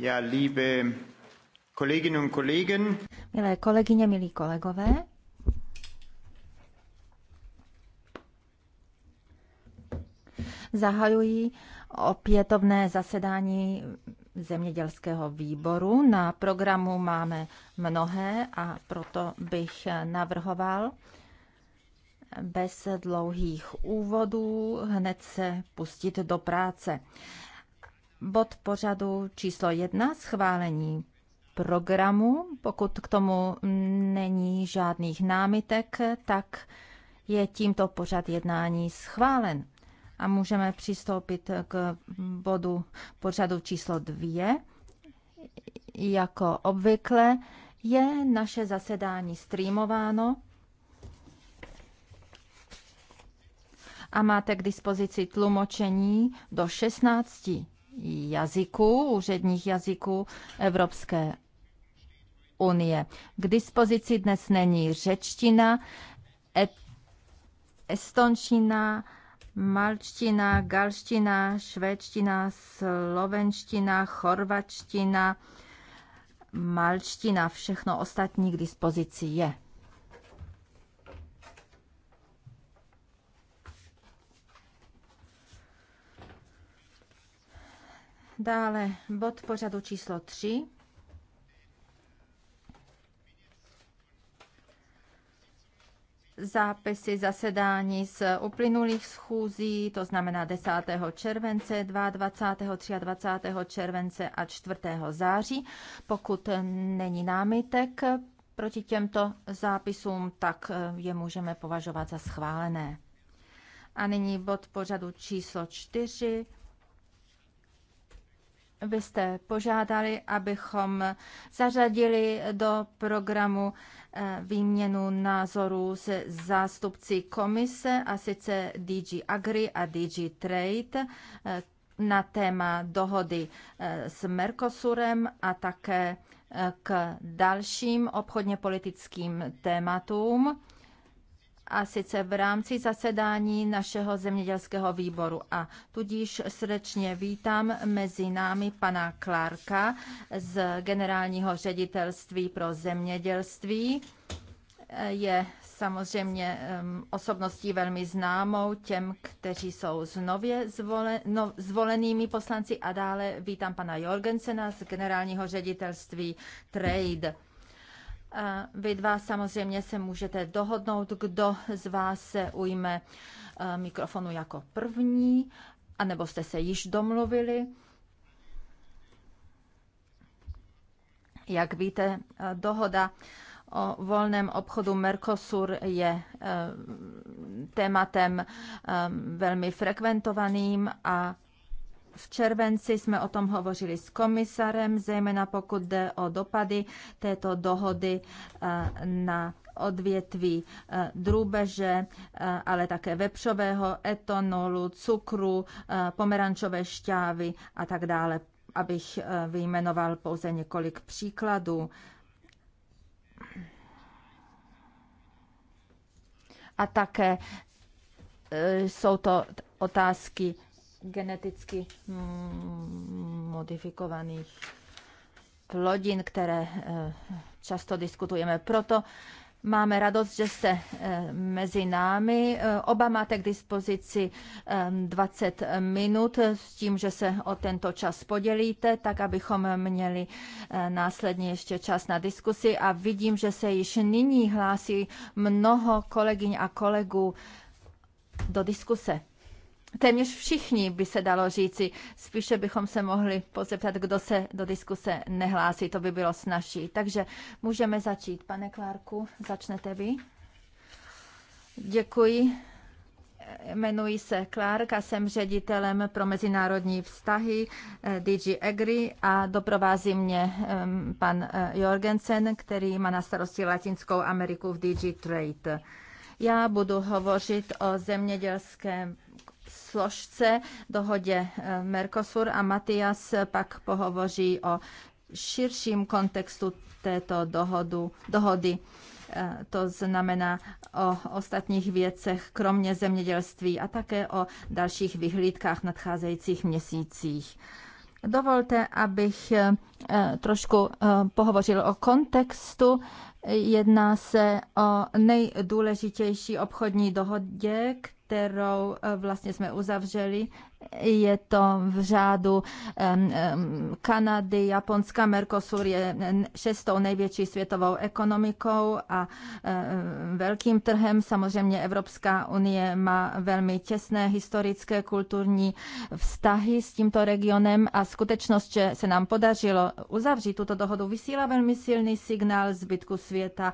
Ja, liebe Kolleginnen und Kollegen. Milé kolegyně, milí kolegové. Zahajuji opětovné zasedání zemědělského výboru. Na programu máme mnohé a proto bych navrhoval bez dlouhých úvodů hned se pustit do práce bod pořadu číslo jedna, schválení programu. Pokud k tomu není žádných námitek, tak je tímto pořad jednání schválen. A můžeme přistoupit k bodu pořadu číslo dvě. Jako obvykle je naše zasedání streamováno a máte k dispozici tlumočení do 16 jazyků, úředních jazyků Evropské unie. K dispozici dnes není řečtina, Estončina, malčtina, galština, švédština, slovenština, chorvačtina, malčtina, všechno ostatní k dispozici je. Dále bod pořadu číslo 3. zápisy zasedání z uplynulých schůzí, to znamená 10. července, 22. 23. července a 4. září. Pokud není námitek proti těmto zápisům, tak je můžeme považovat za schválené. A nyní bod pořadu číslo 4. Vy jste požádali, abychom zařadili do programu eh, výměnu názorů se zástupci komise, a sice DG Agri a DG Trade, eh, na téma dohody eh, s Mercosurem a také k dalším obchodně politickým tématům a sice v rámci zasedání našeho zemědělského výboru. A tudíž srdečně vítám mezi námi pana Klárka z Generálního ředitelství pro zemědělství. Je samozřejmě osobností velmi známou těm, kteří jsou znově zvolen, no, zvolenými poslanci. A dále vítám pana Jorgensena z Generálního ředitelství Trade. Vy dva samozřejmě se můžete dohodnout, kdo z vás se ujme eh, mikrofonu jako první, anebo jste se již domluvili. Jak víte, eh, dohoda o volném obchodu Mercosur je eh, tématem velmi frekventovaným a v červenci jsme o tom hovořili s komisarem, zejména pokud jde o dopady této dohody eh, na odvětví eh, drůbeže, eh, ale také vepřového, etanolu, cukru, pomerančové šťávy a tak dále, abych vyjmenoval pouze několik příkladů. A také jsou to otázky geneticky mm, modifikovaných plodin, které eh, často diskutujeme. Proto Máme radost, že se eh, mezi námi. Eh, oba máte k dispozici 20 ehm, minut s tím, že se o tento čas podělíte, tak abychom měli následně ještě čas na diskusi. A vidím, že se již nyní hlásí mnoho kolegyň a kolegů do diskuse téměř všichni, by se dalo říci. Spíše bychom se mohli pozeptat, kdo se do diskuse nehlásí, to by bylo snažší. Takže můžeme začít. Pane Klárku, začnete vy. Děkuji. Jmenuji se Clark a jsem ředitelem pro mezinárodní vztahy eh, DG Agri a doprovází mě pan eh, Jorgensen, který má na starosti Latinskou Ameriku v DG Trade. Já budu hovořit o zemědělském složce dohodě eh, Mercosur a Matias pak pohovoří o širším kontextu této dohodu, dohody. Eh, to znamená o ostatních věcech, kromě zemědělství a také o dalších vyhlídkách nadcházejících měsících. Dovolte, abych eh, trošku pohovořil o kontextu. Jedná se o nejdůležitější obchodní dohodě, kterou eh, vlastně jsme uzavřeli je to v řádu Kanady, Japonska, Mercosur je šestou největší světovou ekonomikou a e, velkým trhem. Samozřejmě Evropská unie má velmi těsné historické, kulturní vztahy s tímto regionem a skutečnost, že se nám podařilo uzavřít tuto dohodu, vysílá velmi silný signál zbytku světa,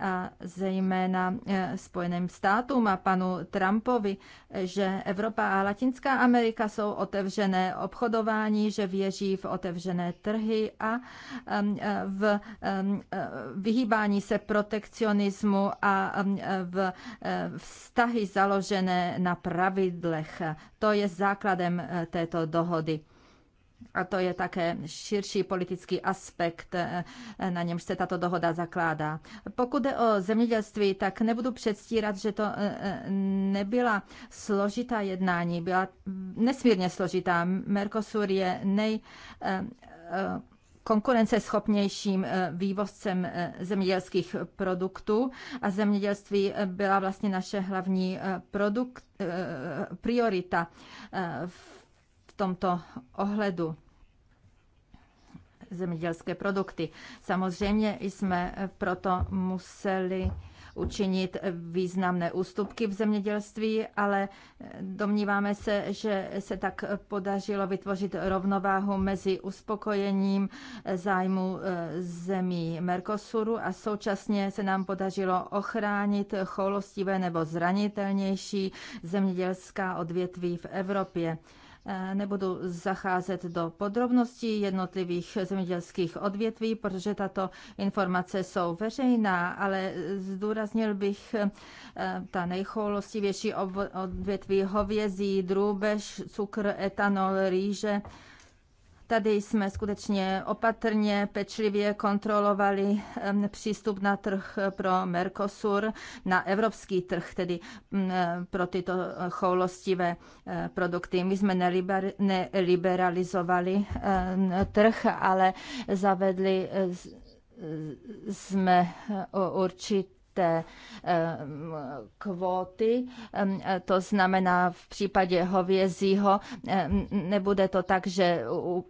a zejména e, Spojeným státům a panu Trumpovi, že Evropa a Latinská Amerika Amerika jsou otevřené obchodování, že věří v otevřené trhy a v vyhýbání se protekcionismu a v vztahy založené na pravidlech. To je základem eh, této dohody a to je také širší politický aspekt, eh, na němž se tato dohoda zakládá. Pokud jde o zemědělství, tak nebudu předstírat, že to eh, eh, nebyla složitá jednání, byla nesmírně složitá. Mercosur je nej konkurenceschopnějším vývozcem zemědělských produktů a zemědělství byla vlastně naše hlavní produkt, priorita v tomto ohledu zemědělské produkty. Samozřejmě jsme proto museli učinit významné ústupky v zemědělství, ale domníváme se, že se tak podařilo vytvořit rovnováhu mezi uspokojením zájmu e, zemí Mercosuru a současně se nám podařilo ochránit choulostivé nebo zranitelnější zemědělská odvětví v Evropě. Eh, nebudu zacházet do podrobností jednotlivých zemědělských odvětví, protože tato informace jsou veřejná, ale zdůraznil bych eh, ta nejchoulostivější odvětví hovězí, drůbež, cukr, etanol, rýže, Tady jsme skutečně opatrně, pečlivě kontrolovali přístup na trh pro Mercosur, na evropský trh, tedy e, pro tyto choulostivé e, produkty. My jsme neliberalizovali trh, ale zavedli e, jsme určitě té eh, kvóty, eh, to znamená v případě hovězího, nebude to tak, že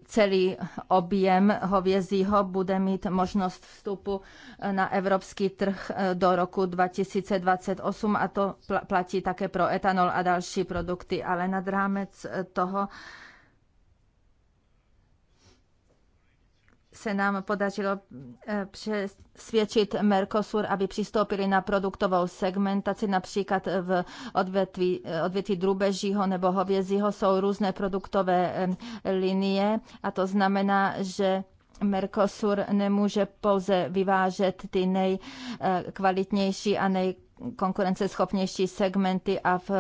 celý objem hovězího bude mít možnost vstupu eh, na evropský trh do roku 2028 a to platí také pro etanol a další produkty, ale nad rámec toho se nám podařilo eh, přesvědčit Mercosur, aby přistoupili na produktovou segmentaci, například v odvětví, eh, odvětví drubežího nebo hovězího jsou různé produktové eh, linie a to znamená, že Mercosur nemůže pouze vyvážet ty nejkvalitnější a nejkonkurenceschopnější segmenty a v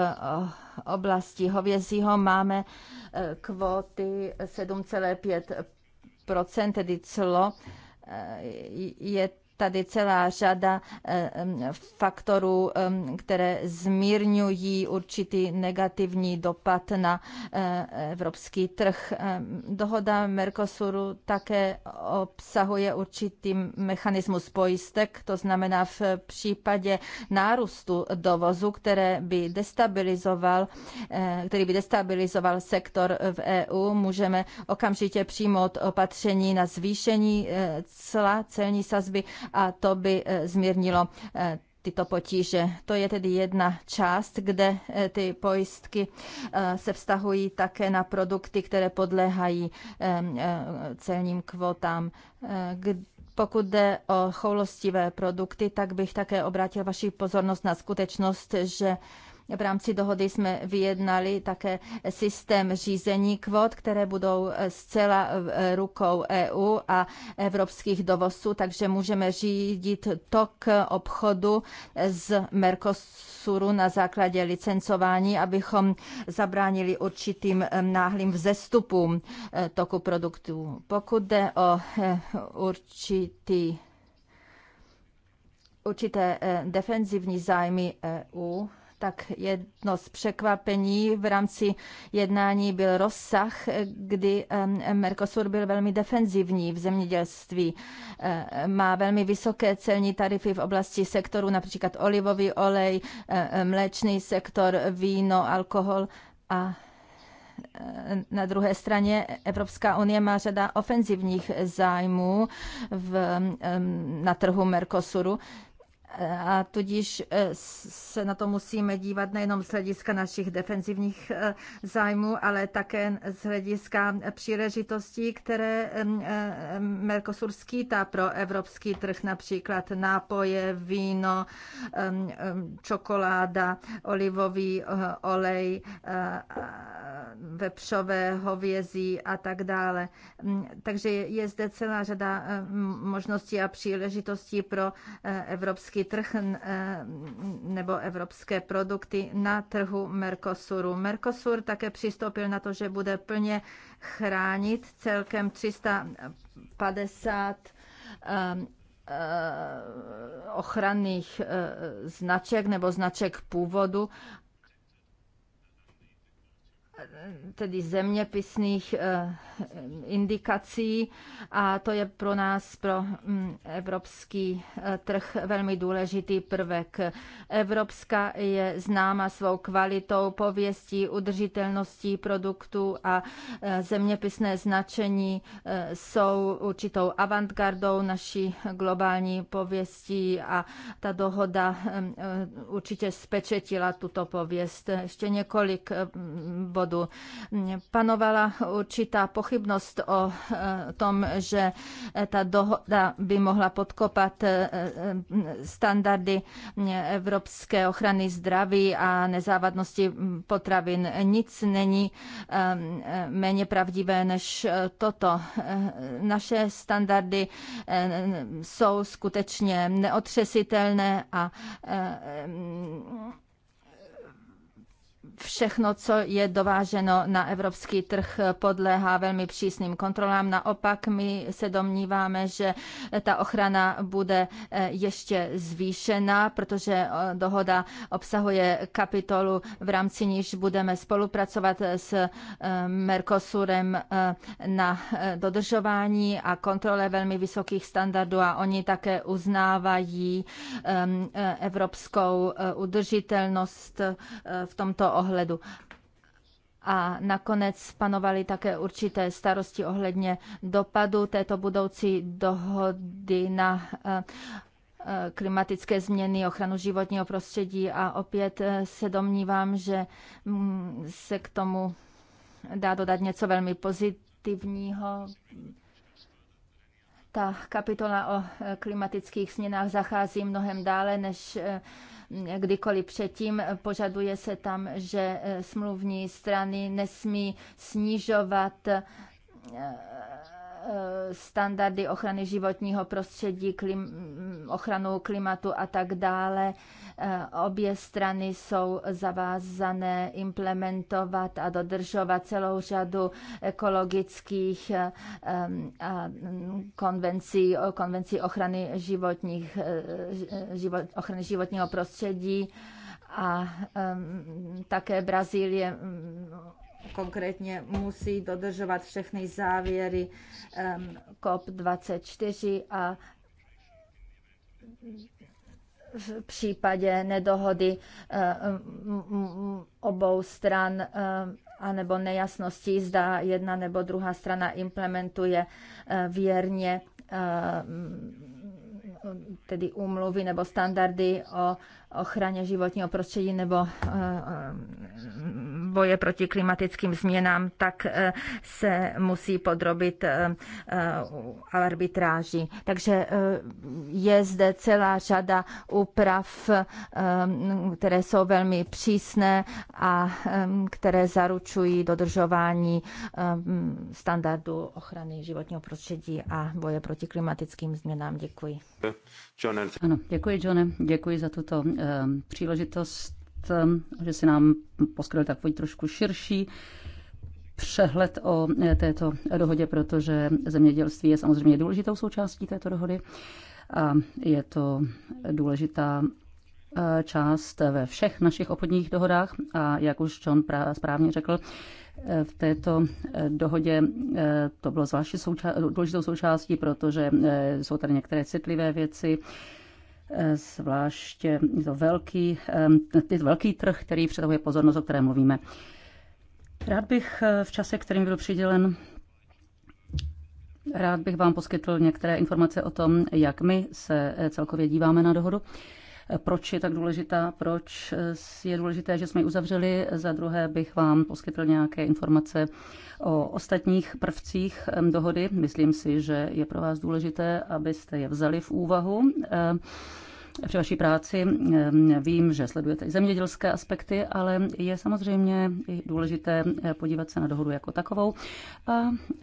oblasti hovězího máme kvóty procent, tedy clo, eh, je tady celá řada eh, faktorů, které zmírňují určitý negativní dopad na eh, evropský trh. Dohoda Mercosuru také obsahuje určitý mechanismus pojistek, to znamená v případě nárůstu dovozu, které by destabilizoval, eh, který by destabilizoval sektor v EU, můžeme okamžitě přijmout opatření na zvýšení cla celní sazby a to by eh, zmírnilo eh, tyto potíže. To je tedy jedna část, kde eh, ty pojistky se vztahují také na produkty, které podléhají celním kvotám. Pokud jde o choulostivé produkty, tak bych také obrátil vaši pozornost na skutečnost, že v rámci dohody jsme vyjednali také systém řízení kvot, které budou eh, zcela eh, rukou EU a evropských dovozů, takže můžeme řídit tok obchodu z Mercosuru na základě licencování, abychom zabránili určitým eh, náhlým vzestupům toku produktů. Pokud jde o určitý určité defenzivní zájmy EU, tak jedno z překvapení v rámci jednání byl rozsah, kdy Mercosur byl velmi defenzivní v zemědělství. Má velmi vysoké celní tarify v oblasti sektoru, například olivový olej, mléčný sektor, víno, alkohol a na druhé straně Evropská unie má řada ofenzivních zájmů v, na trhu Mercosuru. A tudíž eh, se na to musíme dívat nejenom z hlediska našich defenzivních eh, zájmů, ale také z hlediska příležitostí, které eh, Mercosur skýtá pro evropský trh, například nápoje, víno, čokoláda, olivový olej, vepřové, hovězí a tak dále. Takže je zde celá řada možností a příležitostí pro evropský evropský trh e, nebo evropské produkty na trhu Mercosuru. Mercosur také přistoupil na to, že bude plně chránit celkem 350 e, e, ochranných značek nebo značek původu tedy zeměpisných eh, indikací a to je pro nás, pro mm, evropský eh, trh velmi důležitý prvek. Evropská je známa svou kvalitou, pověstí, udržitelností produktů a eh, zeměpisné značení jsou určitou avantgardou naší globální pověstí a ta dohoda určitě spečetila tuto pověst. Ještě několik bodů důvodu. Panovala určitá pochybnost o eh, tom, že eh, ta dohoda by mohla podkopat eh, standardy evropské ochrany zdraví a nezávadnosti mm, potravin. Nic není méně pravdivé než toto. Naše standardy jsou skutečně neotřesitelné a všechno, co je dováženo na evropský trh, podléhá velmi přísným kontrolám. Naopak my se domníváme, že ta ochrana bude eh, ještě zvýšena, protože eh, dohoda obsahuje kapitolu, v rámci níž budeme spolupracovat s eh, Mercosurem na dodržování a kontrole velmi vysokých standardů a oni také uznávají ehm, evropskou udržitelnost v tomto ohledu ohledu. A nakonec panovaly také určité starosti ohledně dopadu této budoucí dohody na eh, eh, klimatické změny, ochranu životního prostředí a opět eh, se domnívám, že mm, se k tomu dá dodat něco velmi pozitivního. Ta kapitola o klimatických změnách zachází mnohem dále, než kdykoliv předtím. Požaduje se tam, že eh, smluvní strany nesmí snižovat eh, Eh, standardy ochrany životního prostředí, klim, ochranu klimatu a tak dále. Eh, obě strany jsou zavázané implementovat a dodržovat celou řadu ekologických eh, konvencí, konvencí ochrany, životních, život, ochrany životního prostředí a um, také Brazílie konkrétně musí dodržovat všechny závěry COP24 a v případě nedohody eh, obou stran eh, anebo nejasností, zda jedna nebo druhá strana implementuje eh, věrně tedy úmluvy nebo standardy o ochraně životního prostředí nebo eh, eh, boje proti klimatickým změnám, tak eh, se musí podrobit arbitráži. Takže je zde celá řada úprav, které jsou velmi přísné a které zaručují dodržování standardu ochrany životního prostředí a boje proti klimatickým změnám. Děkuji. Ano, děkuji, Johne. Děkuji za tuto Ehm, příležitost, ehm, že si nám poskytl takový trošku širší přehled o eh, této dohodě, protože zemědělství je samozřejmě důležitou součástí této dohody a je to důležitá eh, část ve všech našich obchodních dohodách a jak už John správně řekl, eh, v této dohodě to bylo zvláště souča- důležitou součástí, protože jsou tady některé citlivé věci, zvláště to velký, eh, ten velký trh, který přitahuje pozornost, o které mluvíme. Rád bych eh, v čase, kterým byl přidělen, rád bych vám poskytl některé informace o tom, jak my se eh, celkově díváme na dohodu proč je tak důležitá, proč je důležité, že jsme ji uzavřeli. Za druhé bych vám poskytl nějaké informace o ostatních prvcích dohody. Myslím si, že je pro vás důležité, abyste je vzali v úvahu při vaší práci. Vím, že sledujete i zemědělské aspekty, ale je samozřejmě i důležité eh, podívat se na dohodu jako takovou. A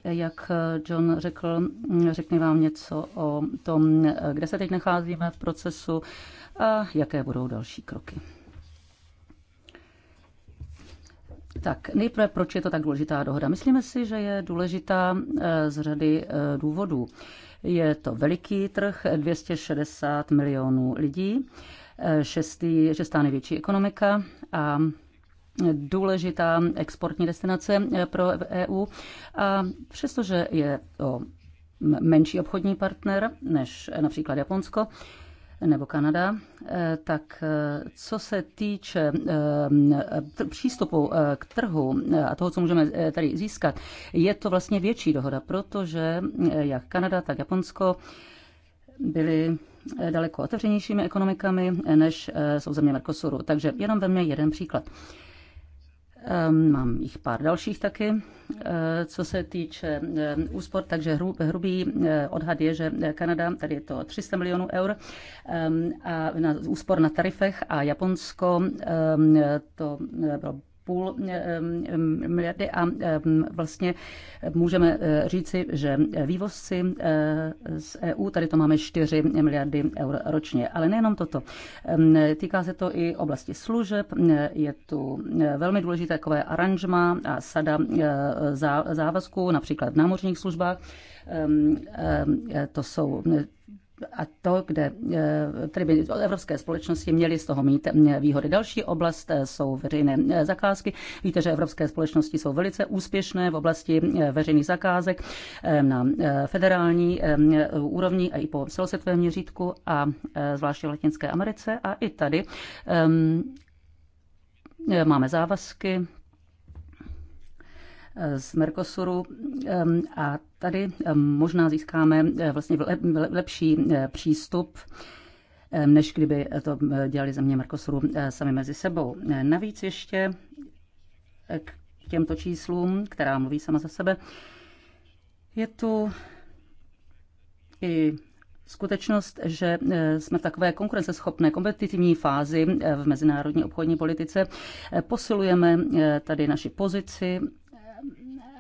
jak eh, John řekl, mm, řekne vám něco o tom, eh, kde se teď nacházíme v procesu a jaké budou další kroky. Tak, nejprve, proč je to tak důležitá dohoda? Myslíme si, že je důležitá z řady důvodů. Je to veliký trh, 260 milionů lidí, šestý, šestá největší ekonomika a důležitá exportní destinace pro EU. A přestože je to menší obchodní partner než například Japonsko, nebo Kanada, eh, tak eh, co se týče eh, přístupu k trhu a toho, co můžeme tady získat, je to vlastně větší dohoda, protože jak Kanada, tak Japonsko byly daleko otevřenějšími ekonomikami, než jsou země Mercosuru. Takže jenom ve mně jeden příklad. Ehm, mám jich pár dalších taky. Eh, co se týče eh, úspor, takže hrubý eh, odhad je, že Kanada, tady je to 300 milionů eur, ehm, a na úspor na tarifech a Japonsko ehm, to bylo půl eh, miliardy a vlastně můžeme eh, říci, že vývozci eh, z EU, tady to máme 4 miliardy eur ročně. Ale nejenom toto. Týká se to i oblasti služeb, je tu velmi důležité takové aranžma a sada závazků, například v námořních službách. To jsou a to, kde e, tedy by evropské společnosti měly z toho mít výhody. Další oblast e, jsou veřejné e, zakázky. Víte, že evropské společnosti jsou velice úspěšné v oblasti veřejných zakázek na federální úrovni a i po celosvětovém měřítku a zvláště v Latinské Americe a i tady. Máme závazky z Mercosuru a tady možná získáme eh, vlastně lepší eh, přístup než kdyby to eh, dělali země Mercosuru sami mezi sebou. Navíc ještě k těmto číslům, která mluví sama za sebe, je tu i skutečnost, že jsme v takové konkurenceschopné kompetitivní fázi v mezinárodní obchodní politice. Posilujeme tady naši pozici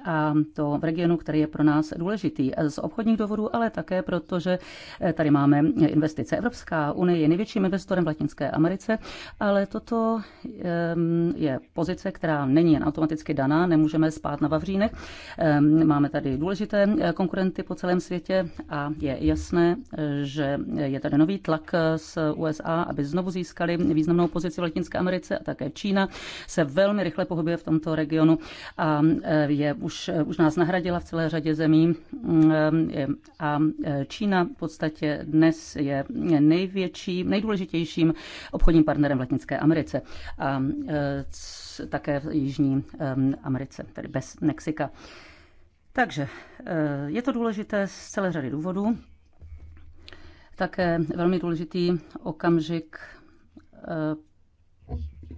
a to v regionu, který je pro nás důležitý z obchodních důvodů, ale také proto, že eh, tady máme investice. Evropská unie je největším investorem v Latinské Americe, ale toto ehm, je pozice, která není jen automaticky daná, nemůžeme spát na Vavřínech. Ehm, máme tady důležité eh, konkurenty po celém světě a je jasné, eh, že je tady nový tlak z USA, aby znovu získali významnou pozici v Latinské Americe a také Čína se velmi rychle pohybuje v tomto regionu a je už už, už nás nahradila v celé řadě zemí a Čína v podstatě dnes je největší, nejdůležitějším obchodním partnerem v Latinské Americe a také v Jižní Americe, tedy bez Mexika. Takže eh, je to důležité z celé řady důvodů. Také velmi důležitý okamžik eh,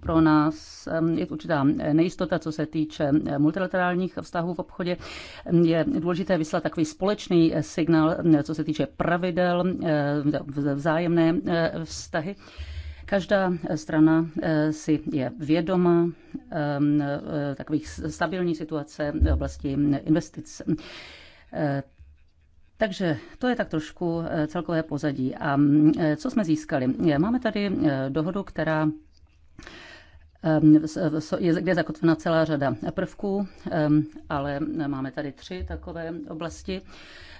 pro nás je určitá nejistota, co se týče multilaterálních vztahů v obchodě. Je důležité vyslat takový společný eh, signál, co se týče pravidel, vzájemné eh, vztahy. Každá eh, strana si je vědoma takových stabilní situace v oblasti investic. Takže to je tak trošku celkové pozadí. A mm, co jsme získali? Máme tady dohodu, která Ehm, je zde zakotvena celá řada prvků, ehm, ale máme tady tři takové oblasti.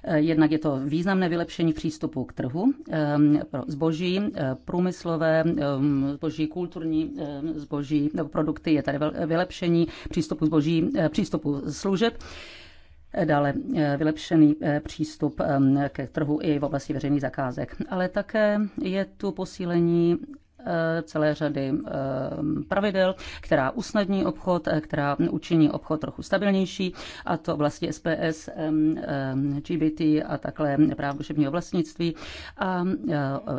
Eh, jednak je to významné vylepšení přístupu k trhu ehm, pro zboží, eh, průmyslové zboží, kulturní zboží, produkty, je tady vylepšení přístupu zboží, eh, přístupu služeb. Dále vylepšený přístup ke trhu i v oblasti veřejných zakázek. Ale také je tu posílení Eh, celé řady eh, pravidel, která usnadní obchod, eh, která učiní obchod trochu stabilnější, a to vlastně SPS, GBT a takhle práv duševního vlastnictví a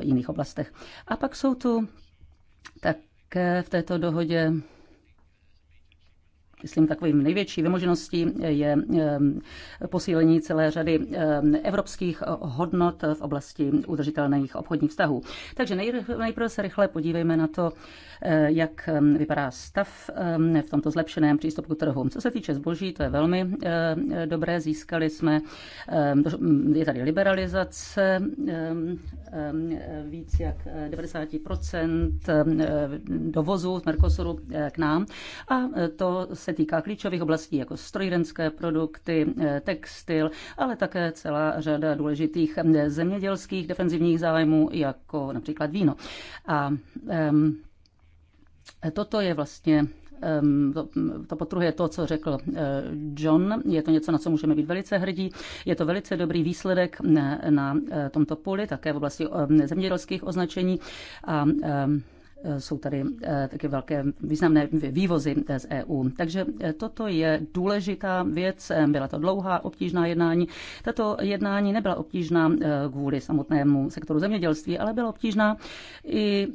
jiných oblastech. A pak jsou tu tak v této dohodě myslím, takovým největší vymožeností je ehm, posílení celé řady ehm, evropských hodnot v oblasti udržitelných obchodních vztahů. Takže nejprve se rychle podívejme na to, eh, jak ehm, vypadá stav v tomto zlepšeném přístupu k trhu. Co se týče zboží, to je velmi eh, dobré. Získali jsme, hm, je tady liberalizace, víc jak 90% eh, dovozu z Mercosuru k nám a to se týká klíčových oblastí jako strojírenské produkty, eh, textil, ale také celá řada důležitých eh, zemědělských defenzivních zájmů, jako například víno. A um, toto je vlastně to, to potrhuje to, co řekl eh, John. Je to něco, na co můžeme být velice hrdí. Je to velice dobrý výsledek na tomto poli, také v oblasti zemědělských označení. A Eh, jsou tady eh, taky velké významné vývozy eh, z EU. Takže toto je důležitá věc. Byla to dlouhá, obtížná jednání. Tato jednání nebyla obtížná kvůli samotnému sektoru zemědělství, ale byla obtížná i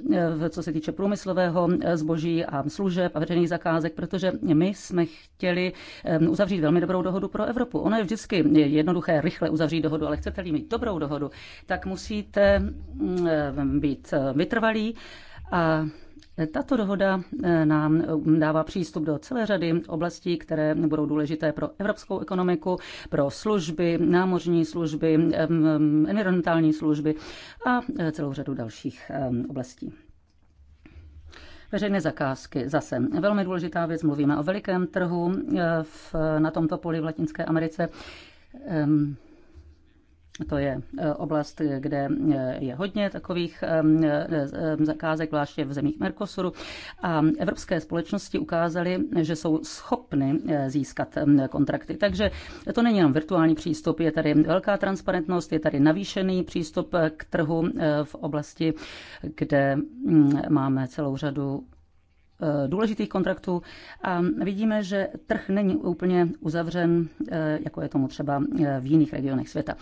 co se týče průmyslového zboží a služeb a veřejných zakázek, protože my jsme chtěli uzavřít velmi dobrou dohodu pro Evropu. Ono je vždycky jednoduché rychle uzavřít dohodu, ale chcete-li mít dobrou dohodu, tak musíte mm, být vytrvalí a tato dohoda eh, nám eh, dává přístup do celé řady oblastí, které budou důležité pro evropskou ekonomiku, pro služby, námořní služby, environmentální služby a eh, celou řadu dalších oblastí. Veřejné zakázky zase. Velmi důležitá věc, mluvíme o velikém trhu v, na tomto poli v Latinské Americe. To je eh, oblast, kde eh, je hodně takových eh, zakázek, zvláště v zemích Mercosuru. A evropské společnosti ukázaly, že jsou schopny získat mm, kontrakty. Takže to není jenom virtuální přístup, je tady velká transparentnost, je tady navýšený přístup k trhu v oblasti, kde mm, máme celou řadu důležitých kontraktů a vidíme, že trh není úplně uzavřen, jako je tomu třeba v jiných regionech světa.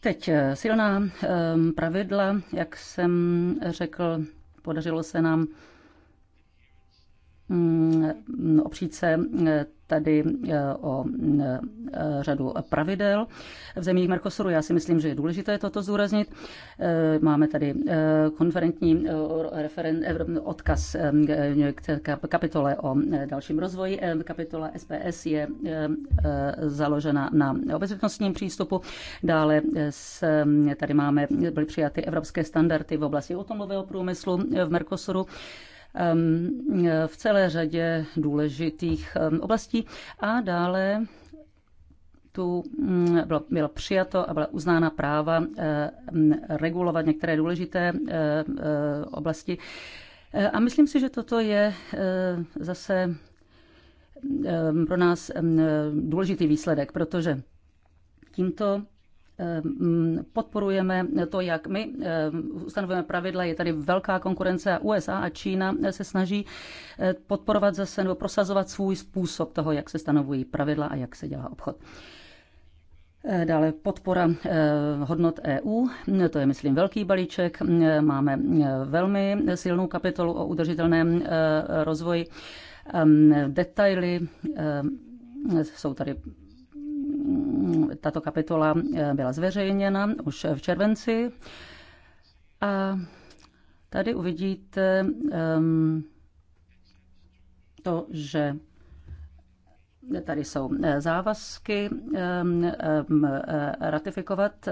Teď eh, silná eh, pravidla, jak jsem řekl, podařilo se nám Mm, opřít se mm, tady eh, o mm, eh, řadu pravidel v zemích Mercosuru. Já si myslím, že je důležité toto zúraznit. Eh, máme tady konferentní odkaz k kapitole o dalším rozvoji. Kapitola SPS je založena na obezřetnostním přístupu. Dále tady máme, byly přijaty evropské standardy v oblasti automobilového průmyslu v Mercosuru. Um, v celé řadě důležitých um, oblastí a dále tu mm, bylo, bylo přijato a byla uznána práva eh, mm, regulovat některé důležité eh, eh, oblasti. A myslím si, že toto je zase pro nás důležitý výsledek, protože tímto podporujeme to, jak my eh, ustanovujeme pravidla. Je tady velká konkurence a USA a Čína se snaží eh, podporovat zase nebo prosazovat svůj způsob toho, jak se stanovují pravidla a jak se dělá obchod. Eh, dále podpora hodnot EU, to je, myslím, velký balíček. Máme velmi silnou kapitolu o udržitelném rozvoji. Ehm, detaily ehm, jsou tady tato kapitola eh, byla zveřejněna už v červenci. A tady uvidíte ehm, to, že tady jsou eh, závazky ehm, ehm, eh, ratifikovat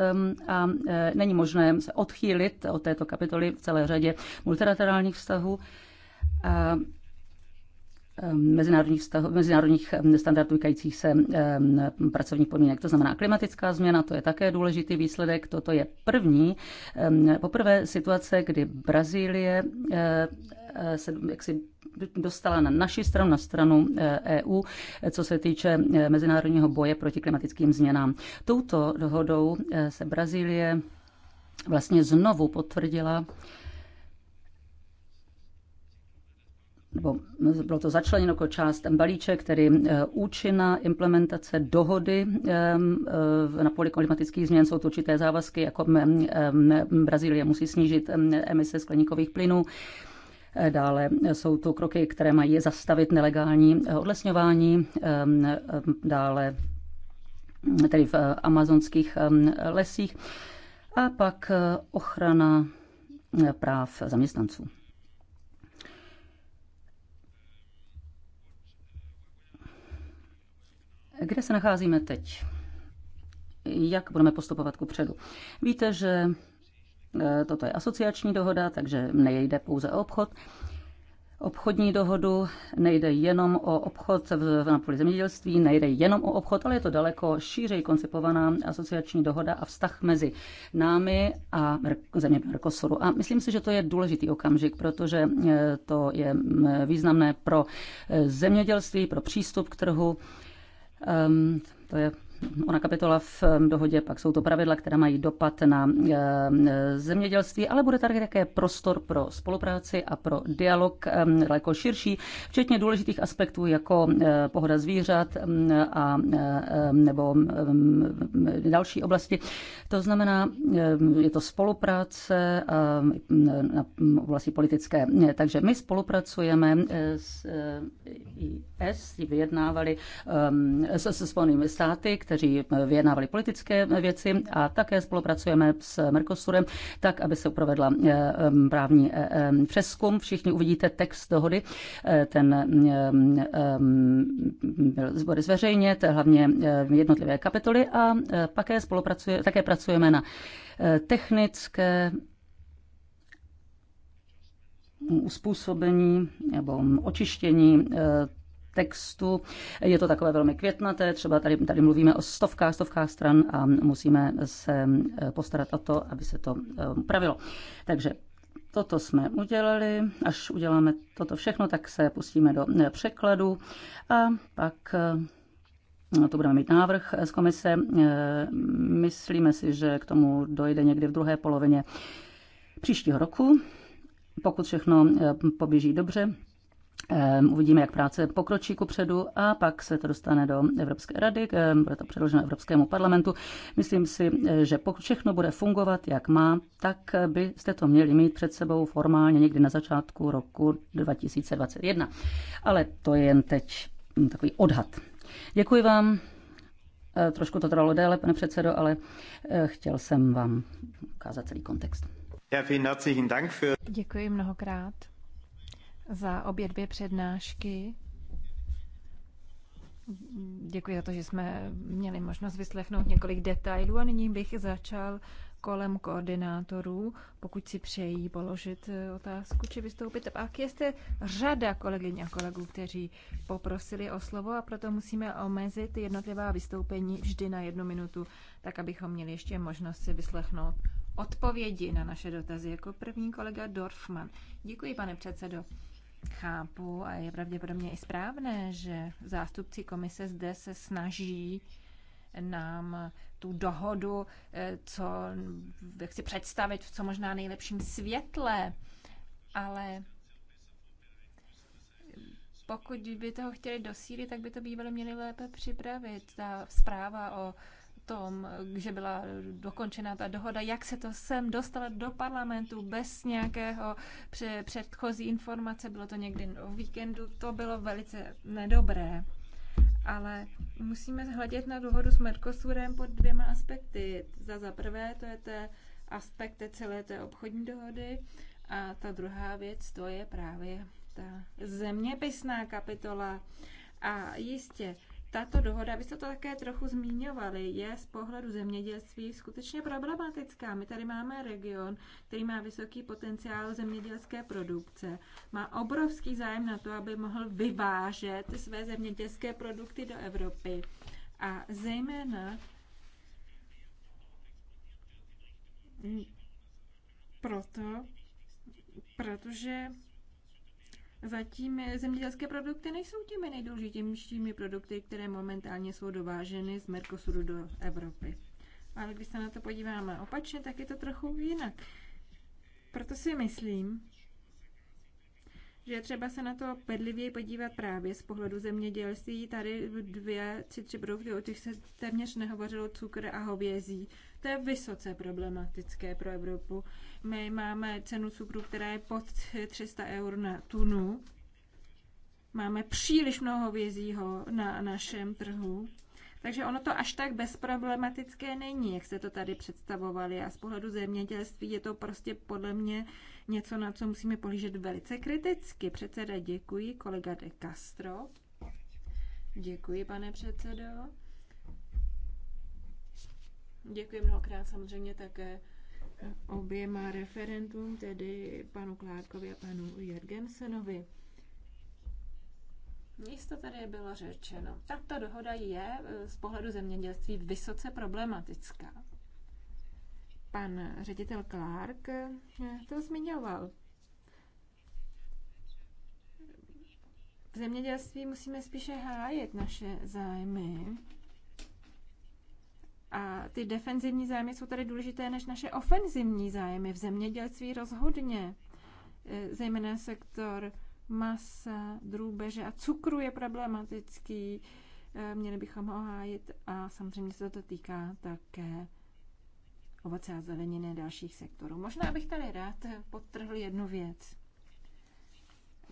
a není možné se odchýlit od této kapitoly v celé řadě multilaterálních vztahů. A Ehm, mezinárodních, vztah, mezinárodních ehm, standardů týkajících se ehm, pracovních podmínek. To znamená klimatická změna, to je také důležitý výsledek. Toto je první, poprvé situace, kdy Brazílie eh, se jaksi dostala na naši stranu, na stranu EU, eh, e co se týče eh, mezinárodního boje proti klimatickým změnám. Touto dohodou se Brazílie vlastně znovu potvrdila nebo bylo to začleněno jako část balíček, který eh, účinná implementace dohody eh, na poli klimatických změn. Jsou to určité závazky, jako Brazílie musí snížit emise skleníkových plynů. Eh, dále jsou tu kroky, které mají zastavit nelegální odlesňování. Dále tedy v amazonských lesích. A pak ochrana práv zaměstnanců. Kde se nacházíme teď? Jak budeme postupovat ku předu? Víte, že e, toto je asociační dohoda, takže nejde pouze o obchod. Obchodní dohodu nejde jenom o obchod na poli zemědělství, nejde jenom o obchod, ale je to daleko šířej koncipovaná asociační dohoda a vztah mezi námi a zeměmi Mercosuru. A myslím si, že to je důležitý okamžik, protože e, to je významné pro e, zemědělství, pro přístup k trhu Ehm, to je ona kapitola v eh, dohodě, pak jsou to pravidla, která mají dopad na eh, zemědělství, ale bude tady také prostor pro spolupráci a pro dialog eh, daleko širší, včetně důležitých aspektů jako pohoda zvířat mm, a nebo mm, další oblasti. To znamená, je to spolupráce na mm, oblasti politické. Takže my spolupracujeme s IS, vyjednávali se Spojenými státy, kteří vyjednávali politické věci a také spolupracujeme s Mercosurem tak, aby se provedla eh, právní eh, přeskum. Všichni uvidíte text dohody, eh, ten bude zveřejnět, hlavně jednotlivé kapitoly a také, spolupracuje, také pracujeme na technické uspůsobení nebo očištění textu. Je to takové velmi květnaté, třeba tady, tady mluvíme o stovkách, stovkách stran a musíme se eh, postarat o to, aby se to eh, upravilo. Takže toto jsme udělali. Až uděláme toto všechno, tak se pustíme do eh, překladu a pak to budeme mít návrh z komise. Myslíme si, že k tomu dojde někdy v druhé polovině příštího roku, pokud všechno poběží dobře. Ehm, uvidíme, jak práce pokročí ku předu a pak se to dostane do Evropské rady, ehm, bude to předloženo Evropskému parlamentu. Myslím si, eh, že pokud všechno bude fungovat, jak má, tak eh, byste to měli mít před sebou formálně někdy na začátku roku 2021. Ale to je jen teď hm, takový odhad. Děkuji vám. Eh, trošku to trvalo déle, pane předsedo, ale chtěl jsem vám ukázat celý kontext. Děkuji mnohokrát za obě dvě přednášky. Děkuji za to, že jsme měli možnost vyslechnout několik detailů a nyní bych začal kolem koordinátorů, pokud si přejí položit eh, otázku či vystoupit. A pak jste řada kolegyň a kolegů, kteří poprosili o slovo a proto musíme omezit jednotlivá vystoupení vždy na jednu minutu, tak abychom měli ještě možnost si vyslechnout odpovědi na naše dotazy. Jako první kolega Dorfman. Děkuji, pane předsedo chápu a je pravděpodobně i správné, že zástupci komise zde se snaží nám tu dohodu, eh, co jak si představit v co možná nejlepším světle, ale pokud by toho chtěli dosílit, tak by to bývalo měli lépe připravit. Ta zpráva o tom, že byla dokončena ta dohoda, jak se to sem dostalo do parlamentu bez nějakého předchozí informace, bylo to někdy o víkendu, to bylo velice nedobré. Ale musíme hledět na dohodu s Mercosurem pod dvěma aspekty. Za, zaprvé prvé, to je ten aspekt celé té obchodní dohody a ta druhá věc, to je právě ta zeměpisná kapitola. A jistě, tato dohoda, vy jste to také trochu zmiňovali, je z pohledu zemědělství skutečně problematická. My tady máme region, který má vysoký potenciál zemědělské produkce, má obrovský zájem na to, aby mohl vyvážet své zemědělské produkty do Evropy. A zejména proto, protože Zatím zemědělské produkty nejsou těmi nejdůležitějšími produkty, které momentálně jsou dováženy z Mercosuru do Evropy. Ale když se na to podíváme opačně, tak je to trochu jinak. Proto si myslím, že je třeba se na to pedlivěji podívat právě z pohledu zemědělství. Tady dvě tři, tři produkty, o těch se téměř nehovořilo, cukr a hovězí. To je vysoce problematické pro Evropu. My máme cenu cukru, která je pod 300 eur na tunu. Máme příliš mnoho vězího na našem trhu. Takže ono to až tak bezproblematické není, jak se to tady představovali. A z pohledu zemědělství je to prostě podle mě něco, na co musíme pohlížet velice kriticky. Předseda děkuji, kolega de Castro. Děkuji, pane předsedo. Děkuji mnohokrát samozřejmě také oběma referentům, tedy panu Kládkovi a panu Jergensenovi. Místo tady bylo řečeno. Tato dohoda je e, z pohledu zemědělství vysoce problematická. Pan ředitel Clark e, to zmiňoval. V zemědělství musíme spíše hájet naše zájmy a ty defenzivní zájmy jsou tady důležité než naše ofenzivní zájmy. V zemědělství rozhodně. E, zejména sektor masa, drůbeže a cukru je problematický. E, měli bychom ho hájit a samozřejmě se to týká také ovoce a zeleniny dalších sektorů. Možná bych tady rád podtrhl jednu věc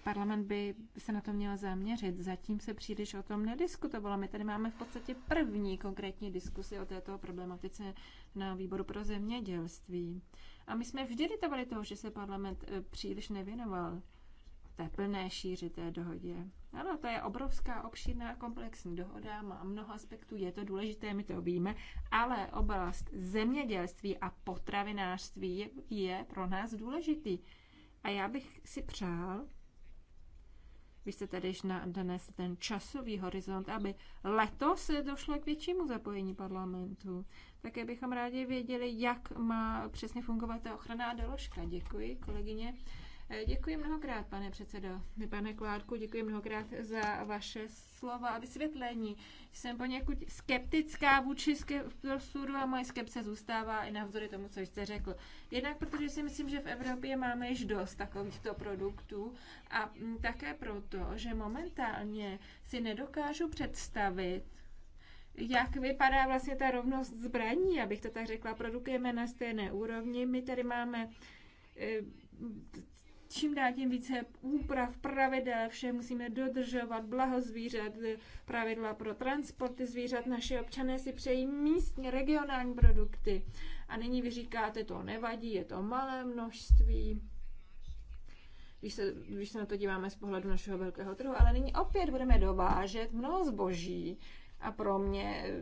parlament by se na to měl zaměřit. Zatím se příliš o tom nediskutovalo. My tady máme v podstatě první konkrétní diskusi o této problematice na výboru pro zemědělství. A my jsme vždy litovali toho, že se parlament eh, příliš nevěnoval té plné šíři té dohodě. Ano, to je obrovská, obšírná, komplexní dohoda, má mnoho aspektů, je to důležité, my to víme, ale oblast zemědělství a potravinářství je, je pro nás důležitý. A já bych si přál, vy jste tady již na dnes ten časový horizont, aby letos došlo k většímu zapojení parlamentu. Také bychom rádi věděli, jak má přesně fungovat ta ochranná doložka. Děkuji, kolegyně. Eh, děkuji mnohokrát, pane předsedo. Pane Klárku, děkuji mnohokrát za vaše slova a vysvětlení. Jsem poněkud skeptická vůči sudu a moje skepse zůstává i navzdory tomu, co jste řekl. Jednak protože si myslím, že v Evropě máme již dost takovýchto produktů a mm, také proto, že momentálně si nedokážu představit, jak vypadá vlastně ta rovnost zbraní, abych to tak řekla, produkujeme na stejné úrovni. My tady máme eh, čím dál tím více úprav, pravidel, vše musíme dodržovat, blaho zvířat, e, pravidla pro transporty zvířat. Naše občané si přejí místní, regionální produkty. A nyní vy říkáte, to nevadí, je to malé množství. Když se, když se na to díváme z pohledu našeho velkého trhu, ale nyní opět budeme dovážet mnoho zboží. A pro mě e,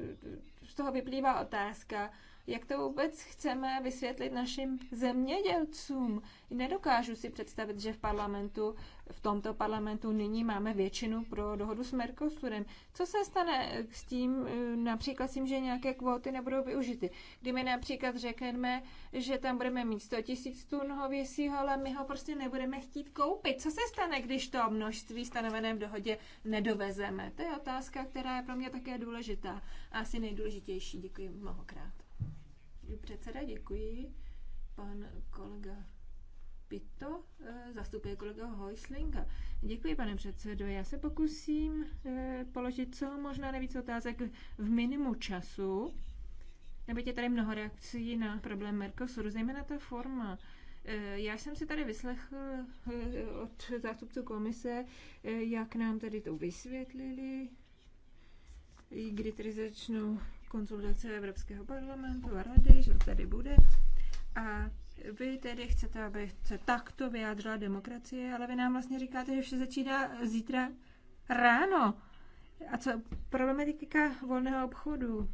z toho vyplývá otázka, jak to vůbec chceme vysvětlit našim zemědělcům? Nedokážu si představit, že v parlamentu, v tomto parlamentu nyní máme většinu pro dohodu s Mercosurem. Co se stane s tím, například s tím, že nějaké kvóty nebudou využity? Kdy my například řekneme, že tam budeme mít 100 tisíc tun hověsího, ale my ho prostě nebudeme chtít koupit. Co se stane, když to množství stanovené v dohodě nedovezeme? To je otázka, která je pro mě také důležitá asi nejdůležitější. Děkuji mnohokrát. Předseda, děkuji. Pan kolega Pito eh, zastupuje kolega Hojslinga. Děkuji, pane předsedo. Já se pokusím eh, položit co možná nejvíc otázek v minimu času. Neboť je tady mnoho reakcí na problém Mercosuru, zejména ta forma. Eh, já jsem si tady vyslechl od zástupců komise, jak nám tady to vysvětlili, kdy tedy začnou konzultace Evropského parlamentu a rady, že tady bude. A vy tedy chcete, aby se takto vyjádřila demokracie, ale vy nám vlastně říkáte, že vše začíná zítra ráno. A co problematika volného obchodu?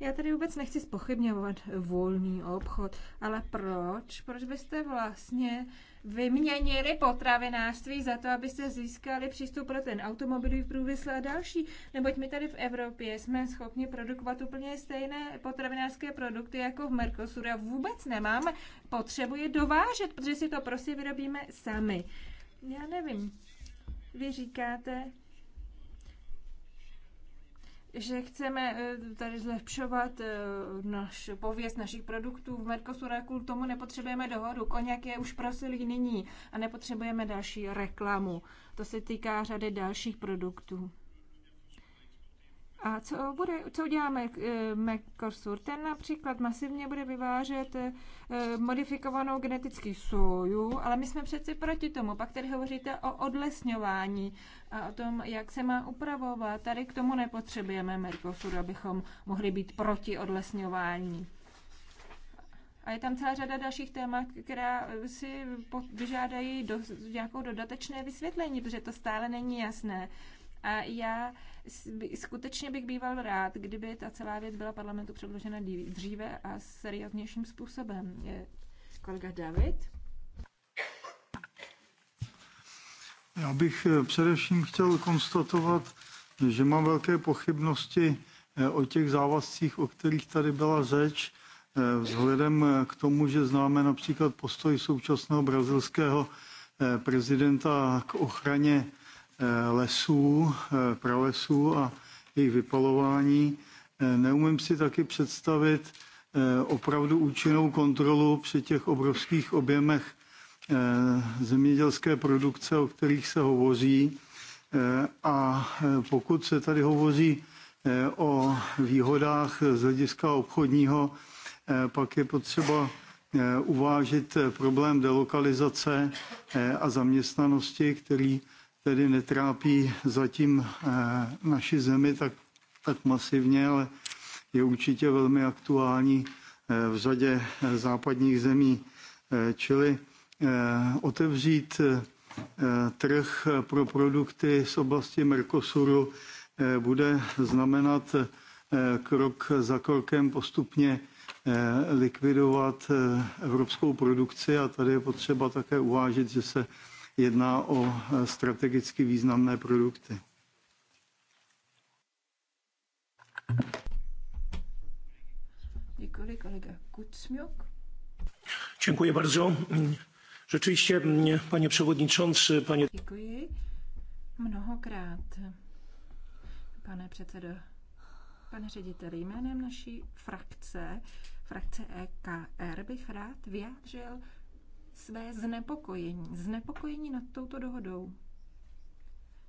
Já tady vůbec nechci spochybňovat volný obchod, ale proč? Proč byste vlastně vyměnili potravinářství za to, abyste získali přístup pro ten automobilový průmysl a další. Neboť my tady v Evropě jsme schopni produkovat úplně stejné potravinářské produkty jako v Mercosuru a vůbec nemáme potřebu je dovážet, protože si to prostě vyrobíme sami. Já nevím. Vy říkáte, že chceme eh, tady zlepšovat eh, naš pověst našich produktů v Mercosuraku, tomu nepotřebujeme dohodu. Koněk je už prosilý nyní a nepotřebujeme další reklamu. To se týká řady dalších produktů. A co, bude, co udělá Mac, eh, Ten například masivně bude vyvážet eh, modifikovanou genetický soju, ale my jsme přeci proti tomu. Pak tady hovoříte o odlesňování a o tom, jak se má upravovat. Tady k tomu nepotřebujeme Mercosur, abychom mohli být proti odlesňování. A je tam celá řada dalších témat, která si vyžádají do, nějakou dodatečné vysvětlení, protože to stále není jasné. A já skutečně bych býval rád, kdyby ta celá věc byla parlamentu předložena dříve a serióznějším způsobem. Je kolega David. Já bych eh, především chtěl konstatovat, že mám velké pochybnosti eh, o těch závazcích, o kterých tady byla řeč, eh, vzhledem k tomu, že známe například postoj současného brazilského prezidenta k ochraně Eh, lesů, eh, pralesů a jejich vypalování. Eh, neumím si taky představit opravdu účinnou kontrolu při těch obrovských objemech zemědělské produkce, o kterých se hovoří. A pokud se tady hovoří o výhodách z hlediska obchodního, pak je potřeba uvážit problém delokalizace a zaměstnanosti, který tedy netrápí zatím eh, naši zemi tak, tak masivně, ale je určitě velmi aktuální eh, v řadě eh, západních zemí. Čili otevřít trh pro produkty z oblasti Mercosuru bude znamenat krok za krokem postupně likvidovat evropskou produkci a tady je potřeba také uvážit, že se jedná o eh, strategicky významné produkty. Děkuji, kolega Kucmiuk. Dziękuję bardzo. Mm, rzeczywiście, mm, panie przewodniczący, panie... Děkuji mnohokrát, pane předsedo, pane řediteli, jménem naší frakce, frakce EKR, bych rád vyjádřil své znepokojení. Znepokojení nad touto dohodou.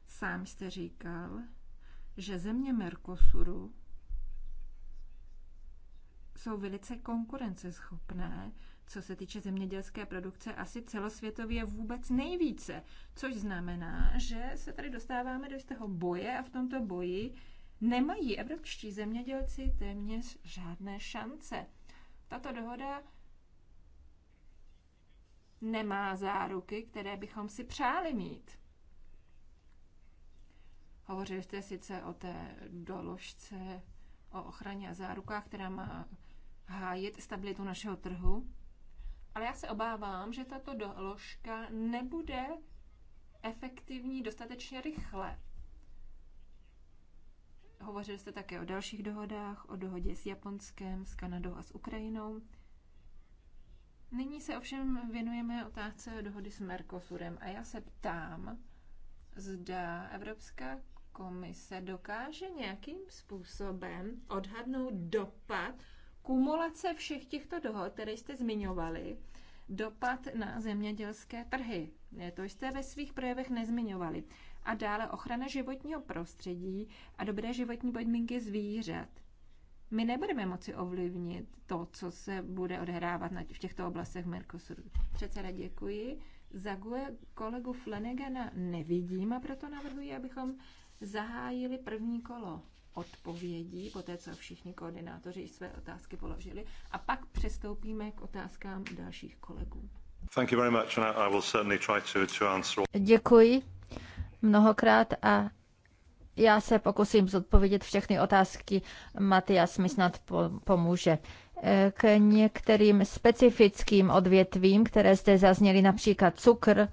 Sám jste říkal, že země Mercosuru jsou velice konkurenceschopné, co se týče zemědělské produkce, asi celosvětově vůbec nejvíce. Což znamená, že se tady dostáváme do jistého boje a v tomto boji nemají evropští zemědělci téměř žádné šance. Tato dohoda nemá záruky, které bychom si přáli mít. Hovořili jste sice o té doložce o ochraně a zárukách, která má hájit stabilitu našeho trhu, ale já se obávám, že tato doložka nebude efektivní dostatečně rychle. Hovořili jste také o dalších dohodách, o dohodě s Japonskem, s Kanadou a s Ukrajinou. Nyní se ovšem věnujeme otázce dohody s Mercosurem a já se ptám, zda Evropská komise dokáže nějakým způsobem odhadnout dopad kumulace všech těchto dohod, které jste zmiňovali, dopad na zemědělské trhy. To jste ve svých projevech nezmiňovali. A dále ochrana životního prostředí a dobré životní podmínky zvířat. My nebudeme moci ovlivnit to, co se bude odehrávat v těchto oblastech v Mercosuru. Předseda, děkuji. Za kolegu Flanagana nevidím a proto navrhuji, abychom zahájili první kolo odpovědí, po té, co všichni koordinátoři své otázky položili, a pak přestoupíme k otázkám dalších kolegů. Děkuji mnohokrát a já se pokusím zodpovědět všechny otázky. Matias mi snad pomůže e, k některým specifickým odvětvím, které zde zazněly, například cukr,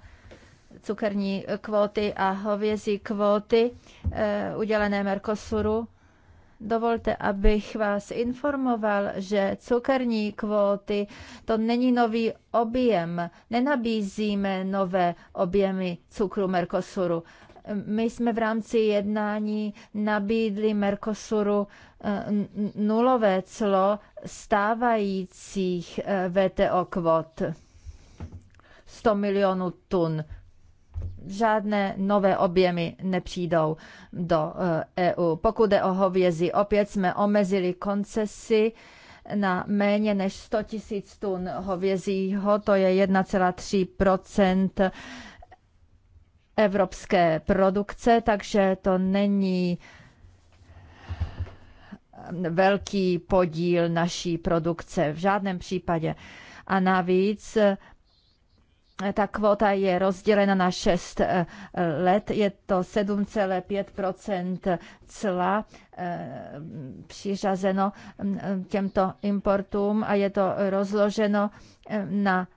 cukerní kvóty a hovězí kvóty e, udělené Mercosuru. Dovolte, abych vás informoval, že cukerní kvóty to není nový objem. Nenabízíme nové objemy cukru Mercosuru. My jsme v rámci jednání nabídli Mercosuru eh, nulové clo stávajících eh, VTO kvot 100 milionů tun. Žádné nové objemy nepřijdou do EU. Eh, e Pokud jde o hovězi, opět jsme omezili koncesy na méně než 100 tisíc tun hovězího, to je 1,3 evropské produkce, takže to není velký podíl naší produkce v žádném případě. A navíc ta kvota je rozdělena na 6 eh, let, je to 7,5 cla eh, přiřazeno mm, eh, těmto importům a je to rozloženo na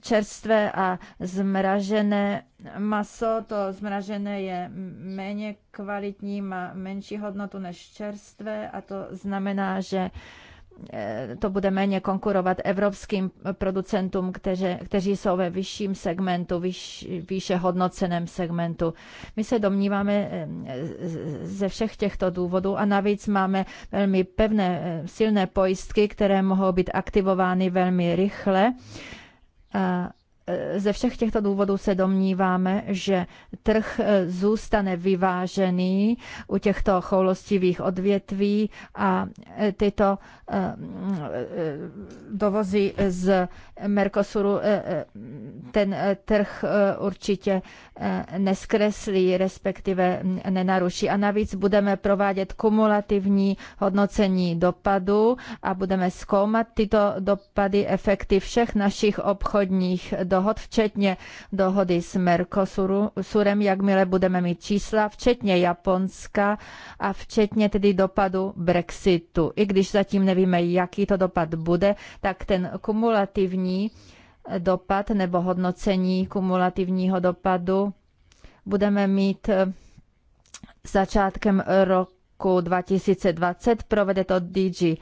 čerstvé a zmražené maso. To zmražené je méně kvalitní, má menší hodnotu než čerstvé a to znamená, že Eh, to bude méně konkurovat evropským producentům, kteři, kteří jsou ve vyšším segmentu, vyš, výše hodnoceném segmentu. My se domníváme eh, ze všech těchto důvodů a navíc máme velmi pevné, eh, silné pojistky, které mohou být aktivovány velmi rychle ze všech těchto důvodů se domníváme, že trh eh, zůstane vyvážený u těchto choulostivých odvětví a eh, tyto eh, dovozy z Mercosuru ten trh určitě neskreslí, respektive mm, nenaruší. A navíc budeme provádět kumulativní hodnocení dopadu a budeme zkoumat tyto dopady, efekty všech našich obchodních dohod, včetně dohody s Mercosurem, jakmile budeme mít čísla, včetně Japonska a včetně tedy dopadu Brexitu. I když zatím nevíme, jaký to dopad bude, tak ten kumulativní eh, dopad nebo hodnocení kumulativního dopadu budeme mít eh, začátkem roku 2020. Provede to DG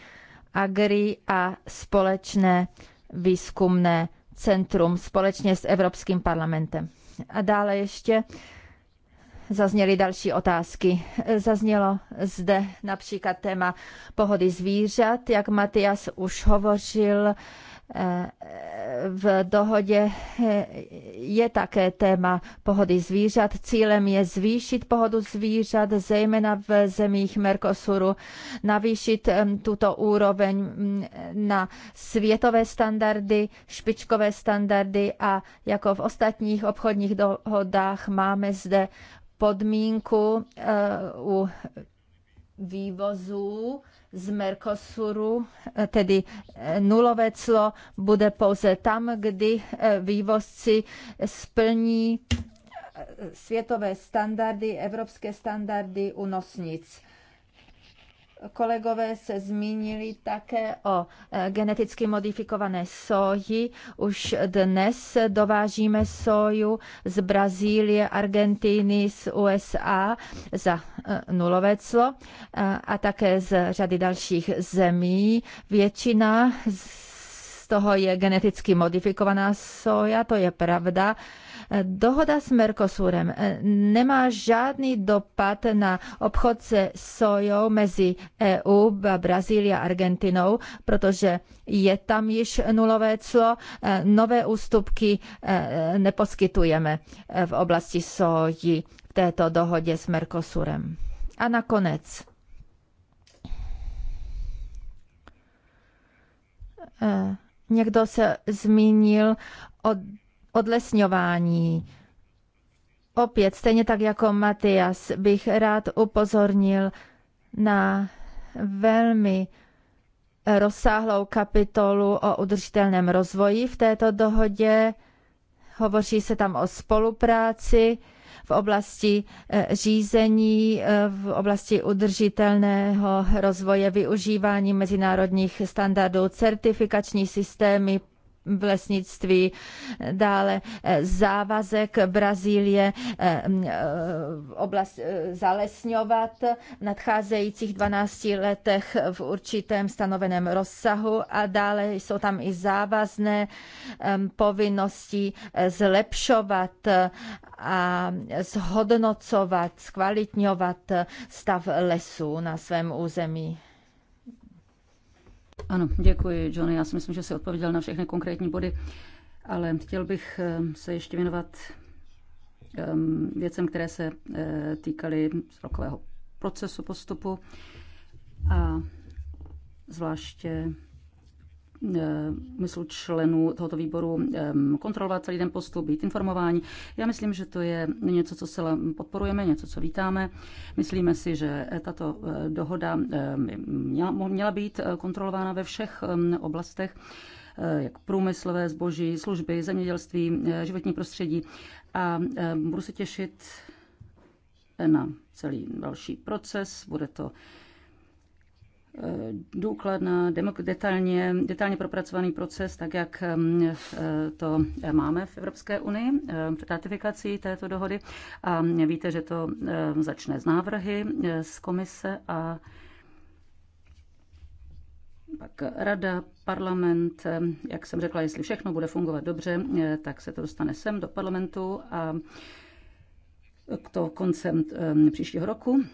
Agri a společné výzkumné centrum společně s Evropským parlamentem. A dále ještě zazněly další otázky. Zaznělo zde například téma pohody zvířat, jak Matias už hovořil, v dohodě je také téma pohody zvířat. Cílem je zvýšit pohodu zvířat, zejména v zemích Mercosuru, navýšit tuto úroveň mm, na světové standardy, špičkové standardy a jako v ostatních obchodních dohodách máme zde podmínku eh, u vývozů z Mercosuru, eh, tedy eh, nulové clo bude pouze tam, kdy eh, vývozci splní světové standardy, evropské standardy u nosnic. Kolegové se zmínili také o e, geneticky modifikované soji. Už dnes dovážíme soju z Brazílie, Argentíny, z USA za e, nulové clo e, a také z řady dalších zemí. Většina z toho je geneticky modifikovaná soja, to je pravda. Dohoda s Mercosurem eh, nemá žádný dopad na obchod se sojou mezi EU, Brazílií a Argentinou, protože je tam již nulové clo, eh, nové ústupky eh, neposkytujeme v oblasti soji v této dohodě s Mercosurem. A nakonec. Někdo se zmínil o odlesňování. Opět, stejně tak jako Matias, bych rád upozornil na velmi rozsáhlou kapitolu o udržitelném rozvoji v této dohodě. Hovoří se tam o spolupráci v oblasti eh, řízení, eh, v oblasti udržitelného rozvoje, využívání mezinárodních standardů, certifikační systémy, v lesnictví. Dále eh, závazek Brazílie eh, eh, oblast zalesňovat v nadcházejících 12 letech v určitém stanoveném rozsahu a dále jsou tam i závazné povinnosti zlepšovat a zhodnocovat, zkvalitňovat stav lesů na svém území. Ano, děkuji, Johnny. Já si myslím, že jsi odpověděl na všechny konkrétní body, ale chtěl bych ehm, se ještě věnovat ehm, věcem, které se eh, týkaly celkového procesu postupu a zvláště smyslu eh, členů tohoto výboru kontrolovat celý den postup, být informování Já myslím, že to je něco, co se podporujeme, něco, co vítáme. Myslíme si, že tato eh, dohoda měla, měla být eh, kontrolována ve všech oblastech jak průmyslové zboží, služby, zemědělství, životní prostředí. A budu se těšit na celý další proces. Bude to Eh, důkladná, detailně, detailně propracovaný proces, tak jak mm, eh, to máme v Evropské unii eh, před ratifikací této dohody. A víte, že to začne z návrhy z komise a pak rada, parlament, jak jsem řekla, jestli všechno bude fungovat dobře, tak se to dostane sem do parlamentu a to koncem příštího roku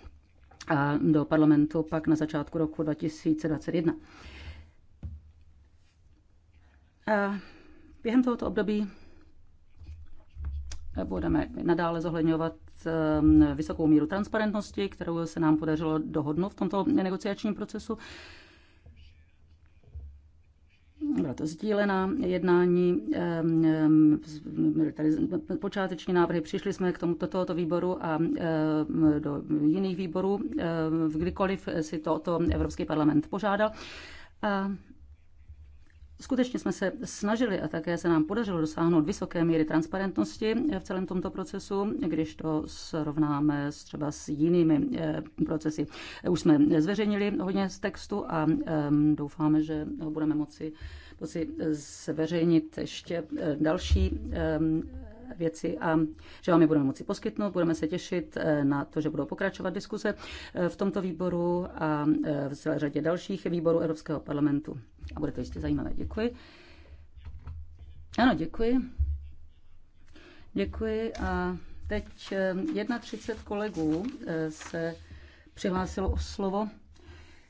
a do parlamentu pak na začátku roku 2021. A během tohoto období budeme nadále zohledňovat um, vysokou míru transparentnosti, kterou se nám podařilo dohodnout v tomto negociačním procesu byla to sdílená jednání, tady počáteční návrhy, přišli jsme k tomuto tohoto výboru a do jiných výborů, kdykoliv si toto Evropský parlament požádal. Skutečně jsme se snažili a také se nám podařilo dosáhnout vysoké míry transparentnosti v celém tomto procesu, když to srovnáme s třeba s jinými eh, procesy. Už jsme zveřejnili hodně z textu a ehm, doufáme, že ho budeme moci, moci zveřejnit ještě eh, další ehm, věci a že vám je budeme moci poskytnout. Budeme se těšit eh, na to, že budou pokračovat diskuse eh, v tomto výboru a eh, v celé řadě dalších výborů Evropského parlamentu. A bude to jistě zajímavé. Děkuji. Ano, děkuji. Děkuji. A teď 31 kolegů se přihlásilo o slovo.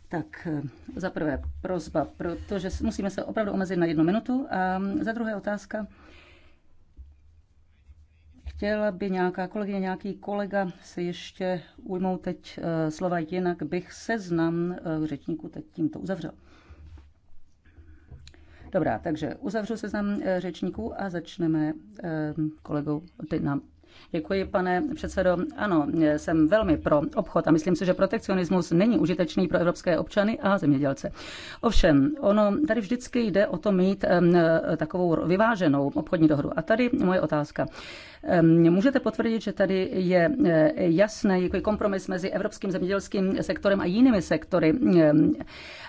Tak za prvé prozba, protože musíme se opravdu omezit na jednu minutu. A za druhé otázka. Chtěla by nějaká kolegyně, nějaký kolega se ještě ujmout teď eh, slova, jinak bych seznam eh, řečníků teď tímto uzavřel. Dobrá, takže uzavřu seznam eh, řečníků a začneme kolegou teď nám Děkuji, pane předsedo. Ano, jsem velmi pro obchod a myslím si, že protekcionismus není užitečný pro evropské občany a zemědělce. Ovšem, ono tady vždycky jde o to mít takovou vyváženou obchodní dohodu. A tady moje otázka. Ehm, můžete potvrdit, že tady je eh, jasný kompromis mezi evropským zemědělským sektorem a jinými sektory. Ehm,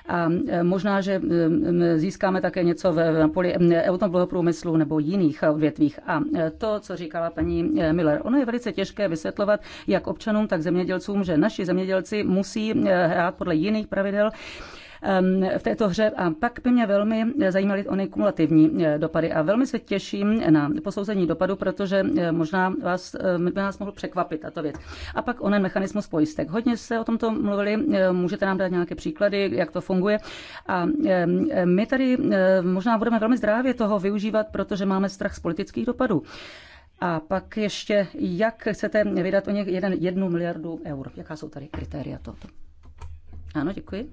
a eh, možná, že ehm, získáme také něco v poli automobilového průmyslu nebo jiných eh, odvětvích. A to, co říkala paní Miller, ono je velice těžké vysvětlovat jak občanům, tak zemědělcům, že naši zemědělci musí hrát podle jiných pravidel v této hře a pak by mě velmi zajímaly ony kumulativní eh, dopady a velmi se těším na posouzení dopadu, protože eh, možná vás, eh, by nás mohl překvapit tato věc. A pak onen mechanismus pojistek. Hodně se o tomto mluvili, můžete nám dát nějaké příklady, jak to funguje. A my tady možná budeme velmi zdrávě toho využívat, protože máme strach z politických dopadů. A pak ještě, jak chcete vydat o něch jeden, jednu miliardu eur? Jaká jsou tady kritéria toto? Ano, děkuji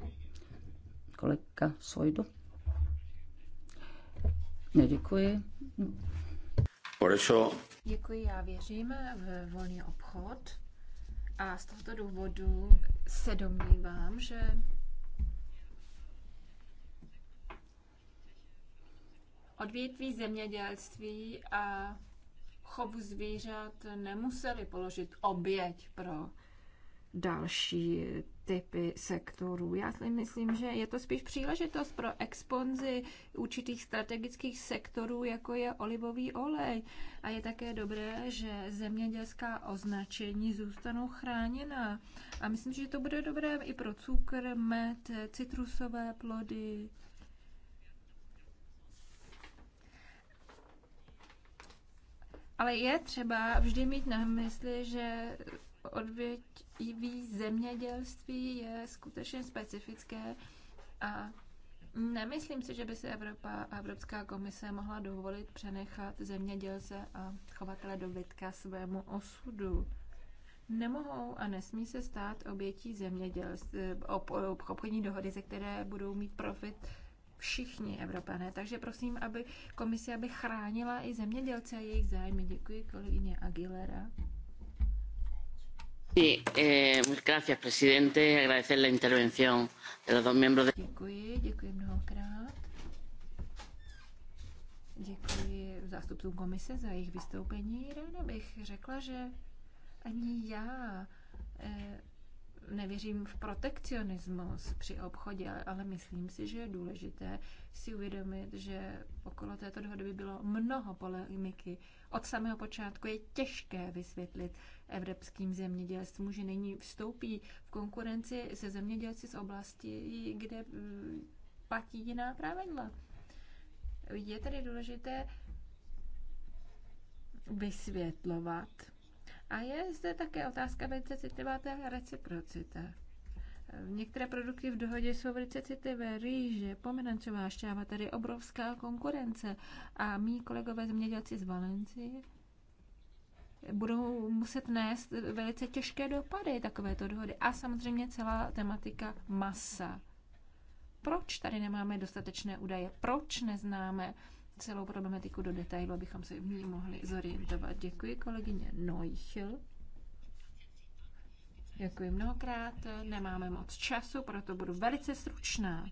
kolega Sojdu. Neděkuji. Odešel. Děkuji, já věřím v volný obchod a z tohoto důvodu se domnívám, že odvětví zemědělství a chovu zvířat nemuseli položit oběť pro další typy sektorů. Já si myslím, že je to spíš příležitost pro exponzi určitých strategických sektorů, jako je olivový olej. A je také dobré, že zemědělská označení zůstanou chráněna. A myslím, že to bude dobré i pro cukr, med, citrusové plody. Ale je třeba vždy mít na mysli, že odvětví zemědělství je skutečně specifické a nemyslím si, že by si Evropa a Evropská komise mohla dovolit přenechat zemědělce a chovatele dobytka svému osudu. Nemohou a nesmí se stát obětí zemědělství, ob, obchodní dohody, ze které budou mít profit všichni Evropané. Takže prosím, aby komise aby chránila i zemědělce a jejich zájmy. Děkuji kolegyně Aguilera. Děkuji, děkuji mnohokrát. Děkuji zástupcům komise za jejich vystoupení. Ráda bych řekla, že ani já eh, nevěřím v protekcionismus při obchodě, ale myslím si, že je důležité si uvědomit, že okolo této dohody by bylo mnoho polemiky. Od samého počátku je těžké vysvětlit evropským zemědělstvům, že nyní vstoupí v konkurenci se zemědělci z oblasti, kde mm, platí jiná pravidla. Je tedy důležité vysvětlovat. A je zde také otázka velice citlivá té reciprocita. Některé produkty v dohodě jsou velice citlivé. Rýže, pomerančová šťáva, tady obrovská konkurence. A mý kolegové zemědělci z Valencie budou muset nést velice těžké dopady takovéto dohody. A samozřejmě celá tematika masa. Proč tady nemáme dostatečné údaje? Proč neznáme celou problematiku do detailu, abychom se v ní mohli zorientovat? Děkuji kolegyně Neuchil. Děkuji mnohokrát, nemáme moc času, proto budu velice stručná.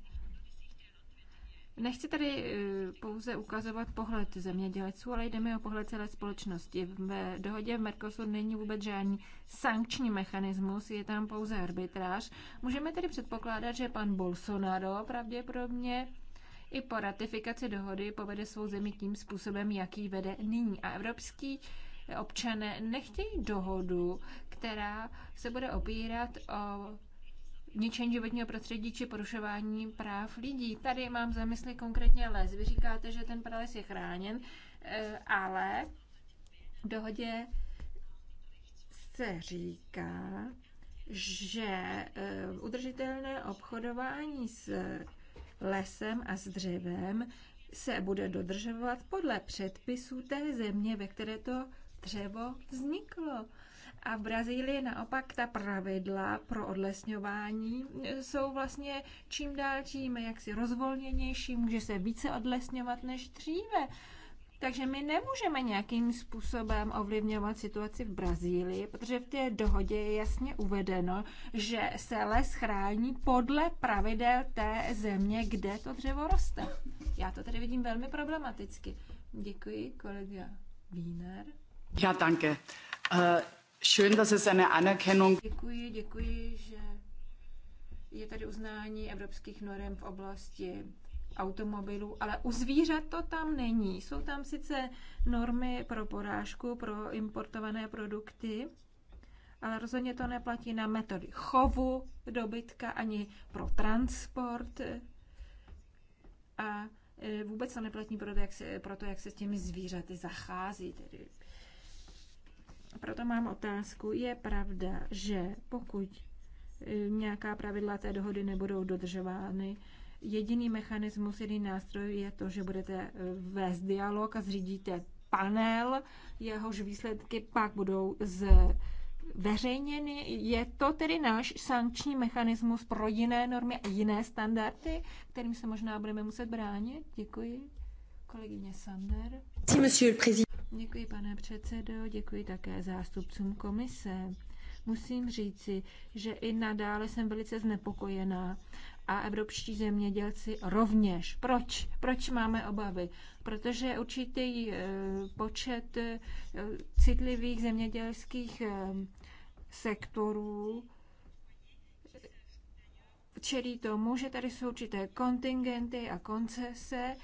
Nechci tady eh, pouze ukazovat pohled zemědělců, ale jdeme o pohled celé společnosti. V dohodě v Mercosur není vůbec žádný sankční mechanismus, je tam pouze arbitráž. Můžeme tedy předpokládat, že pan Bolsonaro pravděpodobně i po ratifikaci dohody povede svou zemi tím způsobem, jaký vede nyní. A evropský občané nechtějí dohodu, která se bude opírat o ničení životního prostředí či porušování práv lidí. Tady mám za mysli konkrétně les. Vy říkáte, že ten prales je chráněn, eh, ale v dohodě se říká, že eh, udržitelné obchodování s lesem a s dřevem se bude dodržovat podle předpisů té země, ve které to dřevo vzniklo. A v Brazílii naopak ta pravidla pro odlesňování jsou vlastně čím dál tím jaksi rozvolněnější, může se více odlesňovat než dříve. Takže my nemůžeme nějakým způsobem ovlivňovat situaci v Brazílii, protože v té dohodě je jasně uvedeno, že se les chrání podle pravidel té země, kde to dřevo roste. Já to tady vidím velmi problematicky. Děkuji, kolega Wiener. Já ja, danke. Uh... Schön, dass es eine Anerkennung. Děkuji, děkuji, že je tady uznání evropských norm v oblasti automobilů, ale u zvířat to tam není. Jsou tam sice normy pro porážku, pro importované produkty, ale rozhodně to neplatí na metody chovu dobytka ani pro transport. A e, vůbec to neplatí pro to, jak se, pro to, jak se s těmi zvířaty zachází, tedy proto mám otázku, je pravda, že pokud e, nějaká pravidla té dohody nebudou dodržovány, jediný mechanismus, jediný nástroj je to, že budete e, vést dialog a zřídíte panel, jehož výsledky pak budou z Je to tedy náš sankční mechanismus pro jiné normy a jiné standardy, kterým se možná budeme muset bránit? Děkuji. Kolegyně Sander. Děkuji, pane předsedo, děkuji také zástupcům komise. Musím říci, že i nadále jsem velice znepokojená a evropští zemědělci rovněž. Proč? Proč máme obavy? Protože určitý eh, počet eh, citlivých zemědělských eh, sektorů čelí tomu, že tady jsou určité kontingenty a koncese,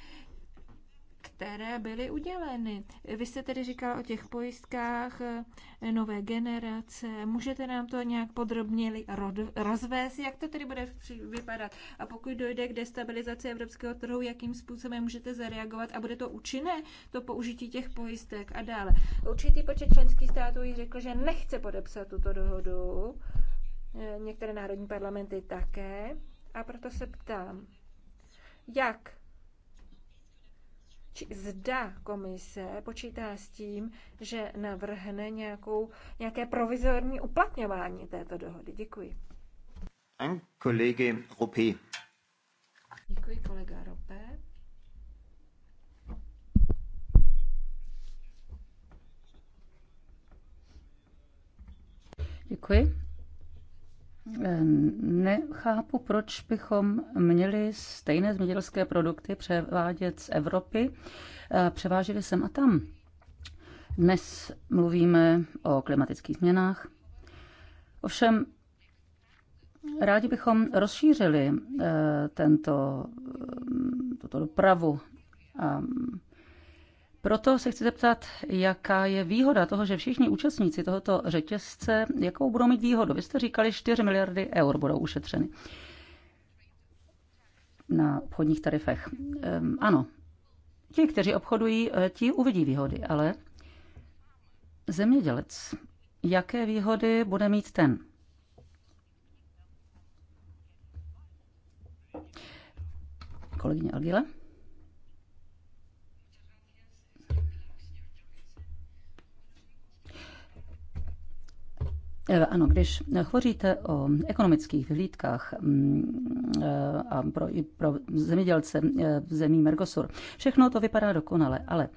které byly uděleny. Vy jste tedy říkal o těch pojistkách eh, nové generace. Můžete nám to nějak podrobně rozvést, jak to tedy bude vypadat? A pokud dojde k destabilizaci evropského trhu, jakým způsobem můžete zareagovat a bude to účinné, to použití těch pojistek a dále. Určitý počet členských států již řekl, že nechce podepsat tuto dohodu. Eh, některé národní parlamenty také. A proto se ptám, jak zda komise počítá s tím, že navrhne nějakou, nějaké provizorní uplatňování této dohody. Děkuji. An kolegy Rupé. Děkuji, kolega Rope. Děkuji. Nechápu, proč bychom měli stejné zemědělské produkty převádět z Evropy, eh, Převážili jsem a tam. Dnes mluvíme o klimatických změnách. Ovšem, rádi bychom rozšířili eh, tento, eh, tuto dopravu a proto se chci zeptat, jaká je výhoda toho, že všichni účastníci tohoto řetězce, jakou budou mít výhodu? Vy jste říkali, 4 miliardy eur budou ušetřeny na obchodních tarifech. Um, ano, ti, kteří obchodují, eh, ti uvidí výhody, ale zemědělec, jaké výhody bude mít ten? Kolegyně Algile? Eh, ano, když hovoříte o ekonomických vylídkách mm, eh, a pro, i pro zemědělce eh, v zemí Mergosur, všechno to vypadá dokonale, ale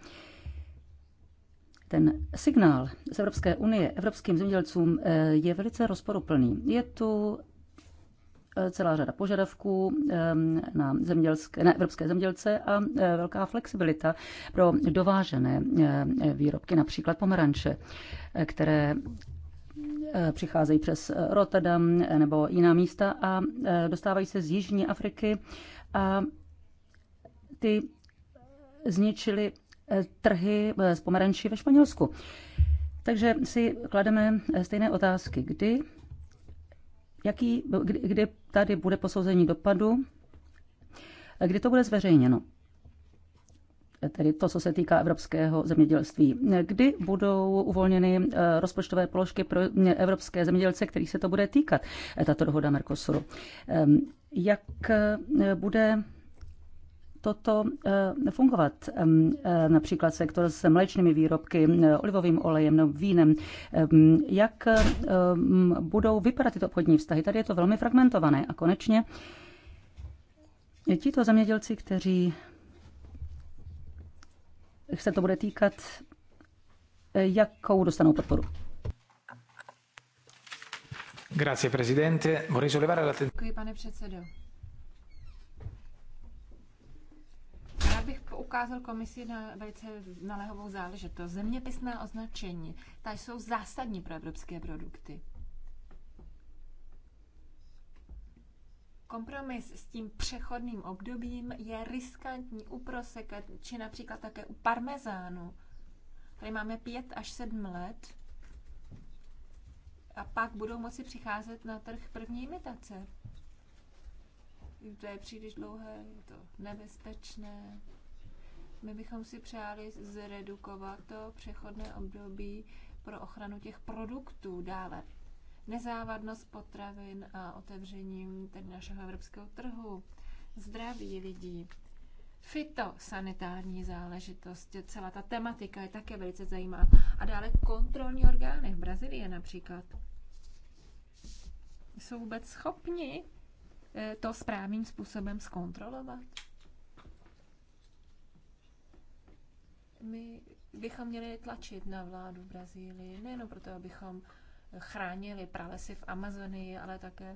ten signál z Evropské unie evropským zemědělcům je velice rozporuplný. Je tu celá řada požadavků na, zemědělské, na evropské zemědělce a velká flexibilita pro dovážené výrobky, například pomeranče, které Eh, přicházejí přes eh, Rotterdam eh, nebo jiná místa a dostávají se z Jižní Afriky a ty zničily trhy z pomeranči ve Španělsku. Takže si klademe stejné otázky. Kdy, jaký, kdy, kdy tady bude posouzení dopadu? Kdy to bude zveřejněno? tedy to, co se týká evropského zemědělství. Kdy budou uvolněny eh, rozpočtové položky pro eh, evropské zemědělce, kterých se to bude týkat, eh, tato dohoda Mercosuru? Ehm, jak bude toto fungovat. Ehm, například sektor s mléčnými výrobky, olivovým olejem nebo vínem. Ehm, jak budou vypadat tyto obchodní vztahy? Tady je to velmi fragmentované. A konečně tito zemědělci, kteří se to bude týkat, eh, jakou dostanou podporu. Grazie, presidente. Vorrei sollevare la... Děkuji, pane předsedo. Já bych ukázal komisi na velice naléhovou záležitost. Zeměpisná označení, ta jsou zásadní pro evropské produkty. Kompromis s tím přechodným obdobím je riskantní u proseka, či například také u parmezánu. Tady máme pět až sedm let a pak budou moci přicházet na trh první imitace. To je příliš dlouhé, je to nebezpečné. My bychom si přáli zredukovat to přechodné období pro ochranu těch produktů dále nezávadnost potravin a otevřením tedy našeho evropského trhu, zdraví lidí, fitosanitární záležitost, celá ta tematika je také velice zajímavá. A dále kontrolní orgány v Brazílii například jsou vůbec schopni eh, to správným způsobem zkontrolovat. My bychom měli tlačit na vládu Brazílii, nejenom proto, abychom chránili pralesy v Amazonii, ale také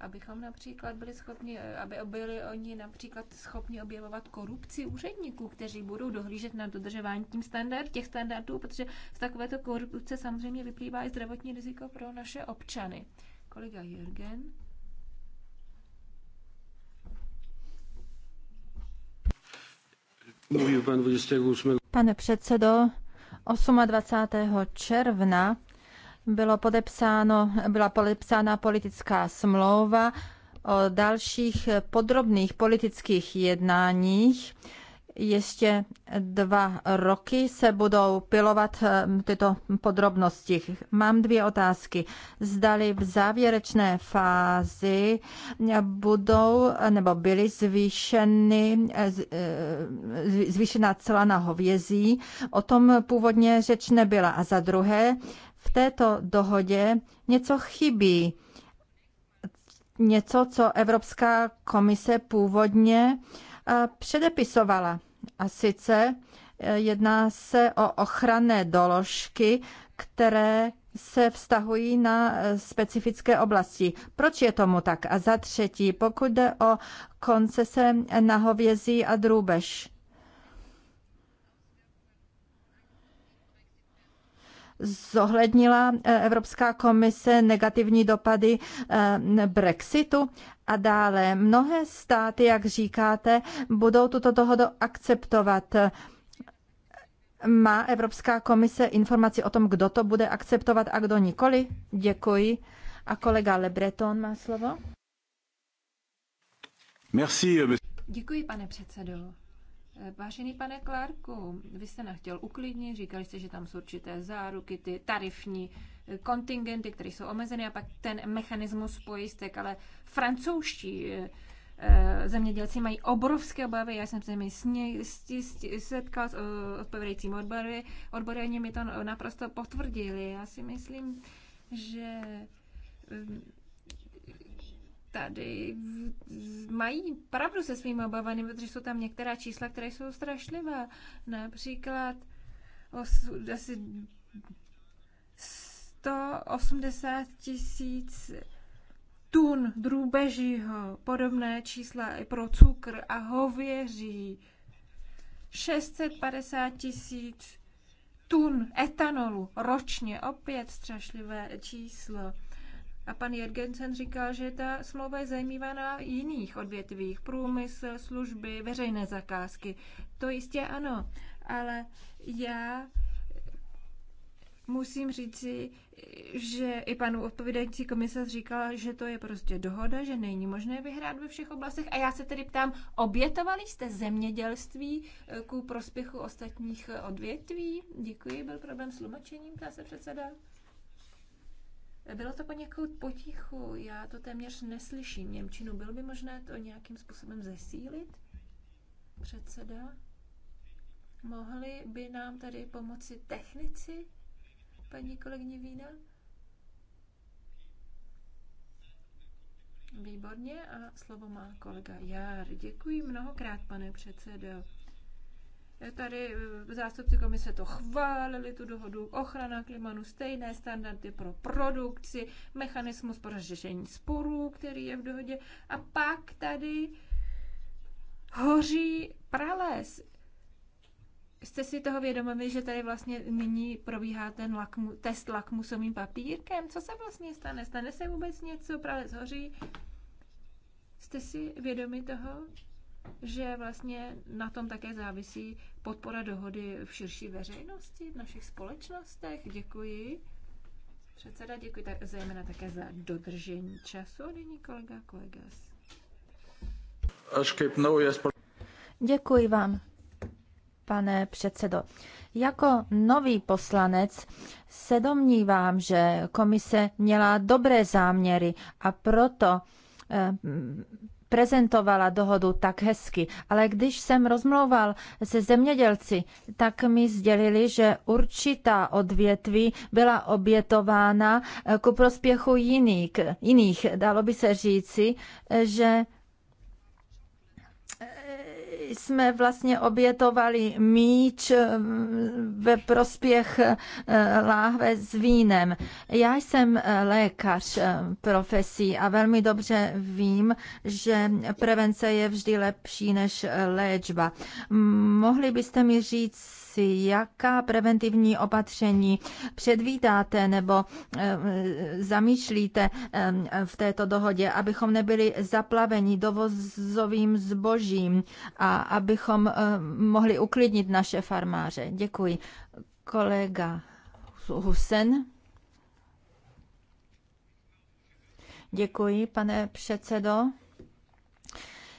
abychom například byli schopni, aby byli oni například schopni objevovat korupci úředníků, kteří budou dohlížet na dodržování tím standard, těch standardů, protože z takovéto korupce samozřejmě vyplývá i zdravotní riziko pro naše občany. Kolega Jürgen. Pane předsedo, 28. června bylo podepsáno, byla podepsána politická smlouva o dalších podrobných politických jednáních. Ještě dva roky se budou pilovat eh, tyto podrobnosti. Mám dvě otázky. Zdali v závěrečné fázi budou nebo byly zvýšeny, eh, eh, zvýšená cela na hovězí. O tom původně řeč nebyla. A za druhé, v této dohodě něco chybí. Něco, co Evropská komise původně eh, předepisovala. A sice eh, jedná se o ochranné doložky, které se vztahují na eh, specifické oblasti. Proč je tomu tak? A za třetí, pokud jde o koncese na hovězí a drůbež. Zohlednila eh, Evropská komise negativní dopady eh, Brexitu a dále mnohé státy, jak říkáte, budou tuto dohodu akceptovat. Má Evropská komise informaci o tom, kdo to bude akceptovat a kdo nikoli? Děkuji. A kolega Lebreton má slovo. Merci. Eh, Děkuji, pane předsedo. Vážený pane Klárku, vy jste nám chtěl uklidnit, říkali jste, že tam jsou určité záruky, ty tarifní kontingenty, které jsou omezeny a pak ten mechanismus pojistek, ale francouzští eh, eh, zemědělci mají obrovské obavy. Já jsem se mi s ně, setkal s eh, odpovědajícím odbory, odbory oni mi to naprosto potvrdili. Já si myslím, že tady mají pravdu se svými obavami, protože jsou tam některá čísla, které jsou strašlivá. Například osu, asi 180 tisíc tun drůbežího, podobné čísla i pro cukr a hověří, 650 tisíc tun etanolu ročně, opět strašlivé číslo. A pan Jergensen říkal, že ta smlouva je zajímavá na jiných odvětvích. Průmysl, služby, veřejné zakázky. To jistě ano, ale já musím říci, že i pan odpovídající komisař říkal, že to je prostě dohoda, že není možné vyhrát ve všech oblastech. A já se tedy ptám, obětovali jste zemědělství eh, ku prospěchu ostatních eh, odvětví? Děkuji, byl problém s tlumočením, ptá se předseda. Bylo to poněkud potichu, já to téměř neslyším Němčinu. Bylo by možné to nějakým způsobem zesílit? Předseda? Mohli by nám tady pomoci technici, paní kolegyně Vína? Výborně a slovo má kolega Jár. Děkuji mnohokrát, pane předsedo. Tady eh, zástupci komise to chválili, tu dohodu ochrana klimanu, stejné standardy pro produkci, mechanismus pro řešení sporů, který je v dohodě. A pak tady hoří prales. Jste si toho vědomi, že tady vlastně nyní probíhá ten lakmu, test lakmusovým papírkem? Co se vlastně stane? Stane se vůbec něco? Prales hoří? Jste si vědomi toho? že vlastně na tom také závisí podpora dohody v širší veřejnosti, v našich společnostech. Děkuji. Předseda, děkuji tak, zejména také za dodržení času. Nyní kolega Kolegas. Děkuji vám, pane předsedo. Jako nový poslanec se domnívám, že komise měla dobré záměry a proto eh, prezentovala dohodu tak hezky, ale když jsem rozmlouval se zemědělci, tak mi sdělili, že určitá odvětví byla obětována eh, ku prospěchu jiných. jiných. Dalo by se říci, eh, že jsme vlastně obětovali míč eh, ve prospěch eh, láhve s vínem. Já jsem eh, lékař profesí a velmi dobře vím, že prevence je vždy lepší než léčba. Mohli byste mi říct, situaci, jaká preventivní opatření předvídáte nebo eh, zamýšlíte eh, v této dohodě, abychom nebyli zaplaveni dovozovým zbožím a abychom eh, mohli uklidnit naše farmáře. Děkuji. Kolega Husen. Děkuji, pane předsedo.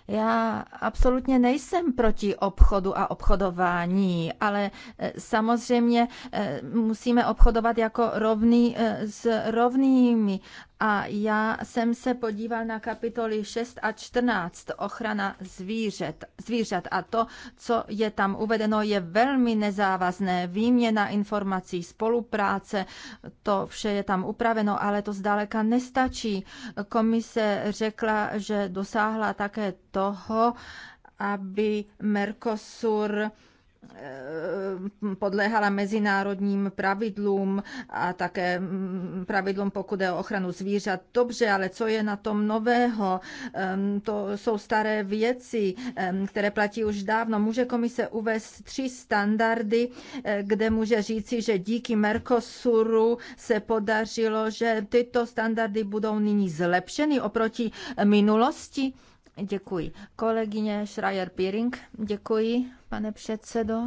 Já absolutně nejsem proti obchodu a obchodování, ale eh, samozřejmě eh, musíme obchodovat jako rovný eh, s rovnými a já jsem se podíval na kapitoly 6 a 14, ochrana zvířat, zvířat. A to, co je tam uvedeno, je velmi nezávazné. Výměna informací, spolupráce, to vše je tam upraveno, ale to zdaleka nestačí. Komise řekla, že dosáhla také toho, aby Mercosur Eh, podléhala mezinárodním pravidlům a také mm, pravidlům, pokud je o ochranu zvířat. Dobře, ale co je na tom nového? Ehm, to jsou staré věci, ehm, které platí už dávno. Může komise uvést tři standardy, eh, kde může říci, že díky Mercosuru se podařilo, že tyto standardy budou nyní zlepšeny oproti minulosti? Děkuji. Kolegyně Schreier-Piring, děkuji pane předsedo.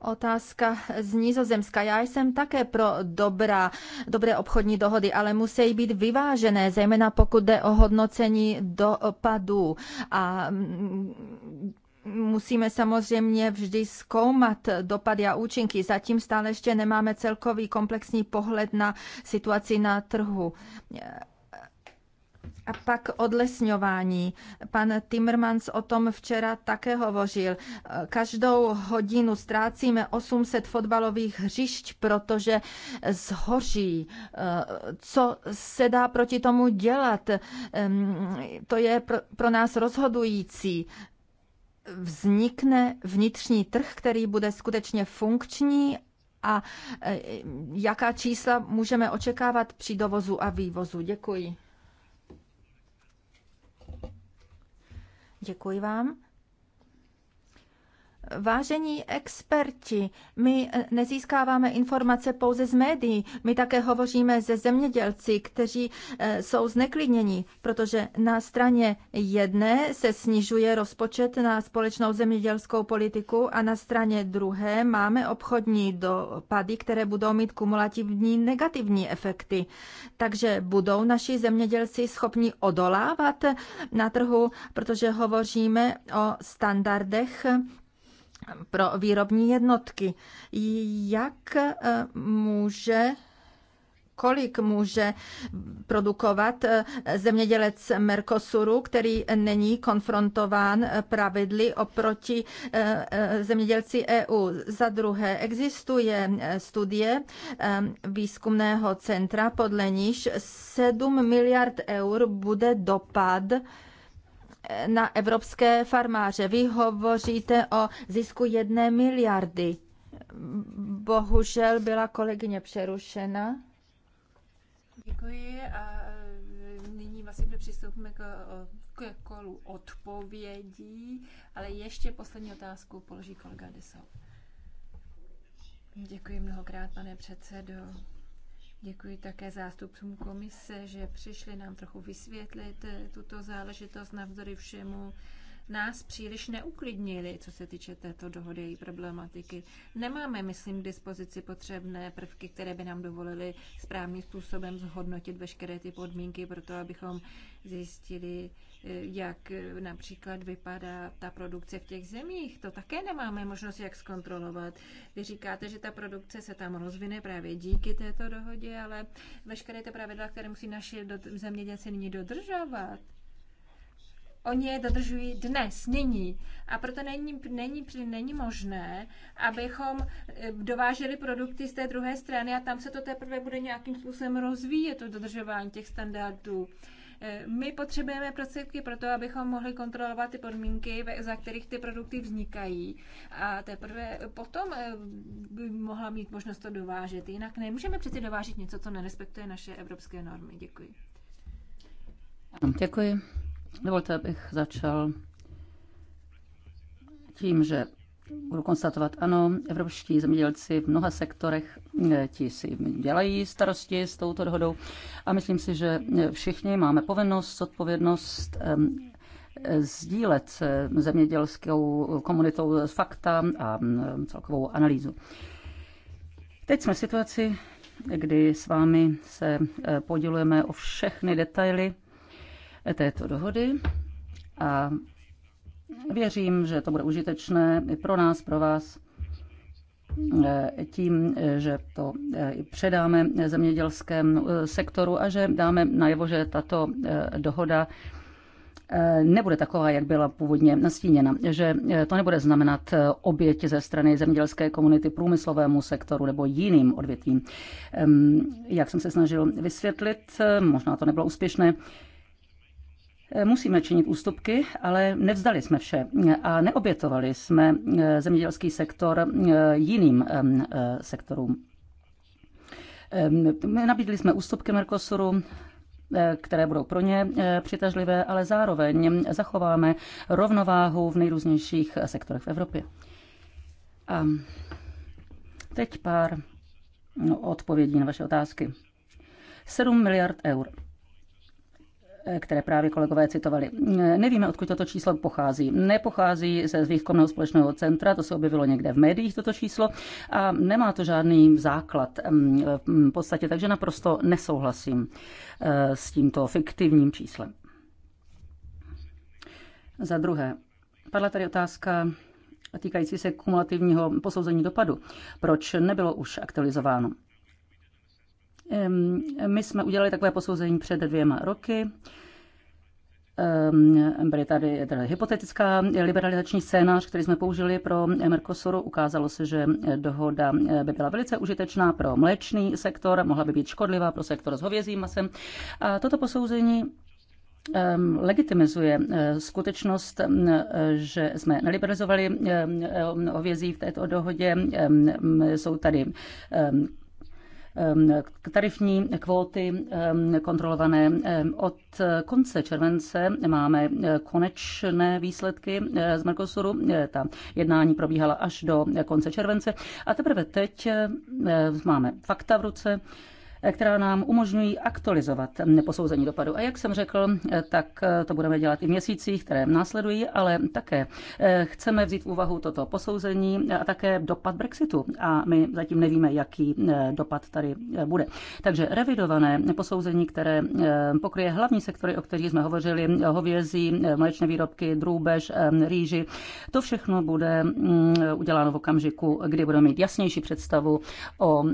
Otázka z Nizozemska. Já jsem také pro dobrá, dobré obchodní dohody, ale musí být vyvážené, zejména pokud jde o hodnocení dopadů. A mm, musíme samozřejmě vždy zkoumat dopady a účinky. Zatím stále ještě nemáme celkový komplexní pohled na situaci na trhu. A pak odlesňování. Pan Timmermans o tom včera také hovořil. Každou hodinu ztrácíme 800 fotbalových hřišť, protože zhoří. Co se dá proti tomu dělat? To je pro nás rozhodující vznikne vnitřní trh, který bude skutečně funkční a e, jaká čísla můžeme očekávat při dovozu a vývozu. Děkuji. Děkuji vám. Vážení experti, my eh, nezískáváme informace pouze z médií, my také hovoříme se zemědělci, kteří eh, jsou zneklidněni, protože na straně jedné se snižuje rozpočet na společnou zemědělskou politiku a na straně druhé máme obchodní dopady, které budou mít kumulativní negativní efekty. Takže budou naši zemědělci schopni odolávat eh, na trhu, protože hovoříme o standardech, pro výrobní jednotky. Jak e, může kolik může produkovat e, zemědělec Mercosuru, který není konfrontován e, pravidly oproti zemědělci EU. Za druhé, existuje studie výzkumného centra, podle níž 7 miliard eur bude dopad na evropské farmáře. Vy hovoříte o zisku jedné miliardy. Bohužel byla kolegyně přerušena. Děkuji a e, nyní vlastně přistoupíme k, k kolu odpovědí, ale ještě poslední otázku položí kolega Desau. Děkuji mnohokrát, pane předsedo. Děkuji také zástupcům komise, že přišli nám trochu vysvětlit eh, tuto záležitost navzdory všemu nás příliš neuklidnili, co se týče této dohody a její problematiky. Nemáme, myslím, k dispozici potřebné prvky, které by nám dovolily správným způsobem zhodnotit veškeré ty podmínky pro to, abychom zjistili, jak eh, například vypadá ta produkce v těch zemích. To také nemáme možnost jak zkontrolovat. Vy říkáte, že ta produkce se tam rozvine právě díky této dohodě, ale veškeré ty pravidla, které musí naši zemědělci nyní dodržovat, Oni je dodržují dnes, nyní. A proto není, není, není možné, abychom eh, dováželi produkty z té druhé strany a tam se to teprve bude nějakým způsobem rozvíjet, to dodržování těch standardů. Eh, my potřebujeme prostředky pro to, abychom mohli kontrolovat ty podmínky, za kterých ty produkty vznikají. A teprve potom eh, by mohla mít možnost to dovážet. Jinak nemůžeme přeci dovážet něco, co nerespektuje naše evropské normy. Děkuji. Děkuji. Dovolte, abych začal tím, že Budu konstatovat, ano, evropští zemědělci v mnoha sektorech eh, ti si dělají starosti s touto dohodou a myslím si, že všichni máme povinnost, odpovědnost ehm, sdílet eh, zemědělskou komunitou fakta a mm, celkovou analýzu. Teď jsme v situaci, kdy s vámi se eh, podělujeme o všechny detaily této dohody a Věřím, že to bude užitečné i pro nás, pro vás e, tím, že to e, předáme zemědělskému e, sektoru a že dáme najevo, že tato dohoda nebude taková, jak byla původně nastíněna, že to nebude znamenat oběť ze strany zemědělské komunity průmyslovému sektoru nebo jiným odvětvím. Jak jsem se snažil vysvětlit, možná to nebylo úspěšné, Eh, musíme činit ústupky, ale nevzdali jsme vše eh, a neobětovali jsme eh, zemědělský sektor jiným sektorům. Nabídli jsme ústupky Mercosuru, které budou pro ně přitažlivé, ale zároveň zachováme rovnováhu v nejrůznějších sektorech v Evropě. A teď pár no, odpovědí na vaše otázky. 7 miliard eur které právě kolegové citovali. Nevíme, odkud toto číslo pochází. Nepochází ze výzkumného společného centra, to se objevilo někde v médiích, toto číslo, a nemá to žádný základ mm, v podstatě, takže naprosto nesouhlasím eh, s tímto fiktivním číslem. Za druhé, padla tady otázka týkající se kumulativního posouzení dopadu. Proč nebylo už aktualizováno? My jsme udělali takové posouzení před dvěma roky. Byly tady teda hypotetická liberalizační scénář, který jsme použili pro Mercosuru. Ukázalo se, že dohoda by byla velice užitečná pro mléčný sektor, mohla by být škodlivá pro sektor s hovězím masem. A toto posouzení legitimizuje eh, skutečnost, že jsme neliberalizovali eh, hovězí v této dohodě. Jsou tady Ehm, tarifní kvóty ehm, kontrolované. Ehm, od konce července máme eh, konečné výsledky eh, z Mercosuru. Eh, ta jednání probíhala až do konce července a teprve teď máme fakta v ruce která nám umožňují aktualizovat neposouzení dopadu. A jak jsem řekl, tak to budeme dělat i v měsících, které následují, ale také eh, chceme vzít v úvahu toto posouzení a také dopad Brexitu. A my zatím nevíme, jaký eh, dopad tady eh, bude. Takže revidované posouzení, které pokryje hlavní sektory, o kterých jsme hovořili, hovězí, mléčné výrobky, drůbež, rýži, to všechno bude mm, uděláno v okamžiku, kdy budeme mít jasnější představu o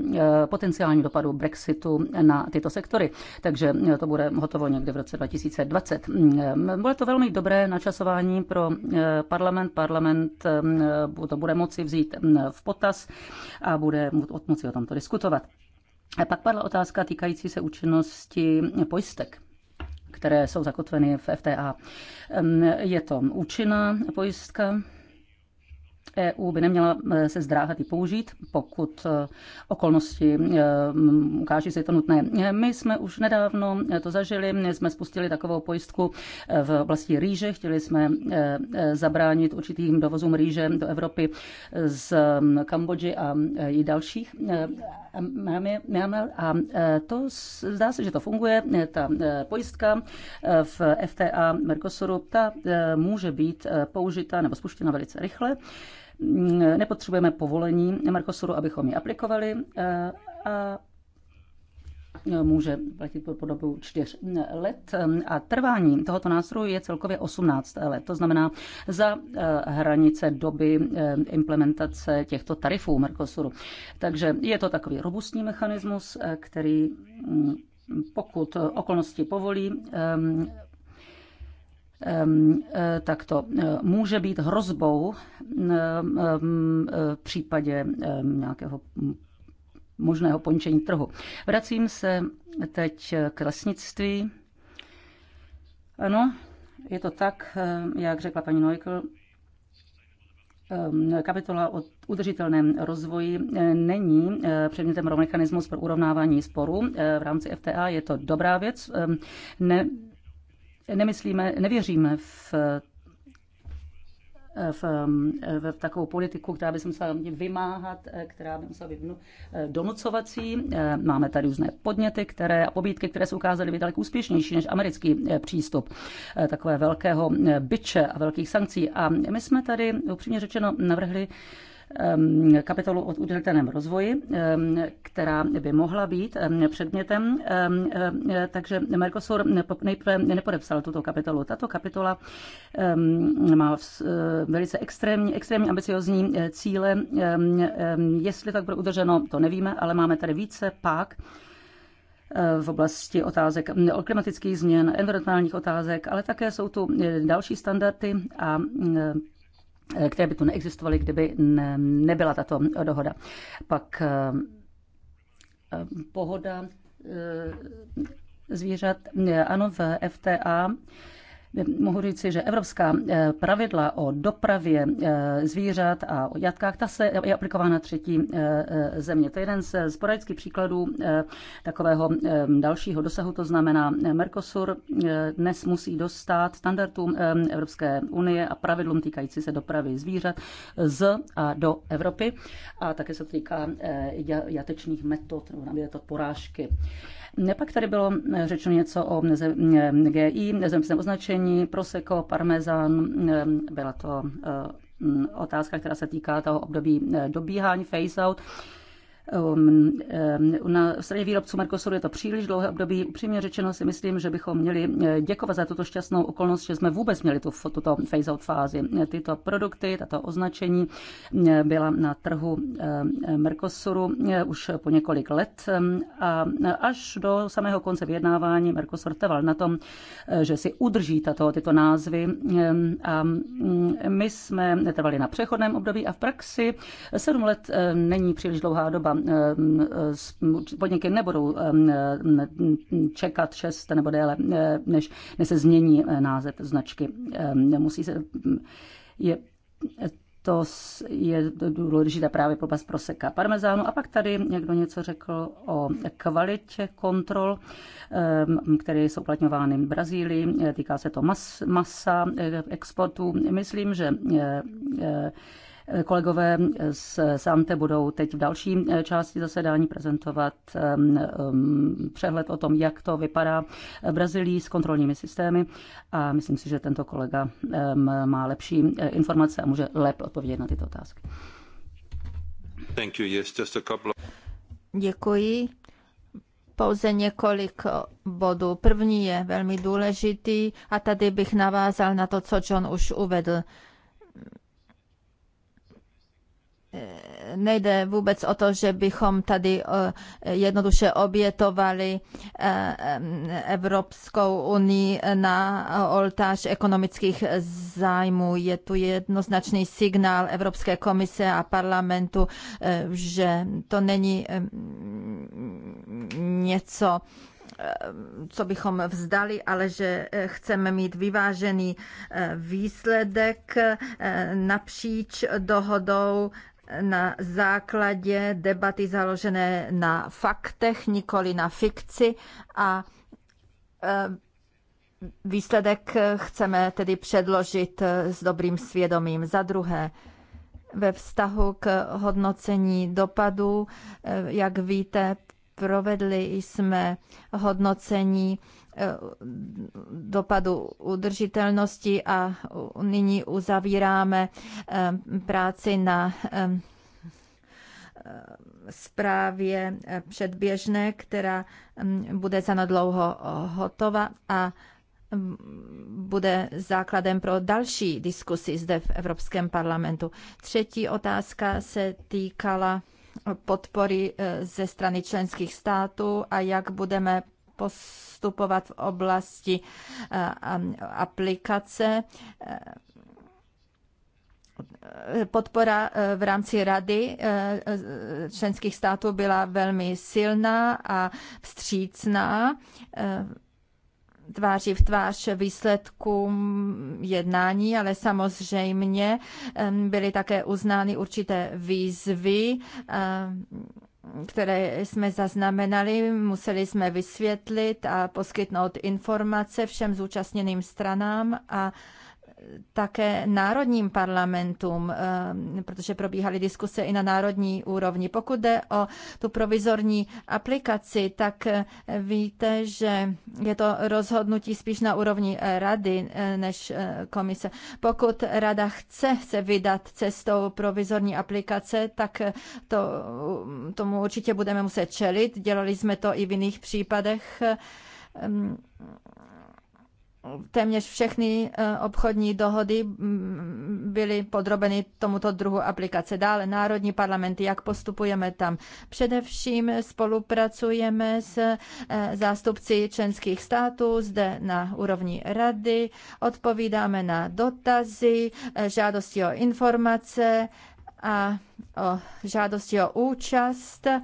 potenciálním dopadu Brexitu deficitu na tyto sektory. Takže to bude hotovo někdy v roce 2020. Bude to velmi dobré načasování pro eh, parlament. Parlament eh, to bude moci vzít eh, v potaz a bude moci o tomto diskutovat. A pak padla otázka týkající se účinnosti pojistek které jsou zakotveny v FTA. Je to účinná pojistka, EU by neměla eh, se zdráhat i použít, pokud eh, okolnosti eh, mm, ukáží, že je to nutné. My jsme už nedávno to zažili, my jsme spustili takovou pojistku v oblasti rýže, chtěli jsme zabránit určitým dovozům rýže do Evropy z mm, Kambodži a i dalších. A to zdá se, že to funguje. Ta pojistka v FTA Mercosuru, ta může být použita nebo spuštěna velice rychle. Mm, nepotřebujeme povolení Mercosuru, abychom ji aplikovali eh, a může platit po dobu 4 mm, let eh, a trvání tohoto nástroje je celkově 18 let. To znamená za eh, hranice doby implementace těchto tarifů Mercosuru. Takže je to takový robustní mechanismus, který mm, pokud okolnosti povolí, Eh, tak to eh, může být hrozbou eh, v případě nějakého možného pončení trhu. Vracím se teď k lesnictví. Ano, je to tak, jak řekla paní Neukl, kapitola o udržitelném rozvoji není předmětem mechanismus pro urovnávání sporů v rámci FTA. Je to dobrá věc. Ne, nemyslíme, nevěříme v v, v takovou politiku, která by se musela vymáhat, která by musela být no, donucovací. Máme tady různé podněty které, a pobídky, které se ukázaly být daleko úspěšnější než americký přístup takové velkého byče a velkých sankcí. A my jsme tady upřímně řečeno navrhli Ehm, kapitolu o udržitelném rozvoji, ehm, která by mohla být ehm, předmětem. E, takže Mercosur nejprve nepodepsal tuto kapitolu. Tato kapitola má e, velice extrémní, extrémně ambiciozní e, cíle. Jestli tak bude udrženo, to nevíme, ale máme tady více pák v oblasti otázek o klimatických změn, environmentálních otázek, ale také jsou tu další standardy a Eh, které by tu neexistovaly, kdyby nebyla tato eh, dohoda. Pak eh, pohoda zvířat, ano, v FTA mohu říci, že evropská eh, pravidla o dopravě eh, zvířat a o jatkách, ta se je aplikována třetí eh, země. To je jeden z sporadických příkladů takového dalšího dosahu, to znamená Mercosur dnes musí dostat standardům Evropské unie a pravidlům týkající se dopravy zvířat z a do Evropy a také se to týká jatečných metod nebo to porážky. Pak tady bylo eh, řečeno něco o GI, nezemstvém eh, označení, proseko, parmezán, eh, byla to otázka, která se týká toho období dobíhání, phase out. Um, um, na straně výrobců Mercosuru je to příliš dlouhé období. Upřímně řečeno si myslím, že bychom měli eh, děkovat za tuto šťastnou okolnost, že jsme vůbec měli tu, tuto phase-out fázi. Eh, tyto produkty, tato označení eh, byla na trhu Mercosuru už po několik let a až do samého konce vyjednávání Mercosur trval na tom, že si udrží tato, tyto názvy a mm, my jsme netrvali na přechodném období a v praxi sedm let není příliš dlouhá doba Eh, podniky nebudou eh, čekat 6 nebo déle, eh, než, než se změní název značky. Musí se, je, to je důležité právě pro vás proseka parmezánu. A pak tady někdo něco řekl o kvalitě kontrol, které jsou uplatňovány v Brazílii. Týká se to mas, masa exportu. Myslím, že Kolegové z Sante budou teď v další eh, části zasedání prezentovat ehm, ehm, přehled o tom, jak to vypadá v Brazílii s kontrolními systémy a myslím si, že tento kolega ehm, má lepší eh, informace a může lépe odpovědět na tyto otázky. Thank you. Yes, just a couple of... Děkuji pouze několik bodů. První je velmi důležitý a tady bych navázal na to, co John už uvedl nejde vůbec o to, že bychom tady eh, jednoduše obětovali eh, eh, Evropskou unii na oltář ekonomických zájmů. Je tu jednoznačný signál Evropské komise a parlamentu, že to není něco, co bychom vzdali, ale že chceme mít vyvážený výsledek napříč dohodou na základě debaty založené na faktech, nikoli na fikci a e, výsledek chceme tedy předložit s dobrým svědomím. Za druhé, ve vztahu k hodnocení dopadů, e, jak víte, provedli jsme hodnocení dopadu udržitelnosti a nyní uzavíráme eh, práci na eh, zprávě předběžné, která mm, bude zanedlouho hotova a mm, bude základem pro další diskusy zde v Evropském parlamentu. Třetí otázka se týkala podpory eh, ze strany členských států a jak budeme postupovat v oblasti eh, aplikace eh, podpora eh, v rámci rady členských států byla velmi silná a vstřícná tváří v tvář výsledkům jednání, ale samozřejmě byly také uznány určité výzvy které jsme zaznamenali, museli jsme vysvětlit a poskytnout informace všem zúčastněným stranám a také národním parlamentům, eh, protože probíhaly diskuse i na národní úrovni. Pokud jde o tu provizorní aplikaci, tak eh, víte, že je to rozhodnutí spíš na úrovni eh, rady než komise. Pokud rada chce se vydat cestou provizorní aplikace, tak to, tomu určitě budeme muset čelit. Dělali jsme to i v jiných případech ehm, téměř všechny eh, obchodní dohody mm, byly podrobeny tomuto druhu aplikace. Dále národní parlamenty, jak postupujeme tam. Především spolupracujeme s eh, zástupci členských států zde na úrovni rady, odpovídáme na dotazy, eh, žádosti o informace, a o žádosti o účast e,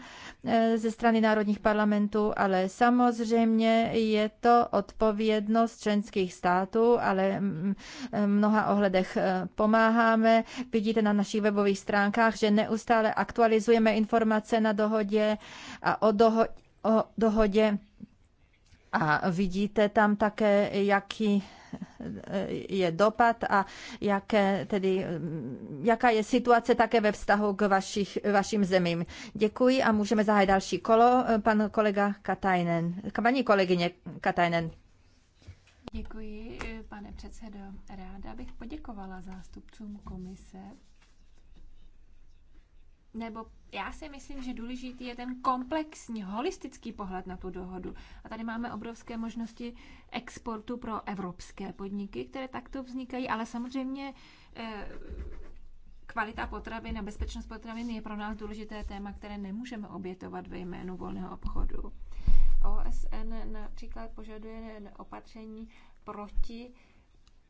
ze strany národních parlamentů, ale samozřejmě je to odpovědnost členských států, ale v mnoha ohledech e, pomáháme. Vidíte na našich webových stránkách, že neustále aktualizujeme informace na dohodě a o, doho- o dohodě a vidíte tam také, jaký je dopad a jaké, tedy, jaká je situace také ve vztahu k vašich, vašim zemím. Děkuji a můžeme zahájit další kolo. Pan kolega Katajnen, paní kolegyně Katajnen. Děkuji, pane předsedo. Ráda bych poděkovala zástupcům komise nebo já si myslím, že důležitý je ten komplexní, holistický pohled na tu dohodu. A tady máme obrovské možnosti exportu pro evropské podniky, které takto vznikají, ale samozřejmě eh, kvalita potravin a bezpečnost potravin je pro nás důležité téma, které nemůžeme obětovat ve jménu volného obchodu. OSN například požaduje opatření proti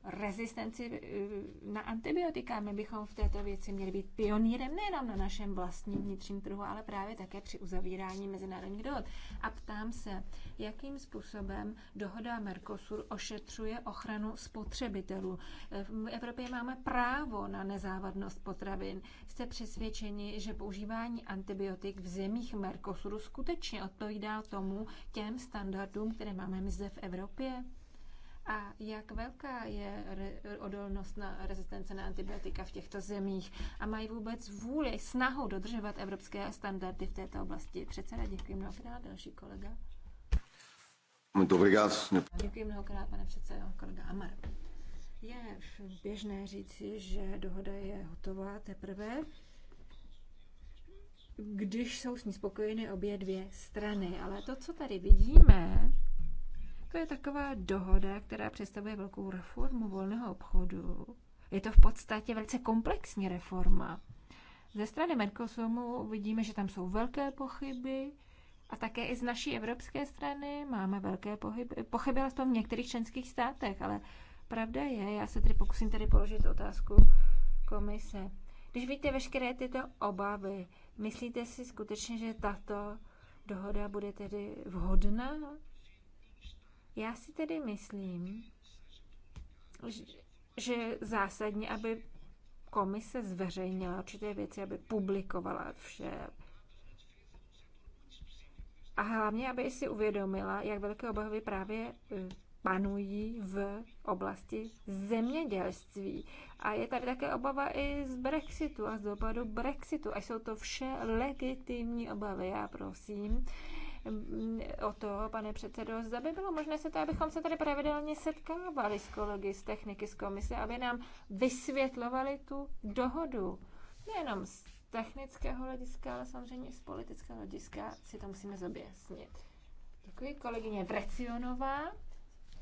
rezistenci eh, na antibiotika. My bychom v této věci měli být pionýrem nejenom na našem vlastním vnitřním trhu, ale právě také při uzavírání mezinárodních dohod. A ptám se, jakým způsobem dohoda Mercosur ošetřuje ochranu spotřebitelů. Eh, v Evropě máme právo na nezávadnost potravin. Jste přesvědčeni, že používání antibiotik v zemích Mercosuru skutečně odpovídá tomu těm standardům, které máme my zde v Evropě? a jak velká je odolnost na rezistence na antibiotika v těchto zemích a mají vůbec vůli, snahu dodržovat evropské standardy v této oblasti. Předseda, děkuji mnohokrát, další kolega. Děkuji mnohokrát, pane předsedo, kolega Amar. Je běžné říci, že dohoda je hotová teprve, když jsou s ní spokojeny obě dvě strany. Ale to, co tady vidíme, to je taková dohoda, která představuje velkou reformu volného obchodu. Je to v podstatě velice komplexní reforma. Ze strany Mercosuru vidíme, že tam jsou velké pochyby a také i z naší evropské strany máme velké pochyby. Pochyby alespoň v některých členských státech, ale pravda je, já se tedy pokusím tady položit otázku komise. Když vidíte veškeré tyto obavy, myslíte si skutečně, že tato dohoda bude tedy vhodná já si tedy myslím, že zásadně, aby komise zveřejnila určité věci, aby publikovala vše. A hlavně, aby si uvědomila, jak velké obavy právě eh, panují v oblasti zemědělství. A je tady také obava i z Brexitu a z dopadu Brexitu. A jsou to vše legitimní obavy. Já prosím, o to, pane předsedo, zda by bylo možné se to, abychom se tady pravidelně setkávali s kolegy z techniky z komise, aby nám vysvětlovali tu dohodu. Nejenom z technického hlediska, ale samozřejmě z politického hlediska si to musíme zobjasnit. Děkuji, kolegyně Vrecionová.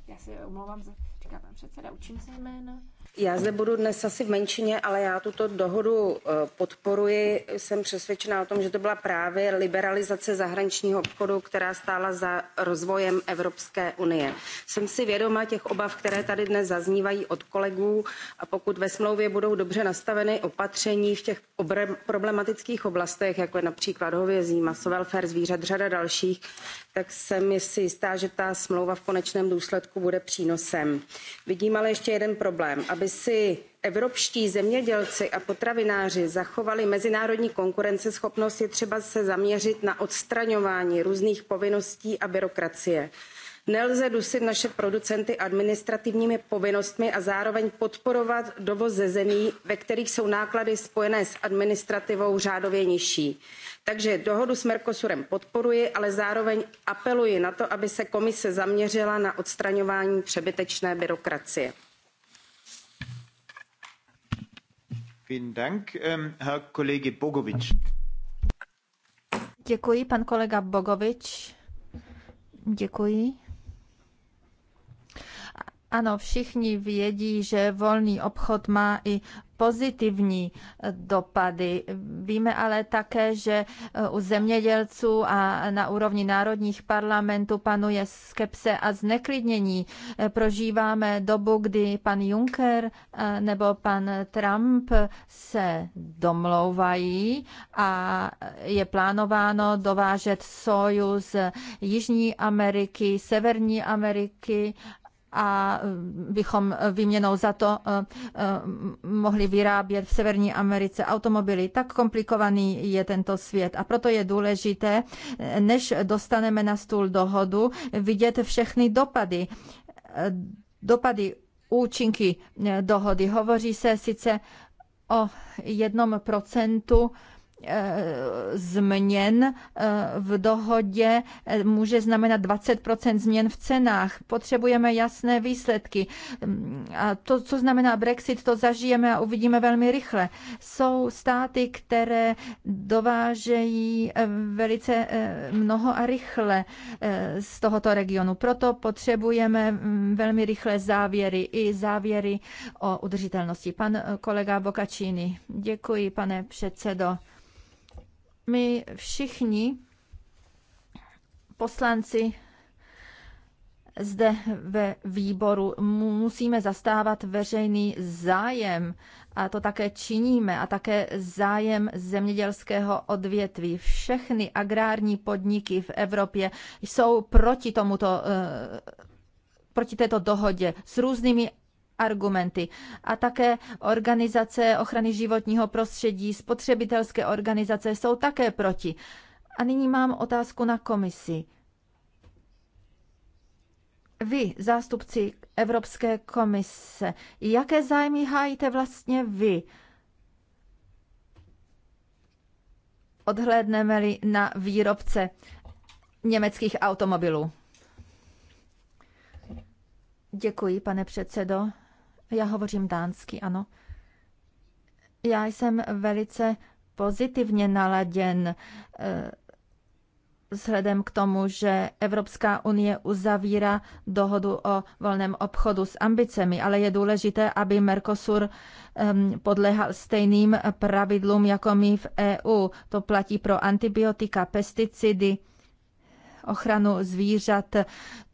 Já se omlouvám, říká pan předseda, učím se jméno. Já zde budu dnes asi v menšině, ale já tuto dohodu eh, podporuji. Jsem přesvědčená o tom, že to byla právě liberalizace zahraničního obchodu, která stála za rozvojem Evropské unie. Jsem si vědoma těch obav, které tady dnes zaznívají od kolegů a pokud ve smlouvě budou dobře nastaveny opatření v těch problematických oblastech, jako je například hovězí, maso, welfare zvířat, řada dalších, tak jsem si jistá, že ta smlouva v konečném důsledku bude přínosem. Vidím ale ještě jeden problém. Aby aby si evropští zemědělci a potravináři zachovali mezinárodní konkurenceschopnost, je třeba se zaměřit na odstraňování různých povinností a byrokracie. Nelze dusit naše producenty administrativními povinnostmi a zároveň podporovat dovoz ze zemí, ve kterých jsou náklady spojené s administrativou řádově nižší. Takže dohodu s Mercosurem podporuji, ale zároveň apeluji na to, aby se komise zaměřila na odstraňování přebytečné byrokracie. Ähm, Děkuji, pan kolega Bogovič. Děkuji. Ano, všichni vědí, že volný obchod má i pozitivní eh, dopady. Víme ale také, že eh, u zemědělců a na úrovni národních parlamentů panuje skepse a zneklidnění. Eh, prožíváme dobu, kdy pan Juncker nebo pan Trump se domlouvají a je plánováno dovážet soju z Jižní Ameriky, Severní Ameriky a eh, bychom eh, výměnou za to eh, mohli vyrábět v Severní Americe automobily. Tak komplikovaný je tento svět a proto je důležité, než dostaneme na stůl dohodu, vidět všechny dopady. Dopady, účinky dohody. Hovoří se sice o jednom procentu Eh, změn eh, v dohodě eh, může znamenat 20 změn v cenách. Potřebujeme jasné výsledky. Mm, a to, co znamená Brexit, to zažijeme a uvidíme velmi rychle. Jsou státy, které dovážejí velice mnoho a rychle z tohoto regionu. Proto potřebujeme mm, velmi rychle závěry i závěry o udržitelnosti. Pan kolega Bocacini. Děkuji, pane předsedo my všichni poslanci zde ve výboru musíme zastávat veřejný zájem a to také činíme a také zájem zemědělského odvětví. Všechny agrární podniky v Evropě jsou proti tomuto eh, proti této dohodě s různými argumenty. A také organizace ochrany životního prostředí, spotřebitelské organizace jsou také proti. A nyní mám otázku na komisi. Vy, zástupci Evropské komise, jaké zájmy hájíte vlastně vy? Odhlédneme-li na výrobce německých automobilů. Děkuji, pane předsedo. Já hovořím dánsky, ano. Já jsem velice pozitivně naladěn eh, vzhledem k tomu, že Evropská unie uzavírá dohodu o volném obchodu s ambicemi, ale je důležité, aby Mercosur ehm, podléhal stejným pravidlům jako my v EU. To platí pro antibiotika, pesticidy, ochranu zvířat,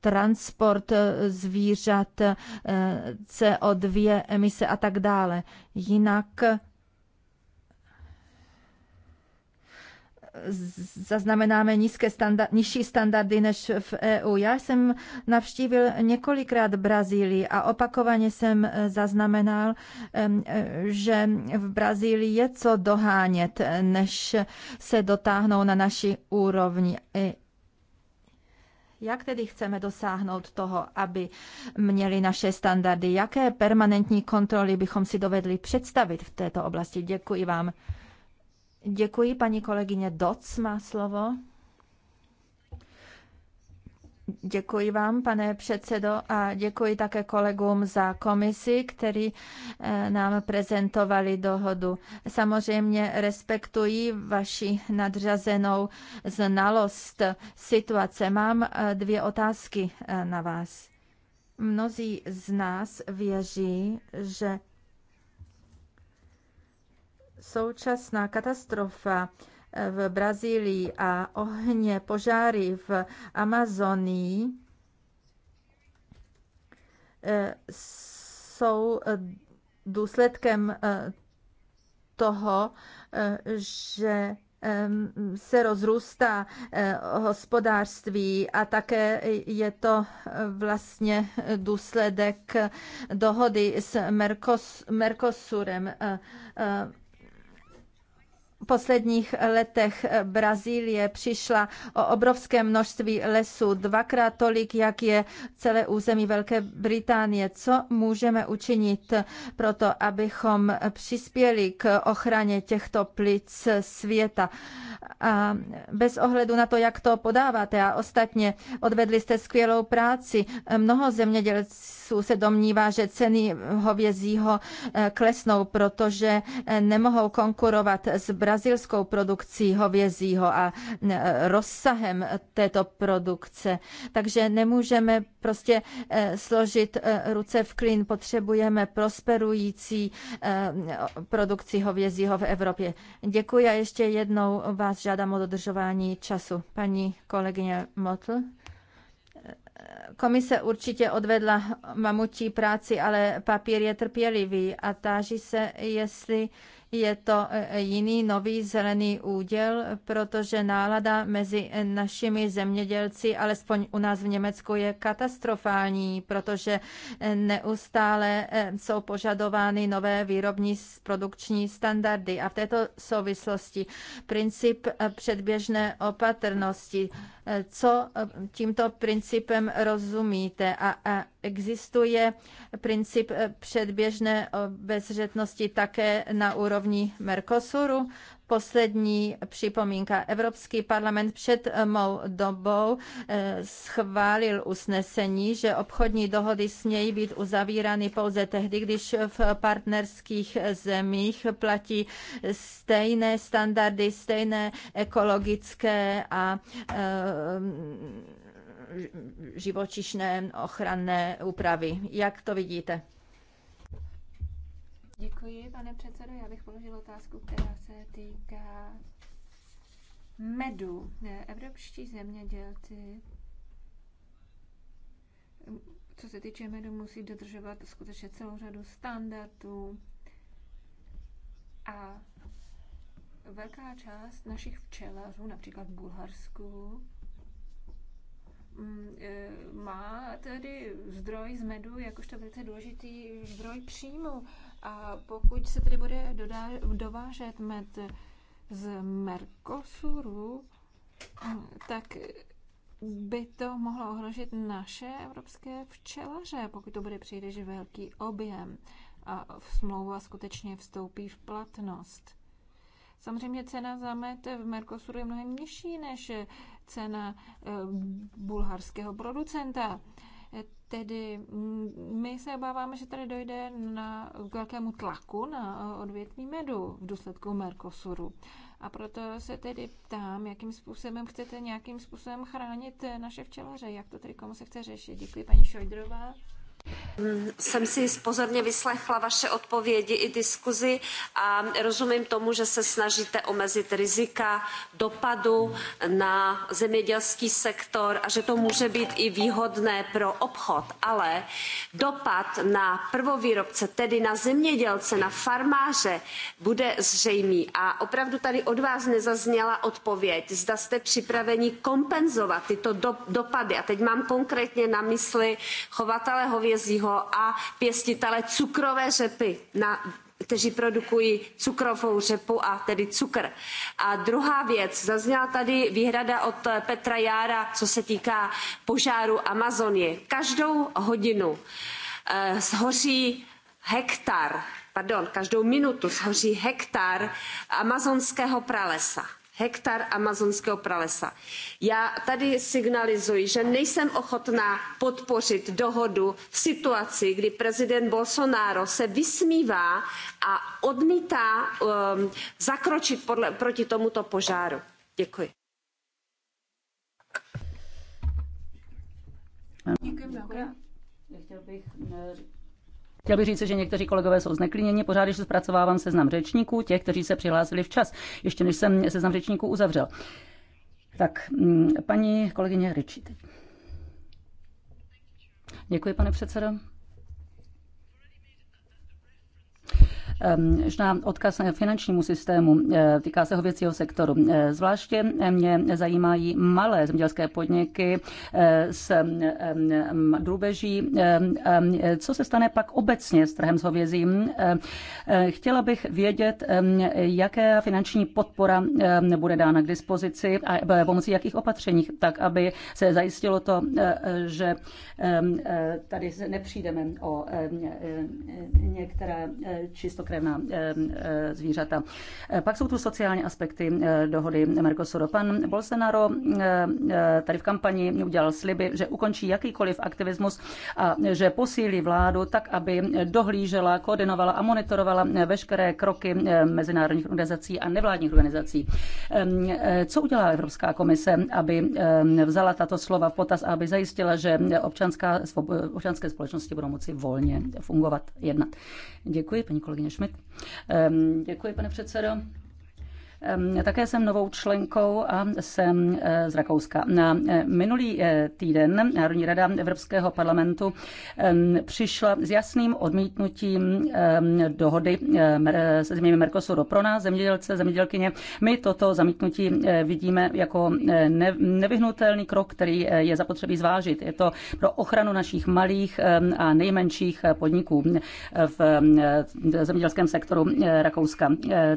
transport zvířat, eh, CO2 emise a tak dále. Jinak eh, zaznamenáme nízké standa- nižší standardy než v EU. Já jsem navštívil několikrát Brazílii a opakovaně jsem eh, zaznamenal, že v Brazílii je co dohánět, než se dotáhnou na naši úrovni. Jak tedy chceme dosáhnout toho, aby měli naše standardy? Jaké permanentní kontroly bychom si dovedli představit v této oblasti? Děkuji vám. Děkuji, paní kolegyně Doc má slovo. Děkuji vám, pane předsedo, a děkuji také kolegům za komisi, který eh, nám prezentovali dohodu. Samozřejmě respektuji vaši nadřazenou znalost situace. Mám eh, dvě otázky eh, na vás. Mnozí z nás věří, že současná katastrofa v Brazílii a ohně, požáry v Amazonii eh, jsou eh, důsledkem eh, toho, že se rozrůstá hospodářství a také je to vlastně důsledek dohody s Mercosurem posledních letech Brazílie přišla o obrovské množství lesů, dvakrát tolik, jak je celé území Velké Británie. Co můžeme učinit pro to, abychom přispěli k ochraně těchto plic světa? A bez ohledu na to, jak to podáváte a ostatně odvedli jste skvělou práci, mnoho zemědělců průmyslu se domnívá, že ceny hovězího eh, klesnou, protože eh, nemohou konkurovat s brazilskou produkcí hovězího a eh, rozsahem této produkce. Takže nemůžeme prostě složit ruce v klin. Potřebujeme prosperující produkci hovězího v Evropě. Děkuji a ještě jednou vás žádám o dodržování času. Paní kolegyně Motl. Komise určitě odvedla mamutí práci, ale papír je trpělivý a táží se, jestli je to e, e, jiný nový zelený úděl, protože nálada mezi e, našimi zemědělci, alespoň u nás v Německu, je katastrofální, protože neustále jsou požadovány nové výrobní produkční standardy. A v této souvislosti princip předběžné opatrnosti. Co tímto principem rozumíte a, a existuje princip eh, předběžné bezřetnosti také na úrovni Mercosuru. Poslední připomínka. Evropský parlament před eh, mou dobou eh, schválil usnesení, že obchodní dohody smějí být uzavírány pouze tehdy, když v partnerských zemích platí stejné standardy, stejné ekologické a živočišné ochranné úpravy. Jak to vidíte? Děkuji, pane předsedo. Já bych položila otázku, která se týká medu. Evropští zemědělci, co se týče medu, musí dodržovat skutečně celou řadu standardů a velká část našich včelařů, například v Bulharsku, Mm, e, má tedy zdroj z medu jakožto velice důležitý zdroj příjmu. A pokud se tedy bude dodá, dovážet med z Mercosuru, mm, tak by to mohlo ohrožit naše evropské včelaře, pokud to bude příliš velký objem a smlouva skutečně vstoupí v platnost. Samozřejmě cena za med v Mercosuru je mnohem nižší než cena eh, bulharského producenta. Tedy mm, my se obáváme, že tady dojde na, k velkému tlaku na eh, odvětví medu v důsledku Mercosuru. A proto se tedy ptám, jakým způsobem chcete nějakým způsobem chránit eh, naše včelaře, jak to tedy komu se chce řešit. Děkuji, paní Šojdrová. Jsem si pozorně vyslechla vaše odpovědi i diskuzi a rozumím tomu, že se snažíte omezit rizika dopadu na zemědělský sektor a že to může být i výhodné pro obchod, ale dopad na prvovýrobce, tedy na zemědělce, na farmáře, bude zřejmý. A opravdu tady od vás nezazněla odpověď, zda jste připraveni kompenzovat tyto do, dopady. A teď mám konkrétně na mysli chovatele hovězí hovězího a pěstitele cukrové řepy na kteří produkují cukrovou řepu a tedy cukr. A druhá věc, zazněla tady výhrada od Petra Jára, co se týká požáru Amazonie. Každou hodinu eh, shoří hektar, pardon, každou minutu shoří hektar amazonského pralesa hektar amazonského pralesa. Já tady signalizuji, že nejsem ochotná podpořit dohodu v situaci, kdy prezident Bolsonaro se vysmívá a odmítá um, zakročit podle, proti tomuto požáru. Děkuji. Děkuji mnohokrát. Chtěl bych eh, Chtěl bych říct, že někteří kolegové jsou zneklíněni, pořád ještě zpracovávám seznam řečníků, těch, kteří se přihlásili včas, ještě než jsem seznam řečníků uzavřel. Tak, mm, paní kolegyně Ryči. Děkuji, pane předsedo. Ehm, na odkaz finančnímu systému, eh, týká se věcího sektoru. Eh, zvláště mě zajímají malé zemědělské podniky eh, s ehm, drůbeží. Ehm, co se stane pak obecně s trhem s hovězím? Chtěla bych vědět, jaké finanční podpora bude dána k dispozici a pomocí jakých opatření, tak aby se zajistilo to, že tady nepřijdeme o některé čisto častokrevná eh, eh, zvířata. Eh, pak jsou tu sociální aspekty dohody Mercosuru. Pan Bolsonaro tady v kampani udělal sliby, že ukončí jakýkoliv aktivismus a že posílí vládu tak, aby dohlížela, koordinovala a monitorovala veškeré kroky mezinárodních organizací a nevládních organizací. Ehm, co udělá Evropská komise, aby ehm, vzala tato slova v potaz a aby zajistila, že občanská, občanské společnosti budou moci volně fungovat, jednat? Děkuji, paní kolegyně Schmidt. Děkuji, pane předsedo. Ehm, také jsem novou členkou a jsem eh, z Rakouska. Na eh, minulý eh, týden Národní rada Evropského parlamentu ehm, přišla s jasným odmítnutím ehm, dohody se zeměmi Mercosuru. Pro nás, zemědělce, zemědělkyně, my toto zamítnutí vidíme jako nevyhnutelný krok, který je zapotřebí zvážit. Je to pro ochranu našich malých a nejmenších podniků v zemědělském sektoru Rakouska.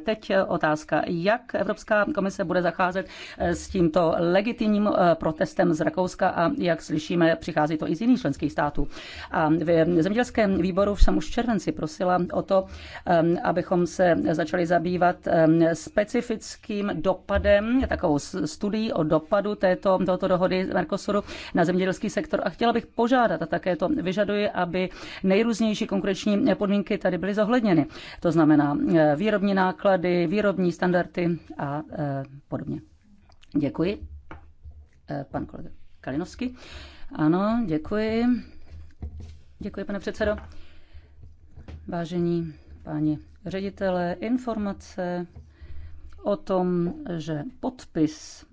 Teď otázka, jak jak Evropská komise bude zacházet eh, s tímto legitimním eh, protestem z Rakouska a jak slyšíme, přichází to i z jiných členských států. A v eh, zemědělském výboru jsem už v červenci prosila o to, abychom se začali zabývat specifickým dopadem, takovou studií o dopadu této, tohoto dohody Mercosuru na zemědělský sektor. A chtěla bych požádat, a také to vyžaduji, aby nejrůznější konkurenční podmínky tady byly zohledněny. To znamená výrobní náklady, výrobní standardy, a a e, podobně. Děkuji. E, pan kolega Kalinovský. Ano, děkuji. Děkuji, pane předsedo. Vážení páni ředitele, informace o tom, že podpis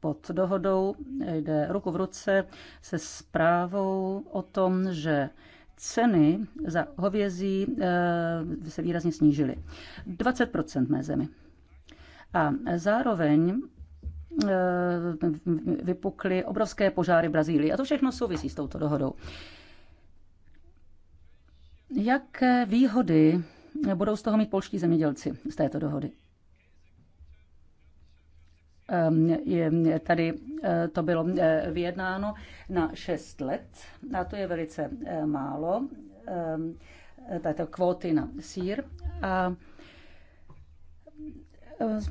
pod dohodou jde ruku v ruce se zprávou o tom, že ceny za hovězí eh, se výrazně snížily. 20% mé zemi. A zároveň eh, vypukly obrovské požáry v Brazílii. A to všechno souvisí s touto dohodou. Jaké výhody budou z toho mít polští zemědělci z této dohody? Ehm, tady eh, to bylo eh, vyjednáno na 6 let, a to je velice eh, málo, tato ehm, kvóty na sír. A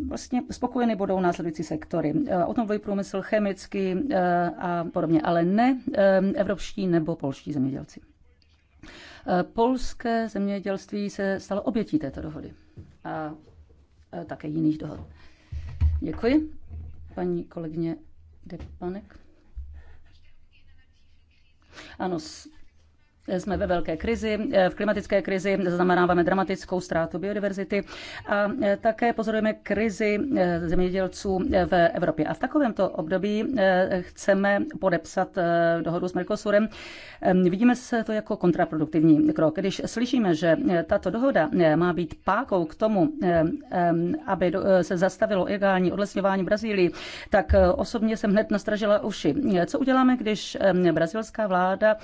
vlastně spokojeny budou následující sektory. O tom průmysl, chemický a podobně, ale ne ehm, evropští nebo polští zemědělci. Polské zemědělství se stalo obětí této dohody a také jiných dohod. Děkuji. Paní kolegyně Depanek. Ano, jsme ve velké krizi, eh, v klimatické krizi zaznamenáváme dramatickou ztrátu biodiverzity a eh, také pozorujeme krizi eh, zemědělců v Evropě. A v takovémto období chceme podepsat dohodu s Mercosurem. Vidíme se to jako kontraproduktivní krok. Když slyšíme, že tato dohoda má být pákou k tomu, aby se zastavilo ilegální odlesňování Brazílii, tak osobně jsem hned nastražila uši. Co uděláme, když brazilská vláda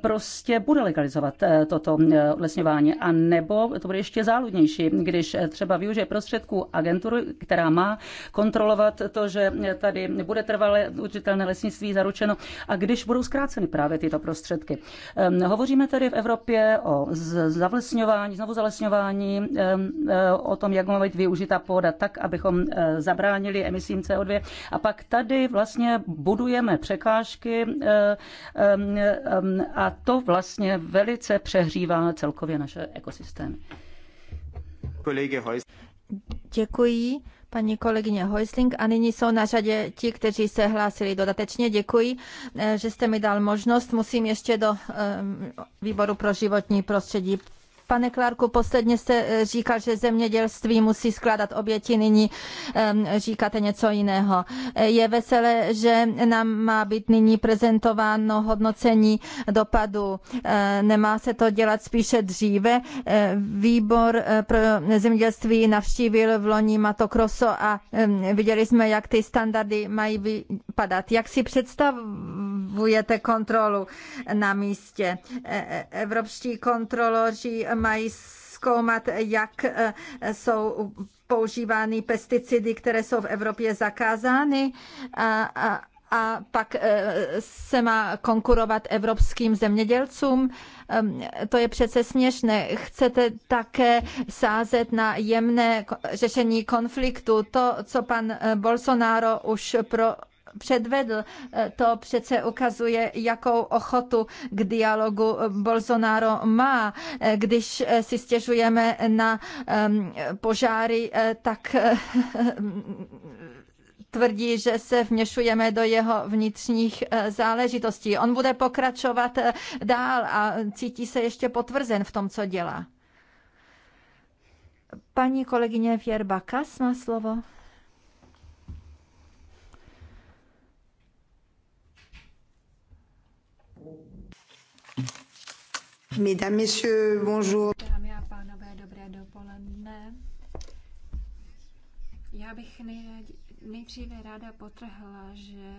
prostě Francie bude legalizovat eh, toto eh, odlesňování, a nebo to bude ještě záludnější, když eh, třeba využije prostředků agentury, která má kontrolovat to, že tady bude trvalé udržitelné lesnictví zaručeno a když budou zkráceny právě tyto prostředky. Ehm, hovoříme tady v Evropě o zavlesňování, znovu zalesňování, ehm, o tom, jak má být využita půda tak, abychom zabránili emisím CO2 a pak tady vlastně budujeme překážky ehm, a to vlastně vlastně velice přehřívá celkově naše ekosystémy. Děkuji, paní kolegyně Hoisling. A nyní jsou na řadě ti, kteří se hlásili dodatečně. Děkuji, eh, že jste mi dal možnost. Musím ještě do eh, výboru pro životní prostředí Pane Klárku, posledně jste eh, říkal, že zemědělství musí skládat oběti, nyní ehm, říkáte něco jiného. Eh, je veselé, že nám má být nyní prezentováno hodnocení dopadu. Eh, nemá se to dělat spíše dříve. Výbor pro zemědělství navštívil v loni Matokroso a ehm, viděli jsme, jak ty standardy mají vypadat. Jak si představujete kontrolu na místě? Evropští kontroloři mají zkoumat, jak eh, jsou používány pesticidy, které jsou v Evropě zakázány. A, a, a pak eh, se má konkurovat evropským zemědělcům. Ehm, to je přece směšné. Chcete také sázet na jemné řešení konfliktu. To, co pan eh, Bolsonaro už pro předvedl, e, to přece ukazuje, jakou ochotu k dialogu Bolsonaro má. E, když e, si stěžujeme na požáry, tak tvrdí, že se vněšujeme do jeho vnitřních záležitostí. On bude pokračovat dál a cítí se ještě potvrzen v tom, co dělá. Paní kolegyně Věrba Kas má slovo. Mesdames, messieurs, bonjour. Dámy a pánové, dobré dopoledne. Já bych nejdříve ráda potrhla, že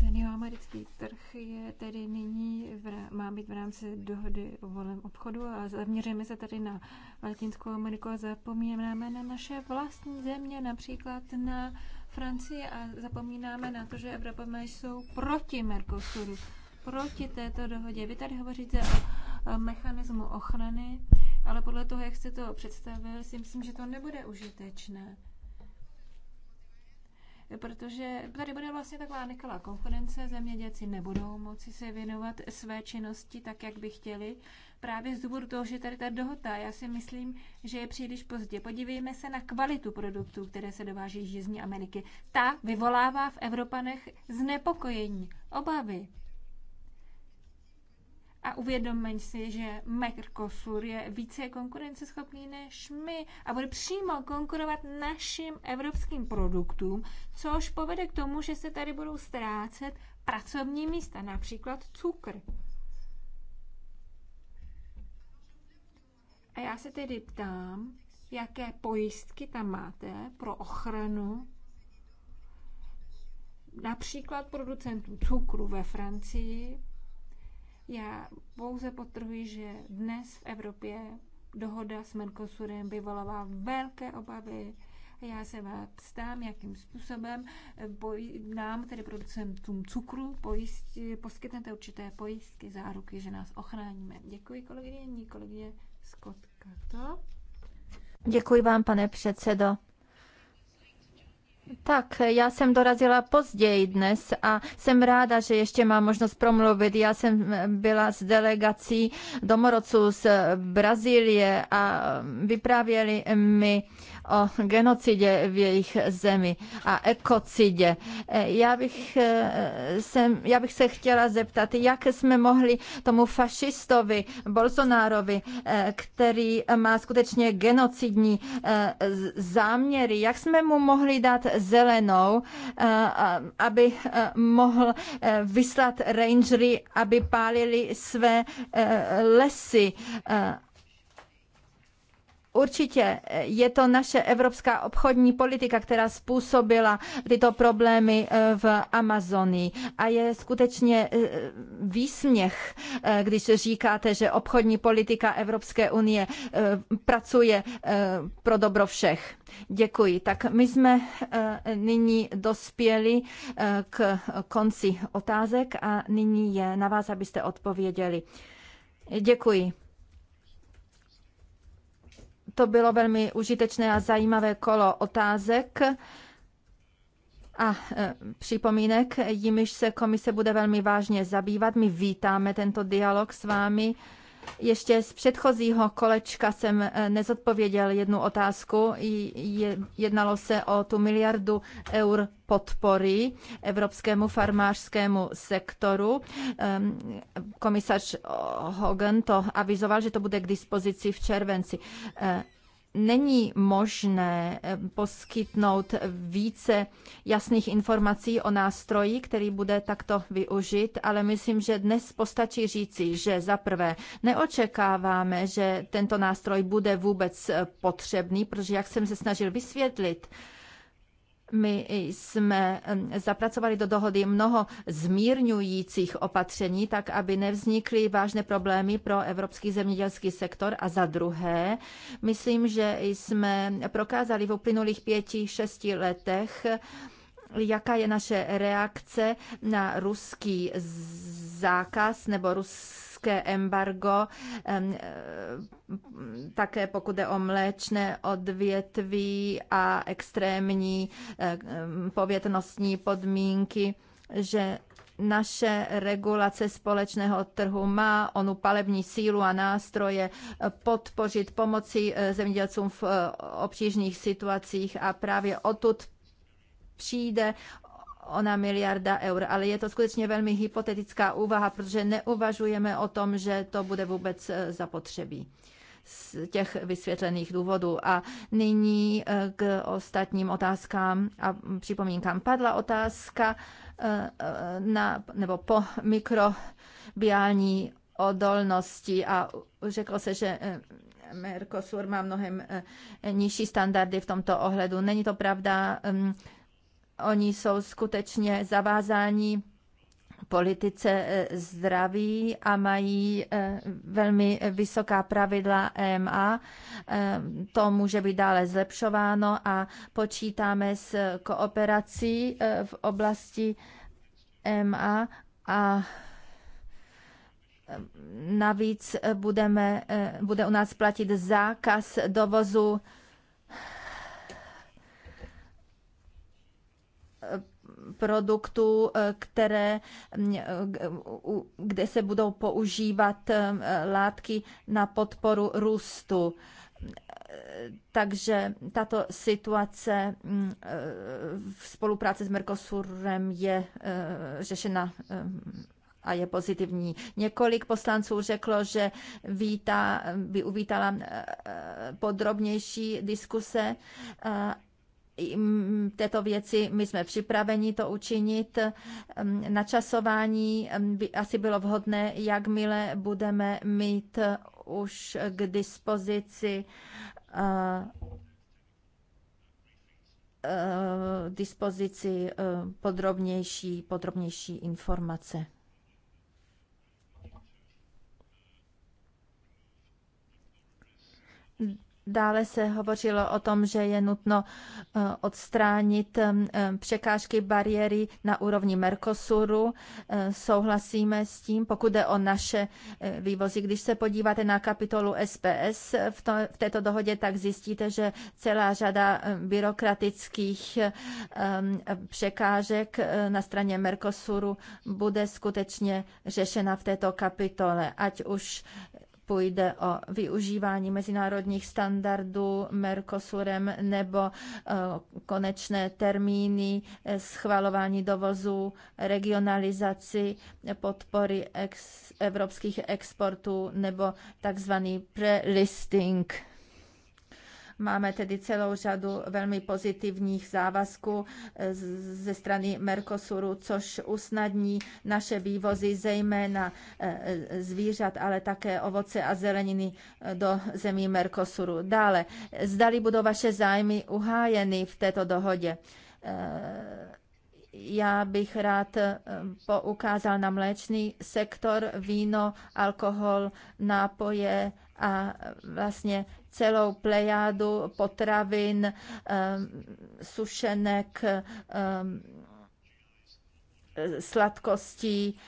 ten americký trh je tedy nyní, v, má být v rámci dohody o volném obchodu a zaměříme se tady na Latinskou Ameriku a zapomínáme na naše vlastní země, například na Francii a zapomínáme na to, že Evropané jsou proti Mercosuru proti této dohodě. Vy tady hovoříte o mechanismu ochrany, ale podle toho, jak jste to představil, si myslím, že to nebude užitečné. Protože tady bude vlastně taková nekalá konkurence, zemědělci nebudou moci se věnovat své činnosti tak, jak by chtěli, právě z důvodu toho, že tady ta dohota, já si myslím, že je příliš pozdě. Podívejme se na kvalitu produktů, které se dováží z Jižní Ameriky. Ta vyvolává v Evropanech znepokojení, obavy a uvědomeň si, že Mercosur je více konkurenceschopný než my a bude přímo konkurovat našim evropským produktům, což povede k tomu, že se tady budou ztrácet pracovní místa, například cukr. A já se tedy ptám, jaké pojistky tam máte pro ochranu například producentů cukru ve Francii, já pouze potrhuji, že dnes v Evropě dohoda s Mercosurem vyvolává velké obavy. Já se vás ptám, jakým způsobem boj, nám, tedy producentům cukru, pojistí, poskytnete určité pojistky, záruky, že nás ochráníme. Děkuji kolegyně, kolegyně Skotka. To. Děkuji vám, pane předsedo. Tak, já jsem dorazila později dnes a jsem ráda, že ještě mám možnost promluvit. Já jsem eh, byla s delegací domorodců z Brazílie a mm, vyprávěli mi o genocidě v jejich zemi a ekocidě. E, já bych, e, jsem, já bych se chtěla zeptat, jak jsme mohli tomu fašistovi Bolsonárovi, e, který má skutečně genocidní záměry, jak jsme mu mohli dát zelenou, aby mohl vyslat rangery, aby pálili své lesy Určitě eh, je to naše evropská obchodní politika, která způsobila tyto problémy eh, v Amazonii. A je skutečně eh, výsměch, když říkáte, že obchodní politika Evropské unie pracuje pro dobro všech. Děkuji. Tak my jsme nyní dospěli k konci otázek a nyní je na vás, abyste odpověděli. Děkuji. To bylo velmi užitečné a zajímavé kolo otázek a e, připomínek, jimiž se komise bude velmi vážně zabývat. My vítáme tento dialog s vámi ještě z předchozího kolečka jsem eh, nezodpověděl jednu otázku. Jednalo se o tu miliardu eur podpory evropskému farmářskému sektoru. Ehm, komisař Hogan to avizoval, že to bude k dispozici v červenci. Eh, není možné eh, poskytnout více jasných informací o nástroji, který bude takto využit, ale myslím, že dnes postačí říci, že za prvé neočekáváme, že tento nástroj bude vůbec eh, potřebný, protože jak jsem se snažil vysvětlit, my jsme zapracovali do dohody mnoho zmírňujících opatření, tak aby nevznikly vážné problémy pro evropský zemědělský sektor. A za druhé, myslím, že jsme prokázali v uplynulých pěti, šesti letech, jaká je naše reakce na ruský zákaz nebo ruské embargo, eh, také pokud jde o mléčné odvětví a extrémní eh, povětnostní podmínky, že naše regulace společného trhu má onu palební sílu a nástroje podpořit pomoci eh, zemědělcům v obtížných situacích a právě odtud přijde ona miliarda eur, ale je to skutečně velmi hypotetická úvaha, protože neuvažujeme o tom, že to bude vůbec eh, zapotřebí z těch vysvětlených důvodů. A nyní eh, k ostatním otázkám a připomínkám. Padla otázka eh, na, nebo po mikrobiální odolnosti a řeklo se, že Mercosur má mnohem nižší standardy v tomto ohledu. Není to pravda, hm, Oni jsou skutečně zavázáni politice eh, zdraví a mají eh, velmi vysoká pravidla EMA. Eh, to může být dále zlepšováno a počítáme s kooperací v oblasti EMA a navíc budeme, bude u nás platit zákaz dovozu produktů, které, kde se budou používat látky na podporu růstu. Takže tato situace v spolupráci s Mercosurem je eh, řešena eh, a je pozitivní. Několik poslanců řeklo, že vítá, by uvítala eh, podrobnější diskuse této věci my jsme připraveni to učinit. Načasování by asi bylo vhodné, jakmile budeme mít už k dispozici eh, eh, dispozici eh, podrobnější, podrobnější informace. Dále se hovořilo o tom, že je nutno eh, odstránit eh, překážky bariéry na úrovni Mercosuru. Eh, souhlasíme s tím, pokud jde o naše vývozy. Když se podíváte na kapitolu SPS v, to, v této dohodě, tak zjistíte, že celá řada byrokratických překážek na straně Mercosuru bude skutečně řešena v této kapitole, ať už půjde o využívání mezinárodních standardů Mercosurem nebo eh, konečné termíny eh, schvalování dovozu, regionalizaci eh, podpory ex, evropských exportů nebo takzvaný prelisting Máme tedy celou řadu velmi pozitivních závazků eh, ze strany Mercosuru, což usnadní naše vývozy zejména eh, zvířat, ale také ovoce a zeleniny eh, do zemí Mercosuru. Dále, zdali budou vaše zájmy uhájeny v této dohodě já bych rád poukázal na mléčný sektor, víno, alkohol, nápoje a vlastně celou plejádu potravin, eh, sušenek, eh, sladkostí,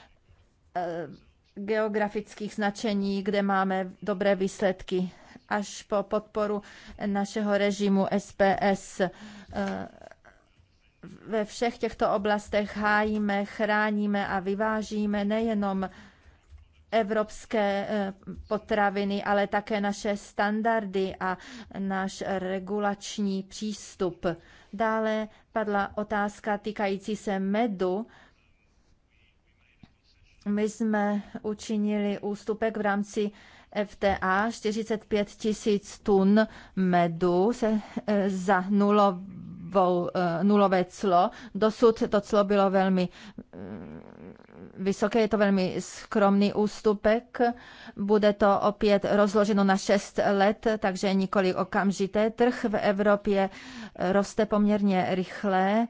eh, geografických značení, kde máme dobré výsledky, až po podporu našeho režimu SPS. Ve všech těchto oblastech hájíme, chráníme a vyvážíme nejenom evropské eh, potraviny, ale také naše standardy a náš regulační přístup. Dále padla otázka týkající se medu. My jsme učinili ústupek v rámci FTA 45 tisíc tun medu se eh, za uh, nulové clo. Dosud to clo bylo velmi eh, vysoké, je to velmi skromný ústupek. Bude to opět rozloženo na 6 let, takže nikoli okamžité. Trh v Evropě eh, roste poměrně rychle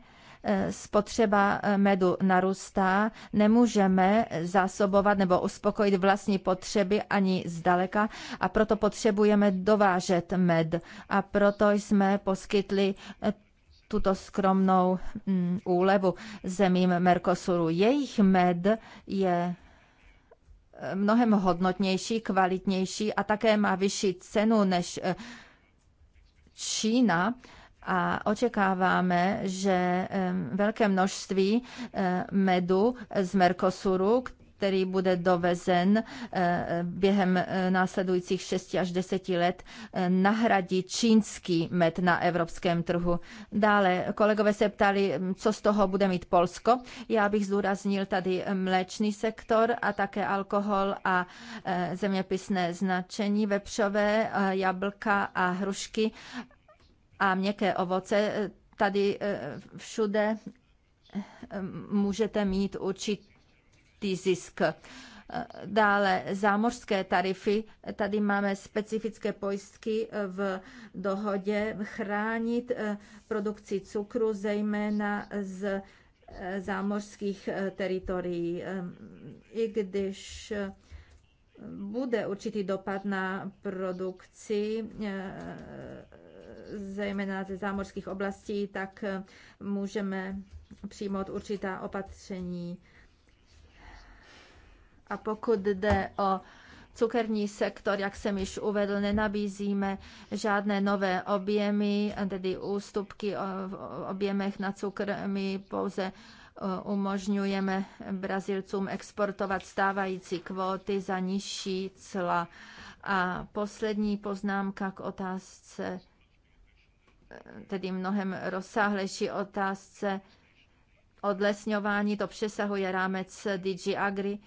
spotřeba medu narůstá, nemůžeme zásobovat nebo uspokojit vlastní potřeby ani zdaleka a proto potřebujeme dovážet med. A proto jsme poskytli tuto skromnou mm, úlevu zemím Mercosuru. Jejich med je eh, mnohem hodnotnější, kvalitnější a také má vyšší cenu než eh, Čína a očekáváme, že eh, velké množství medu z Mercosuru, který bude dovezen eh, během eh, následujících 6 až 10 let, eh, nahradí čínský med na evropském trhu. Dále kolegové se ptali, hm, co z toho bude mít Polsko. Já bych zdůraznil tady mléčný sektor a také alkohol a zeměpisné značení vepřové, jablka a hrušky a měkké ovoce. Tady všude můžete mít určitě čistý zisk. Eh, dále zámořské tarify. Tady máme specifické pojistky eh, v dohodě chránit eh, produkci cukru, zejména z zámořských teritorií. Ehm, I když bude určitý dopad na produkci, zejména ze zámořských oblastí, tak můžeme přijmout určitá opatření a pokud jde o cukerní sektor, jak jsem již uvedl, nenabízíme žádné nové objemy, tedy ústupky v objemech na cukr. My pouze umožňujeme Brazilcům exportovat stávající kvóty za nižší cla. A poslední poznámka k otázce, tedy mnohem rozsáhlejší otázce odlesňování, to přesahuje rámec DG Agri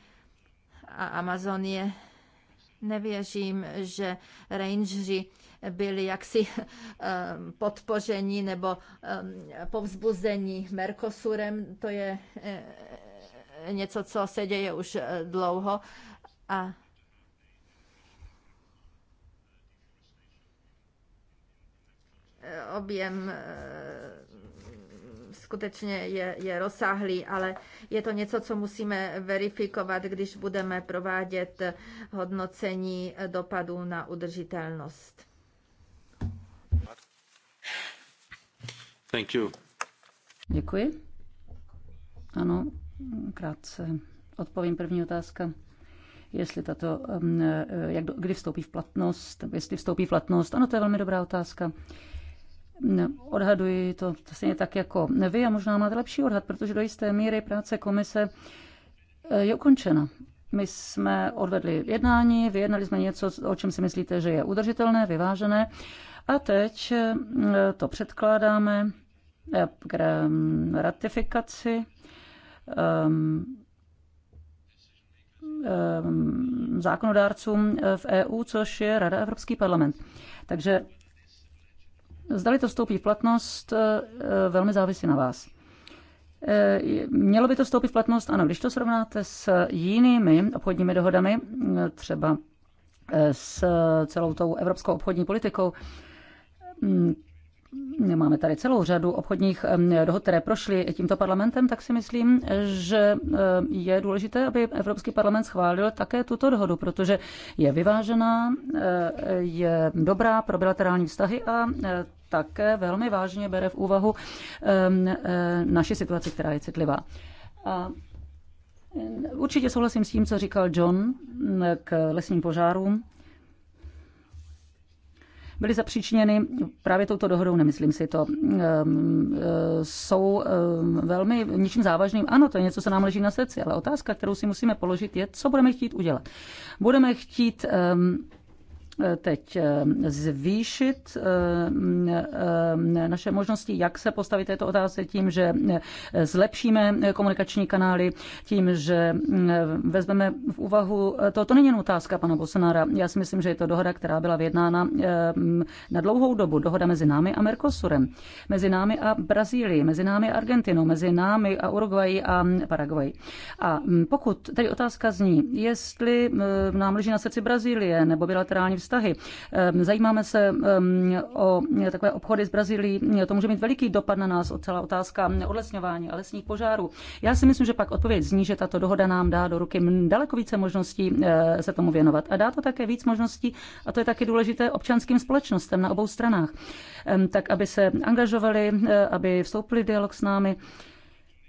a Amazonie. Nevěřím, že rangeři byli jaksi eh, podpoření nebo eh, povzbuzeni Mercosurem. To je eh, něco, co se děje už dlouho. A objem skutečně je, je rozsáhlý, ale je to něco, co musíme verifikovat, když budeme provádět hodnocení dopadů na udržitelnost. Thank you. Děkuji. Ano, krátce odpovím první otázka jestli tato, mm, eh, jak, kdy vstoupí v platnost, jestli vstoupí v platnost. Ano, to je velmi dobrá otázka. Odhaduji to stejně tak jako vy a možná máte lepší odhad, protože do jisté míry práce komise eh, je ukončena. My jsme odvedli jednání, vyjednali jsme něco, o čem si myslíte, že je udržitelné, vyvážené. A teď eh, to předkládáme eh, k ratifikaci ehm, ehm, zákonodárcům v EU, což je Rada Evropský parlament. Takže Zdali to vstoupí v platnost, eh, eh, velmi závisí na vás. Eh, mělo by to vstoupit v platnost, ano, když to srovnáte s jinými obchodními dohodami, třeba s celou tou evropskou obchodní politikou, hm, máme tady celou řadu obchodních dohod, které prošly tímto parlamentem, tak si myslím, že je důležité, aby Evropský parlament schválil také tuto dohodu, protože je vyvážená, eh, je dobrá pro bilaterální vztahy a eh, také velmi vážně bere v úvahu eh, naši situaci, která je citlivá. A Určitě souhlasím s tím, co říkal John k lesním požárům byly zapříčiněny právě touto dohodou, nemyslím si to, ehm, ehm, jsou ehm, velmi ničím závažným. Ano, to je něco, co nám leží na srdci, ale otázka, kterou si musíme položit, je, co budeme chtít udělat. Budeme chtít teď eh, zvýšit eh, eh, naše možnosti, jak se postavit této otázce tím, že zlepšíme komunikační kanály, tím, že mm, vezmeme v úvahu, to, to není jen otázka pana Bolsonára, já si myslím, že je to dohoda, která byla vyjednána na dlouhou dobu, dohoda mezi námi a Mercosurem, mezi námi a Brazílií, mezi námi a Argentinou, mezi námi a Uruguayi a Paraguay. A pokud, tady otázka zní, jestli nám leží na srdci Brazílie nebo bilaterální vztahy. Zajímáme se o takové obchody s Brazílií. To může mít veliký dopad na nás, celá otázka odlesňování a lesních požárů. Já si myslím, že pak odpověď zní, že tato dohoda nám dá do ruky daleko více možností eh, se tomu věnovat. A dá to také víc možností, a to je taky důležité, občanským společnostem na obou stranách, tak aby se angažovali, eh, aby vstoupili v dialog s námi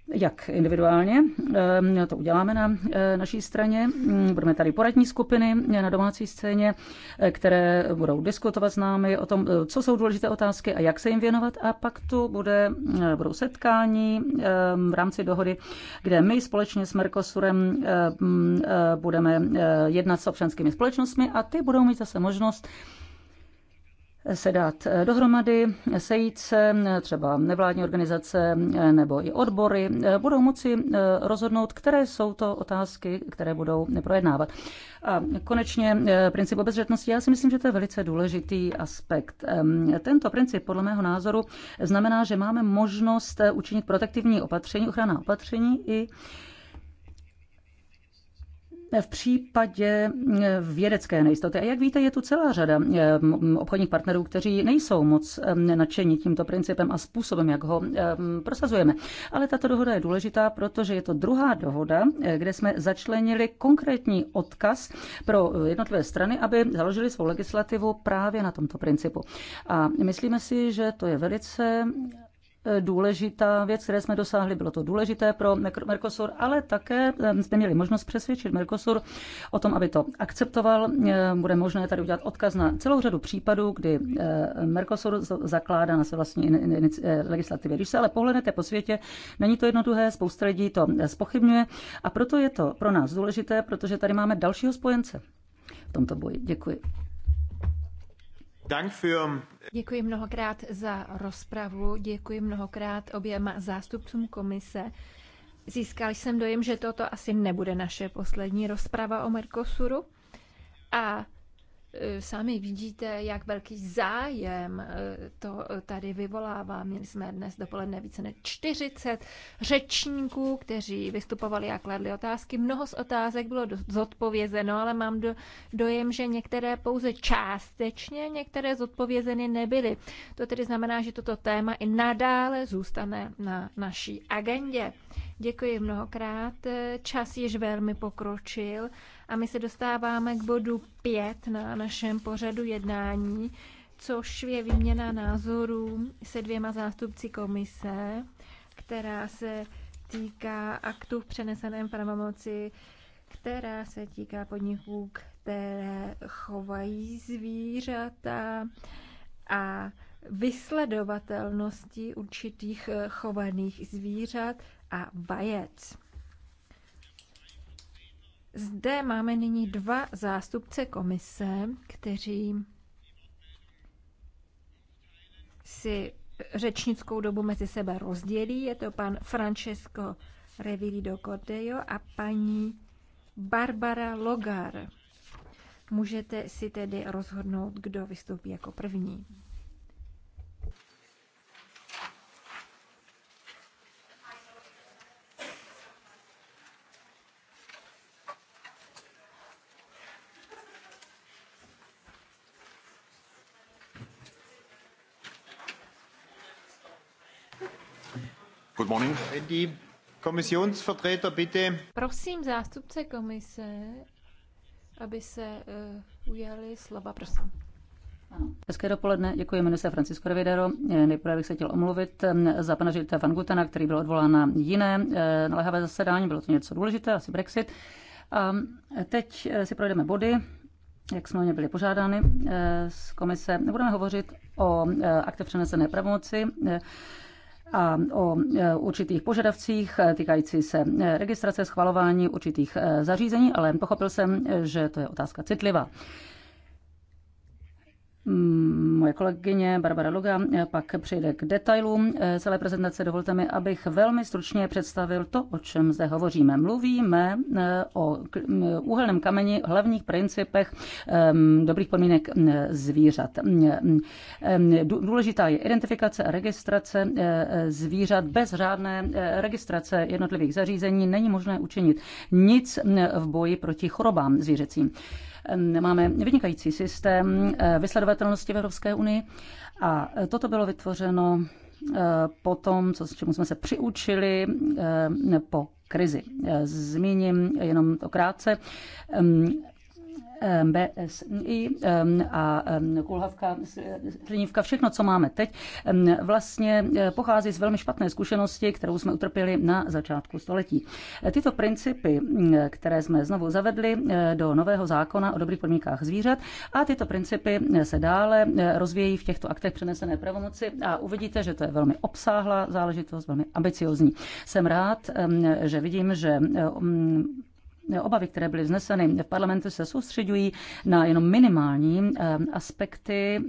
jak individuálně, eh, to uděláme na eh, naší straně. Mm, budeme tady poradní skupiny na domácí scéně, eh, které budou diskutovat s námi o tom, co jsou důležité otázky a jak se jim věnovat. A pak tu bude, budou setkání v rámci dohody, kde my společně s Mercosurem mm, budeme jednat s občanskými společnostmi a ty budou mít zase možnost se dát eh, dohromady, sejít se, eh, třeba nevládní organizace eh, nebo i odbory, budou moci rozhodnout, které jsou to otázky, které budou projednávat. A konečně princip obezřetnosti. Já si myslím, že to je velice důležitý aspekt. Tento princip, podle mého názoru, znamená, že máme možnost učinit protektivní opatření, ochranná opatření i v případě eh, vědecké nejistoty. A jak víte, je tu celá řada eh, obchodních partnerů, kteří nejsou moc eh, nadšení tímto principem a způsobem, jak ho prosazujeme. Ale tato dohoda je důležitá, protože je to druhá dohoda, kde jsme začlenili konkrétní odkaz pro jednotlivé strany, aby založili svou legislativu právě na tomto principu. A myslíme si, že to je velice Eh, důležitá věc, které jsme dosáhli. Bylo to důležité pro Mercosur, ale také eh, jsme měli možnost přesvědčit Mercosur o tom, aby to akceptoval. Eh, bude možné tady udělat odkaz na celou řadu případů, kdy Mercosur zakládá na své vlastní legislativě. Když se ale pohlednete po světě, není to jednoduché, spousta lidí to spochybňuje a proto je to pro nás důležité, protože tady máme dalšího spojence v tomto boji. Děkuji. Děkuji mnohokrát za rozpravu, děkuji mnohokrát oběma zástupcům komise. Získal jsem dojem, že toto asi nebude naše poslední rozprava o Mercosuru. A Eh, sami vidíte, jak velký zájem eh, to eh, tady vyvolává. Měli jsme dnes dopoledne více než 40 řečníků, kteří vystupovali a kladli otázky. Mnoho z otázek bylo zodpovězeno, ale mám do, dojem, že některé pouze částečně, některé zodpovězeny nebyly. To tedy znamená, že toto téma i nadále zůstane na naší agendě. Děkuji mnohokrát. Čas již velmi pokročil a my se dostáváme k bodu 5 na našem pořadu jednání, což je výměna názorů se dvěma zástupci komise, která se týká aktu v přeneseném pravomoci, která se týká podniků, které chovají zvířata a vysledovatelnosti určitých chovaných zvířat a vajec. Zde máme nyní dva zástupce komise, kteří si řečnickou dobu mezi sebe rozdělí. Je to pan Francesco do Cordejo a paní Barbara Logar. Můžete si tedy rozhodnout, kdo vystoupí jako první. morning. Prosím zástupce komise, aby se uh, ujali slova, prosím. Hezké dopoledne, děkuji minister Francisco Revidero. Eh, nejprve bych se chtěl omluvit eh, za pana ředitele Van Gutena, který byl odvolán na jiné naléhavé zasedání, bylo to něco důležité, asi Brexit. A teď si projdeme body, jak jsme byli požádány z komise. Budeme hovořit o akte přenesené pravomoci a o e, určitých požadavcích e, týkající se e, registrace, schvalování určitých zařízení, ale pochopil jsem, že to je otázka citlivá. Mm, moje kolegyně Barbara Luga eh, pak přijde k detailům eh, celé prezentace. Dovolte mi, abych velmi stručně představil to, o čem zde hovoříme. Mluvíme eh, o úhelném kameni, hlavních principech ehm, dobrých podmínek zvířat. Mm, ehm, důležitá je identifikace a registrace zvířat. Bez řádné registrace jednotlivých zařízení není možné učinit nic v boji proti chorobám zvířecím. Máme vynikající systém eh, vysledovatelnosti v Evropské unii a eh, toto bylo vytvořeno eh, po tom, co, čemu jsme se přiučili po krizi. Zmíním jenom to krátce. BSI a kulhavka, slinivka, všechno, co máme teď, vlastně e, pochází z velmi špatné zkušenosti, kterou jsme utrpěli na začátku století. E, tyto principy, které jsme znovu zavedli e, do nového zákona o dobrých podmínkách zvířat, a tyto principy se dále rozvíjí v těchto aktech přenesené pravomoci a uvidíte, že to je velmi obsáhlá záležitost, velmi ambiciozní. Jsem rád, že vidím, že obavy, které byly vzneseny v parlamentu, se soustředují na jenom minimální eh, aspekty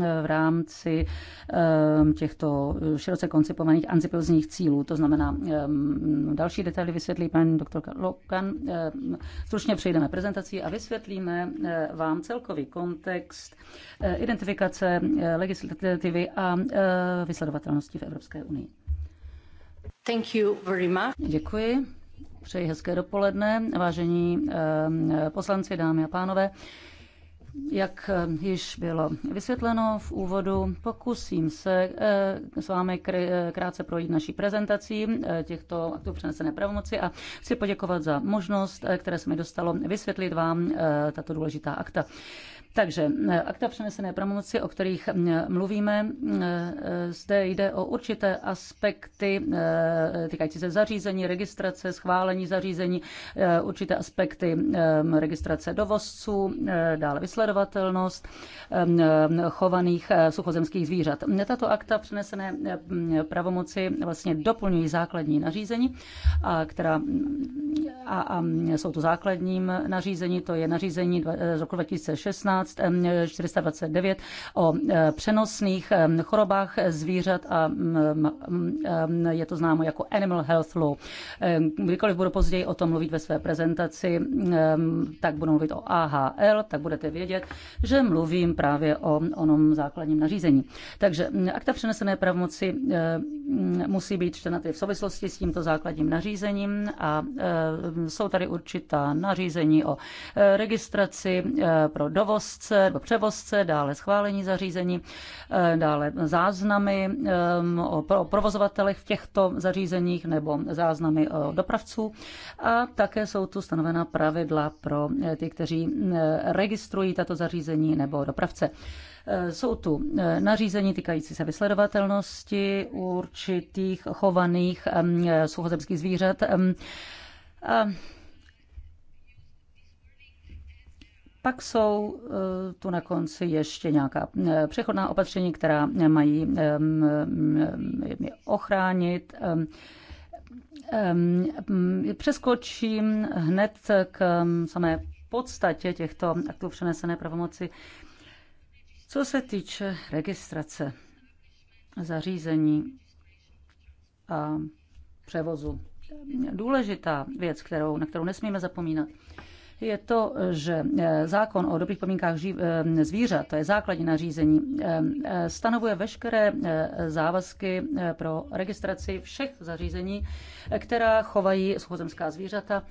eh, v rámci eh, těchto široce koncipovaných antipilzních cílů. To znamená, další detaily vysvětlí paní doktorka Lokan. Stručně přejdeme prezentací a vysvětlíme vám celkový kontext identifikace legislativy a vysledovatelnosti v Evropské unii. Thank you very much. Děkuji. Přeji hezké dopoledne, vážení poslanci, dámy a pánové. Jak eh, již bylo vysvětleno v úvodu, pokusím se eh, s vámi eh, krátce projít naší prezentací těchto aktů přenesené pravomoci a chci poděkovat za možnost, které se mi dostalo vysvětlit vám tato důležitá akta. Takže e, akta přenesené pravomoci, o kterých mluvíme, e, zde jde o určité aspekty e, týkající se zařízení, registrace, schválení zařízení, určité aspekty registrace dovozců, dále vysledovatelnost chovaných suchozemských zvířat. Tato akta přenesené pravomoci vlastně doplňují základní nařízení, a která a, a jsou to základním nařízení, to je nařízení z roku 2016 14 429 o eh, přenosných chorobách zvířat a mm, mm, je to známo jako Animal Health Law. Kdykoliv budu později o tom mluvit ve své prezentaci, tak budu mluvit o AHL, tak budete vědět, že mluvím právě o onom základním nařízení. Takže mm, akta přenesené pravomoci musí být čtena v souvislosti s tímto základním nařízením a jsou tady určitá nařízení o eh, registraci eh, pro dovoz vozce nebo převozce, dále schválení zařízení, eh, dále záznamy o provozovatelech v těchto zařízeních nebo záznamy o eh, dopravců. A také jsou tu stanovená pravidla pro eh, ty, kteří registrují tato zařízení nebo dopravce. Jsou tu nařízení týkající se vysledovatelnosti určitých chovaných suchozemských zvířat. Pak jsou eh, tu na konci ještě nějaká eh, přechodná opatření, která mají eh, ochránit přeskočím hned k samé podstatě těchto aktů přenesené pravomoci. Co se týče registrace zařízení a převozu, důležitá věc, kterou, na kterou nesmíme zapomínat, je to, že eh, zákon o dobrých podmínkách eh, zvířat, to je základní nařízení, eh, stanovuje veškeré závazky pro registraci všech zařízení, která chovají schozemská zvířata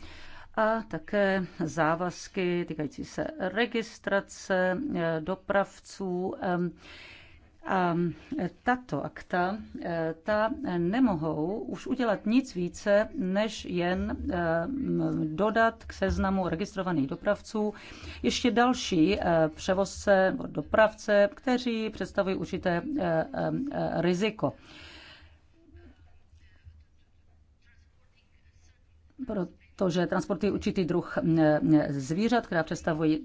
a také závazky týkající se registrace dopravců a tato akta, e, ta nemohou už udělat nic více, než jen e, dodat k seznamu registrovaných dopravců ještě další e, převozce dopravce, kteří představují určité riziko. Proto to, že transportují určitý druh zvířat, která představují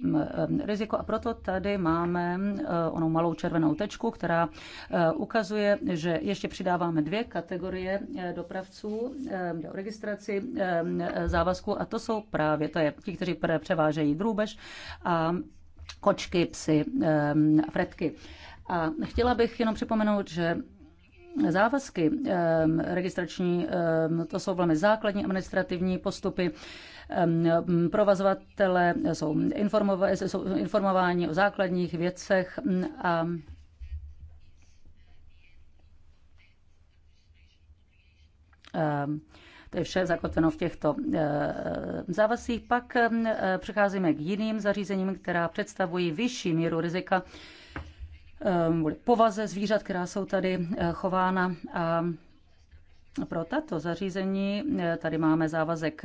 riziko. A proto tady máme e, onou malou červenou tečku, která e, ukazuje, že ještě přidáváme dvě kategorie e, dopravců do registraci závazku a to jsou právě, to je ti, kteří převážejí drůbež a kočky, psy, fretky. A chtěla bych jenom připomenout, že závazky ehm, registrační, ehm, to jsou velmi základní administrativní postupy. Ehm, Provazovatele jsou, jsou informováni o základních věcech a to je vše zakotveno v těchto závazcích. Pak přicházíme k jiným zařízením, která představují vyšší míru rizika Eh, kvůli povaze zvířat, která jsou tady eh, chována. A pro tato zařízení eh, tady máme závazek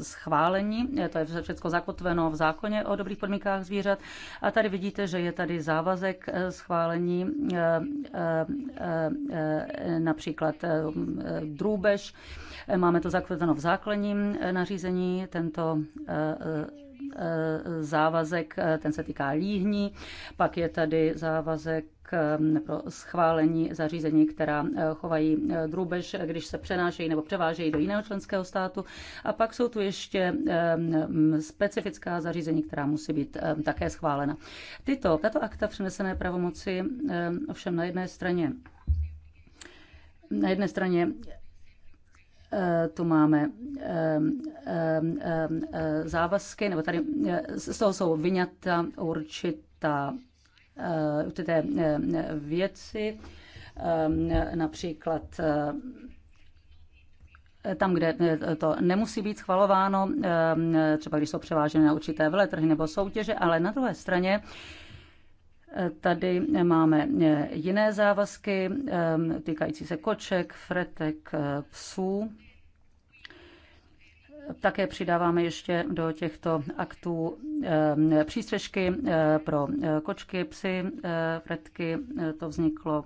schválení, to je všechno zakotveno v zákoně o dobrých podmínkách zvířat a tady vidíte, že je tady závazek schválení například drůbež, máme to zakotveno v základním nařízení, tento Eh, závazek, eh, ten se týká líhní, pak je tady závazek eh, pro schválení zařízení, která chovají drůbež, když se přenášejí nebo převážejí do jiného členského státu. A pak jsou tu ještě mm, specifická zařízení, která musí být také schválena. Tyto, tato akta přenesené pravomoci ovšem na jedné straně na jedné straně Eh, tu máme eh, závazky, nebo tady eh, z toho jsou vyňata určitá, určité věci, například tam, kde to nemusí být schvalováno, třeba když jsou převáženy na určité veletrhy nebo soutěže, ale na druhé straně Tady máme eh, jiné závazky eh, týkající se koček, fretek, eh, psů. Také přidáváme ještě do těchto aktů přístřežky pro kočky, psy, fretky. To vzniklo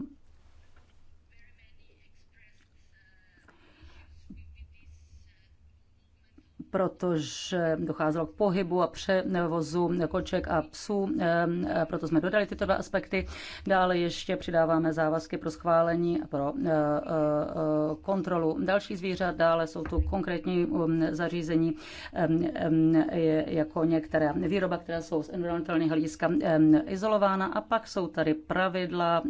protože docházelo k pohybu a převozu koček a psů, e, proto jsme dodali tyto dva aspekty. Dále ještě přidáváme závazky pro schválení a pro e, e, kontrolu dalších zvířat. Dále jsou tu konkrétní um, zařízení jako některá výroba, která jsou z environmentálního hlediska izolována. A pak jsou tady pravidla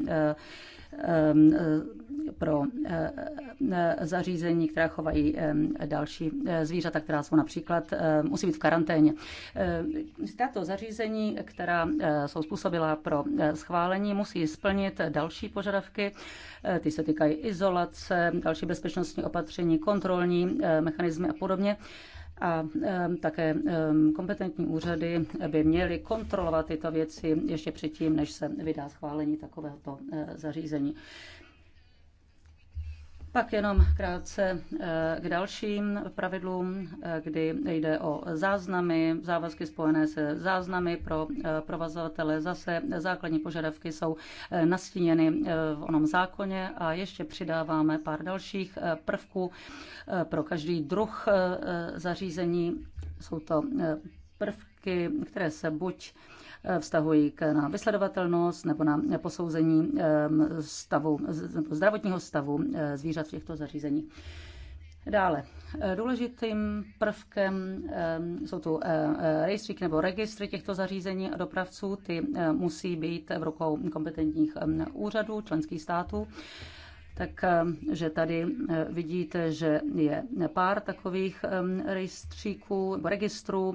Ehm, eh, pro eh, eh, zařízení, která chovají ehm, další zvířata, která jsou například, ehm, musí být v karanténě. Tato zařízení, která jsou způsobila pro schválení, musí splnit další požadavky. Ty se týkají izolace, další bezpečnostní opatření, kontrolní mechanismy a podobně a také kompetentní úřady by měly kontrolovat tyto věci ještě předtím, než se vydá schválení takovéhoto eh, zařízení. Pak jenom krátce eh, k dalším pravidlům, eh, kdy jde o záznamy, závazky spojené se záznamy pro eh, provozovatele. Zase základní požadavky jsou nastíněny v onom zákoně a ještě přidáváme pár dalších prvků pro každý druh zařízení. Jsou to prvky, které se buď Eh, vztahují k na vysledovatelnost nebo na posouzení ehm, stavu, zdravotního stavu eh, zvířat v těchto zařízeních. Dále, eh, důležitým prvkem ehm, jsou tu rejstříky nebo registry těchto zařízení a dopravců. Ty musí být v rukou kompetentních ehm, úřadů členských států. Takže tady vidíte, že je pár takových rejstříků, nebo registrů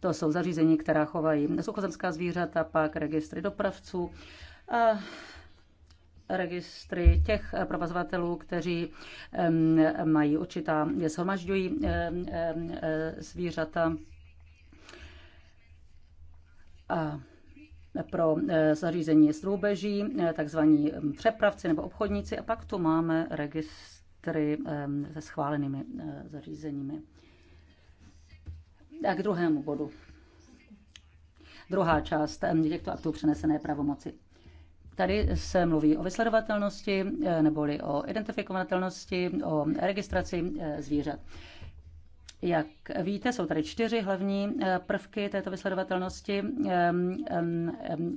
to jsou zařízení, která chovají suchozemská zvířata, pak registry dopravců. A registry těch provazovatelů, kteří mají určitá, shromažďují eh, zvířata. A pro eh, zařízení z růbeží, eh, takzvaní přepravci nebo obchodníci. A pak tu máme registry se schválenými zařízeními. A k druhému bodu. Druhá část těchto aktů přenesené pravomoci. Tady se mluví o vysledovatelnosti e, neboli o identifikovatelnosti, o registraci e, zvířat. Jak víte, jsou tady čtyři hlavní e, prvky této vysledovatelnosti.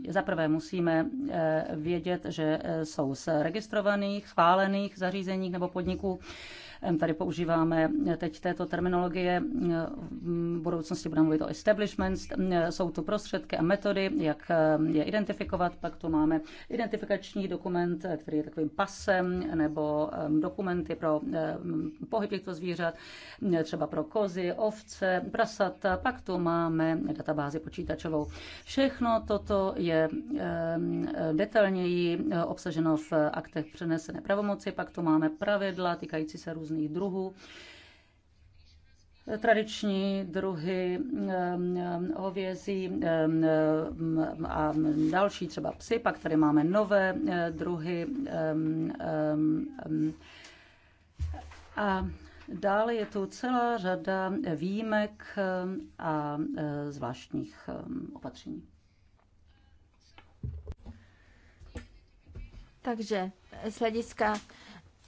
Za prvé musíme vědět, že jsou z registrovaných, schválených zařízeních nebo podniků. Tady používáme teď této terminologie, v budoucnosti budeme mluvit o establishments, jsou tu prostředky a metody, jak je identifikovat, pak tu máme identifikační dokument, který je takovým pasem, nebo dokumenty pro pohyb těchto zvířat, třeba pro kozy, ovce, prasata, pak tu máme databázi počítačovou. Všechno toto je detailněji obsaženo v aktech přenesené pravomoci, pak tu máme pravidla týkající se různých různých druhů tradiční druhy hovězí a další, třeba psy, pak tady máme nové eh, druhy. A dále je tu celá řada výjimek a eh, zvláštních opatření. Takže z hlediska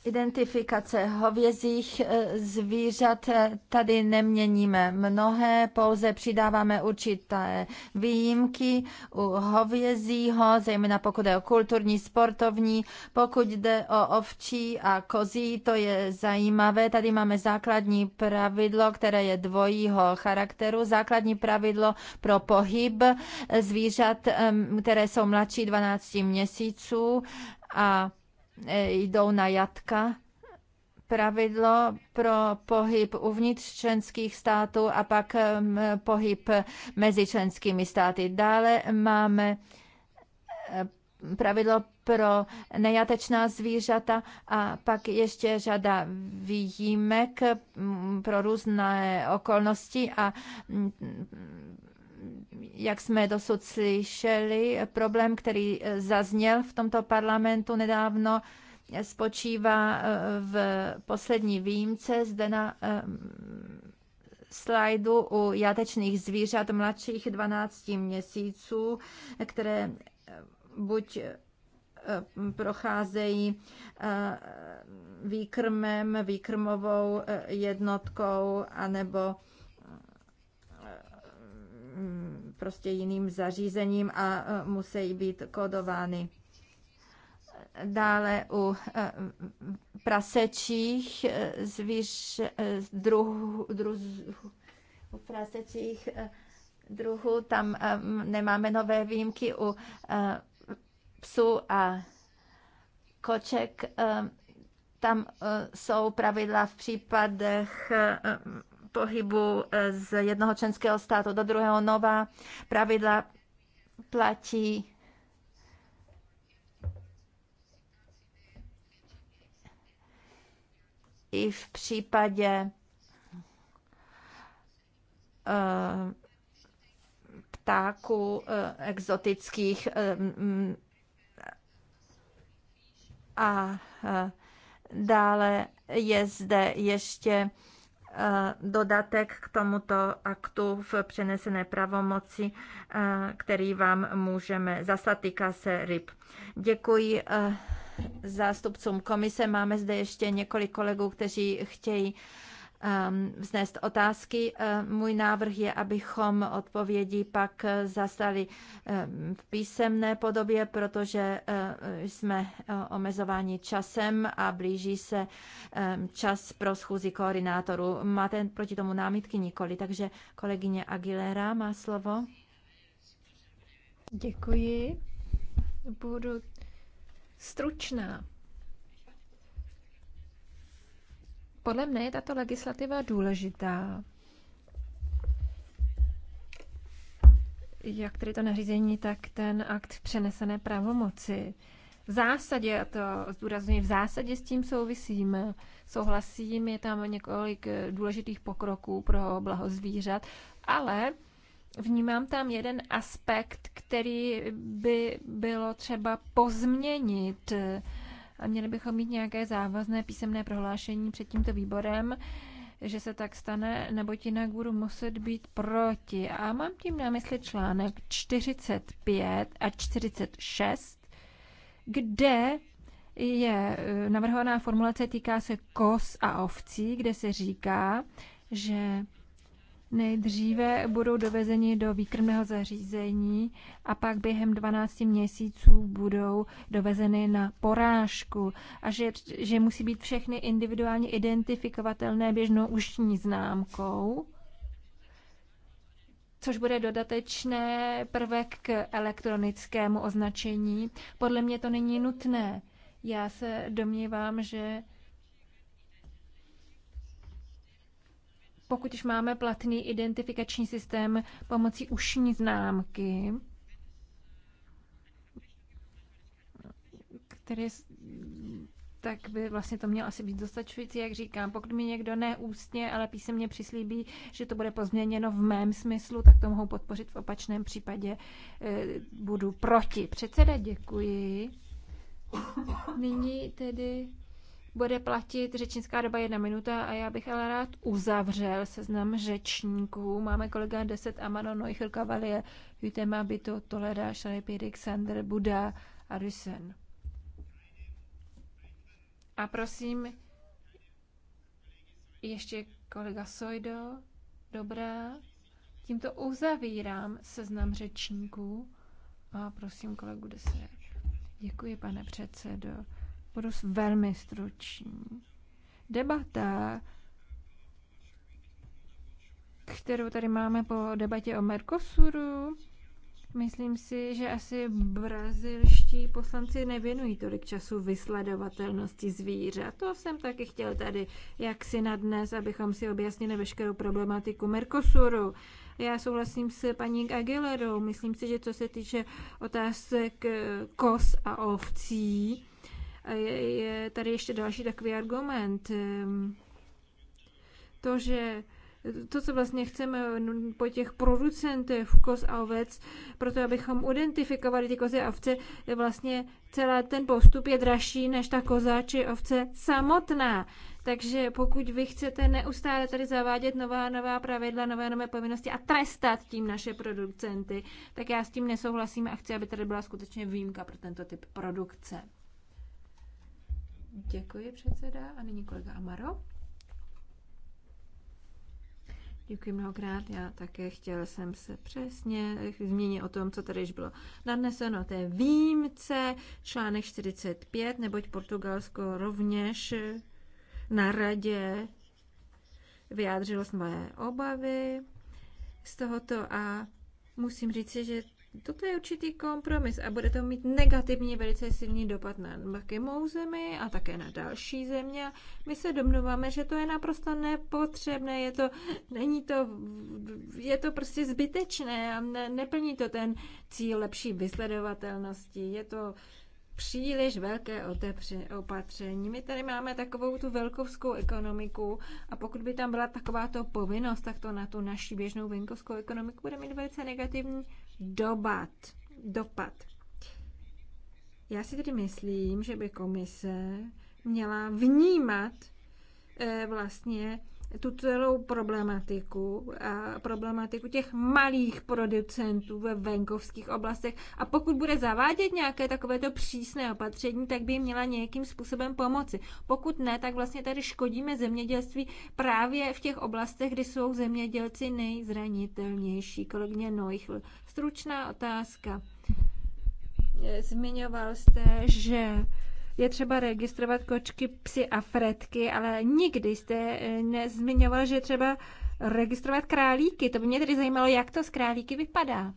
Identifikace hovězích eh, zvířat eh, tady neměníme mnohé, pouze přidáváme určité výjimky u hovězího, zejména pokud je o kulturní, sportovní, pokud jde o ovčí a kozí, to je zajímavé. Tady máme základní pravidlo, které je dvojího charakteru, základní pravidlo pro pohyb zvířat, které jsou mladší 12 měsíců a jdou na jatka, pravidlo pro pohyb uvnitř členských států a pak um, pohyb mezi členskými státy. Dále máme eh, pravidlo pro nejatečná zvířata a pak ještě řada výjimek mm, pro různé okolnosti a mm, jak jsme dosud slyšeli, problém, který eh, zazněl v tomto parlamentu nedávno, eh, spočívá eh, v poslední výjimce zde na slajdu u jatečných zvířat mladších 12 měsíců, které buď procházejí výkrmem, výkrmovou jednotkou anebo prostě jiným zařízením a e, musí být kodovány. Dále u e, prasečích e, zvíř, druhu druh, u prasečích druhu, tam nemáme nové výjimky u psů a koček tam jsou pravidla v případech pohybu eh, z jednoho členského státu do druhého nová pravidla platí i v případě eh, ptáků eh, exotických a dále je zde ještě Eh, dodatek k tomuto aktu v přenesené pravomoci, eh, který vám můžeme zaslat, týká se ryb. Děkuji eh, zástupcům komise. Máme zde ještě několik kolegů, kteří chtějí Ehm, vznést otázky. Ehm, můj návrh je, abychom odpovědi pak zastali ehm, v písemné podobě, protože jsme e, omezováni časem a blíží se čas pro schůzi koordinátorů. Máte proti tomu námitky nikoli, takže kolegyně Aguilera má slovo. Děkuji. Budu stručná. Podle mne je tato legislativa důležitá. Jak tedy to nařízení, tak ten akt přenesené pravomoci. V zásadě, a to zdůrazňuji, v zásadě s tím souvisím, souhlasím, je tam několik důležitých pokroků pro blaho zvířat, ale vnímám tam jeden aspekt, který by bylo třeba pozměnit a měli bychom mít nějaké závazné písemné prohlášení před tímto výborem, že se tak stane, nebo jinak budu muset být proti. A mám tím na mysli článek 45 a 46, kde je eh, navrhovaná formulace týká se kos a ovcí, kde se říká, že Nejdříve budou dovezeni do výkrmného zařízení a pak během 12 měsíců budou dovezeny na porážku a že, že musí být všechny individuálně identifikovatelné běžnou ušní známkou což bude dodatečné prvek k elektronickému označení. Podle mě to není nutné. Já se domnívám, že pokud už máme platný identifikační systém pomocí ušní známky, který tak by vlastně to mělo asi být dostačující, jak říkám. Pokud mi někdo ústně, ale písemně přislíbí, že to bude pozměněno v mém smyslu, tak to mohou podpořit. V opačném případě eh, budu proti. Předseda, děkuji. Nyní tedy bude platit řečnická doba jedna minuta a já bych ale rád uzavřel seznam řečníků. Máme kolega 10 Amano Neuchel Cavalier, Jutema Bito, Toleda, Šalipi, Alexander, Buda a Rysen. A prosím, ještě kolega Sojdo, dobrá. Tímto uzavírám seznam řečníků a prosím kolegu 10. Děkuji, pane předsedo. Budu velmi stručný. Debata, kterou tady máme po debatě o Mercosuru, Myslím si, že asi brazilští poslanci nevěnují tolik času vysledovatelnosti zvířat. To jsem taky chtěl tady jaksi na dnes, abychom si objasnili veškerou problematiku Mercosuru. Já souhlasím s paní Aguilerou. Myslím si, že co se týče otázek eh, kos a ovcí, je tady ještě další takový argument. Ehm, to, že to, co vlastně chceme po těch producentech koz a ovec, proto abychom identifikovali ty kozy a ovce, vlastně celá ten postup je dražší než ta koza či ovce samotná. Takže pokud vy chcete neustále tady zavádět nová nová pravidla, nové nové povinnosti a trestat tím naše producenty, tak já s tím nesouhlasím a chci, aby tady byla skutečně výjimka pro tento typ produkce. Děkuji předseda a nyní kolega Amaro. Děkuji mnohokrát. Já také chtěla jsem se přesně zmínit o tom, co tady již bylo nadneseno, té výjimce, článek 45, neboť Portugalsko rovněž na radě vyjádřilo své obavy z tohoto a musím říct, že Toto je určitý kompromis a bude to mít negativní, velice silný dopad na mou zemi a také na další země. My se domluváme, že to je naprosto nepotřebné, je to, není to, je to prostě zbytečné a ne, neplní to ten cíl lepší vysledovatelnosti. Je to příliš velké otepře, opatření. My tady máme takovou tu velkovskou ekonomiku a pokud by tam byla takováto povinnost, tak to na tu naši běžnou venkovskou ekonomiku bude mít velice negativní dobat, dopad. Já si tedy myslím, že by komise měla vnímat eh, vlastně tu celou problematiku, a problematiku těch malých producentů ve venkovských oblastech. A pokud bude zavádět nějaké takovéto přísné opatření, tak by jim měla nějakým způsobem pomoci. Pokud ne, tak vlastně tady škodíme zemědělství právě v těch oblastech, kdy jsou zemědělci nejzranitelnější. Kolegyně Neuchl Stručná otázka. Eh, zmiňoval jste, že je třeba registrovat kočky, psy a fretky, ale nikdy jste eh, nezmiňoval, že je třeba registrovat králíky. To by mě tedy zajímalo, jak to s králíky vypadá.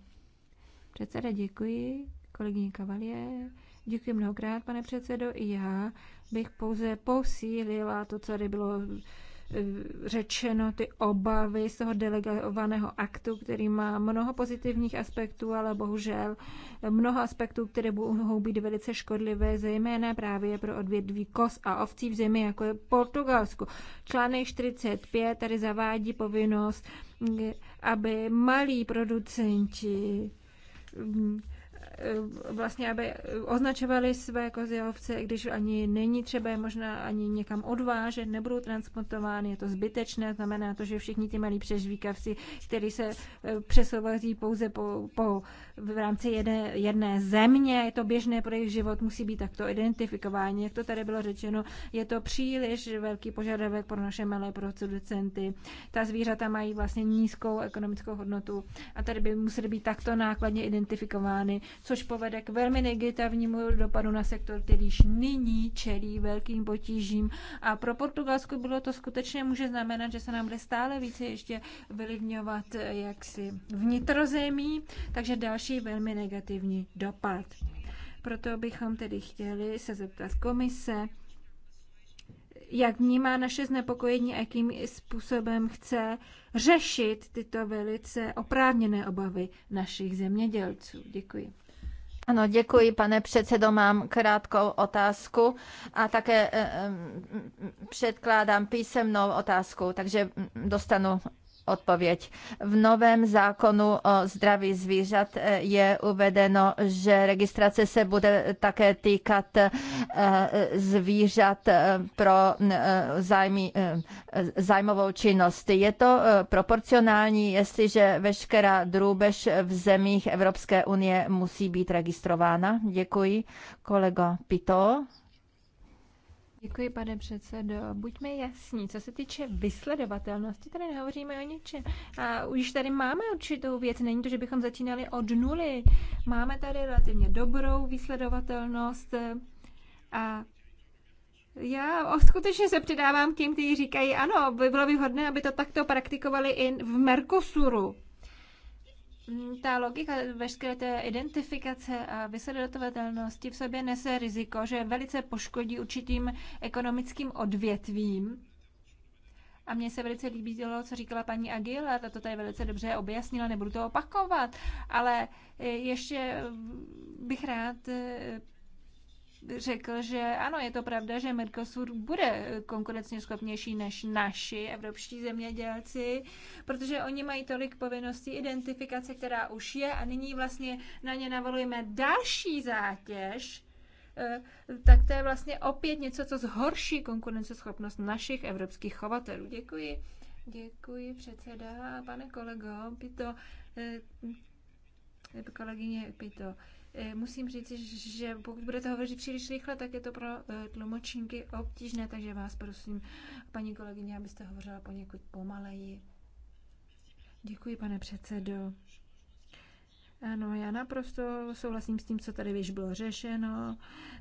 Předseda, děkuji. Kolegyně Kavalie, děkuji mnohokrát, pane předsedo. I já bych pouze posílila to, co tady bylo řečeno ty obavy z toho delegovaného aktu, který má mnoho pozitivních aspektů, ale bohužel mnoho aspektů, které mohou být velice škodlivé, zejména právě pro odvětví kos a ovcí v zemi, jako je Portugalsku. Článek 45 tady zavádí povinnost, aby malí producenti Eh, vlastně, aby označovali své kozy když ani není třeba je možná ani někam odvážet, nebudou transportovány, je to zbytečné, znamená to, že všichni ty malí přežvíkavci, kteří se eh, přesouvají pouze po, po, v rámci jedné, jedné země, je to běžné pro jejich život, musí být takto identifikováni. Jak to tady bylo řečeno, je to příliš velký požadavek pro naše malé producenty. Ta zvířata mají vlastně nízkou ekonomickou hodnotu a tady by museli být takto nákladně identifikovány což povede k velmi negativnímu dopadu na sektor, který již nyní čelí velkým potížím. A pro Portugalsko bylo to skutečně může znamenat, že se nám bude stále více ještě vylivňovat jaksi vnitrozemí, takže další velmi negativní dopad. Proto bychom tedy chtěli se zeptat komise, jak vnímá naše znepokojení a jakým způsobem chce řešit tyto velice oprávněné obavy našich zemědělců. Děkuji. Ano, děkuji, pane předsedo. Mám krátkou otázku a také eh, eh, předkládám písemnou otázku, takže dostanu odpověď. V novém zákonu o zdraví zvířat eh, je uvedeno, že registrace se bude také týkat eh, zvířat eh, pro zájmy, zájmovou činnost. Je to proporcionální, jestliže veškerá drůbež v zemích Evropské unie musí být registrována? Děkuji, kolego Pito. Děkuji, pane předsedo. Buďme jasní, co se týče vysledovatelnosti, tady nehovoříme o ničem. A už tady máme určitou věc, není to, že bychom začínali od nuly. Máme tady relativně dobrou vysledovatelnost a já skutečně se přidávám k těm, kteří říkají, ano, by bylo výhodné, aby to takto praktikovali i v Mercosuru. Mm, ta logika veškeré té identifikace a vysledovatelnosti v sobě nese riziko, že velice poškodí určitým ekonomickým odvětvím. A mně se velice líbilo, co říkala paní Agila, a to tady velice dobře objasnila, nebudu to opakovat, ale e, ještě mm, bych rád e, řekl, že ano, je to pravda, že Mercosur bude konkurenčně schopnější než naši evropští zemědělci, protože oni mají tolik povinností identifikace, která už je a nyní vlastně na ně navolujeme další zátěž, eh, tak to je vlastně opět něco, co zhorší konkurenceschopnost našich evropských chovatelů. Děkuji. Děkuji předseda, pane kolego, Pito, eh, kolegyně Pito. Eh, musím říct, že pokud budete hovořit příliš rychle, tak je to pro eh, tlumočníky obtížné, takže vás prosím, paní kolegyně, abyste hovořila poněkud pomaleji. Děkuji, pane předsedo. Ano, já naprosto souhlasím s tím, co tady již bylo řešeno.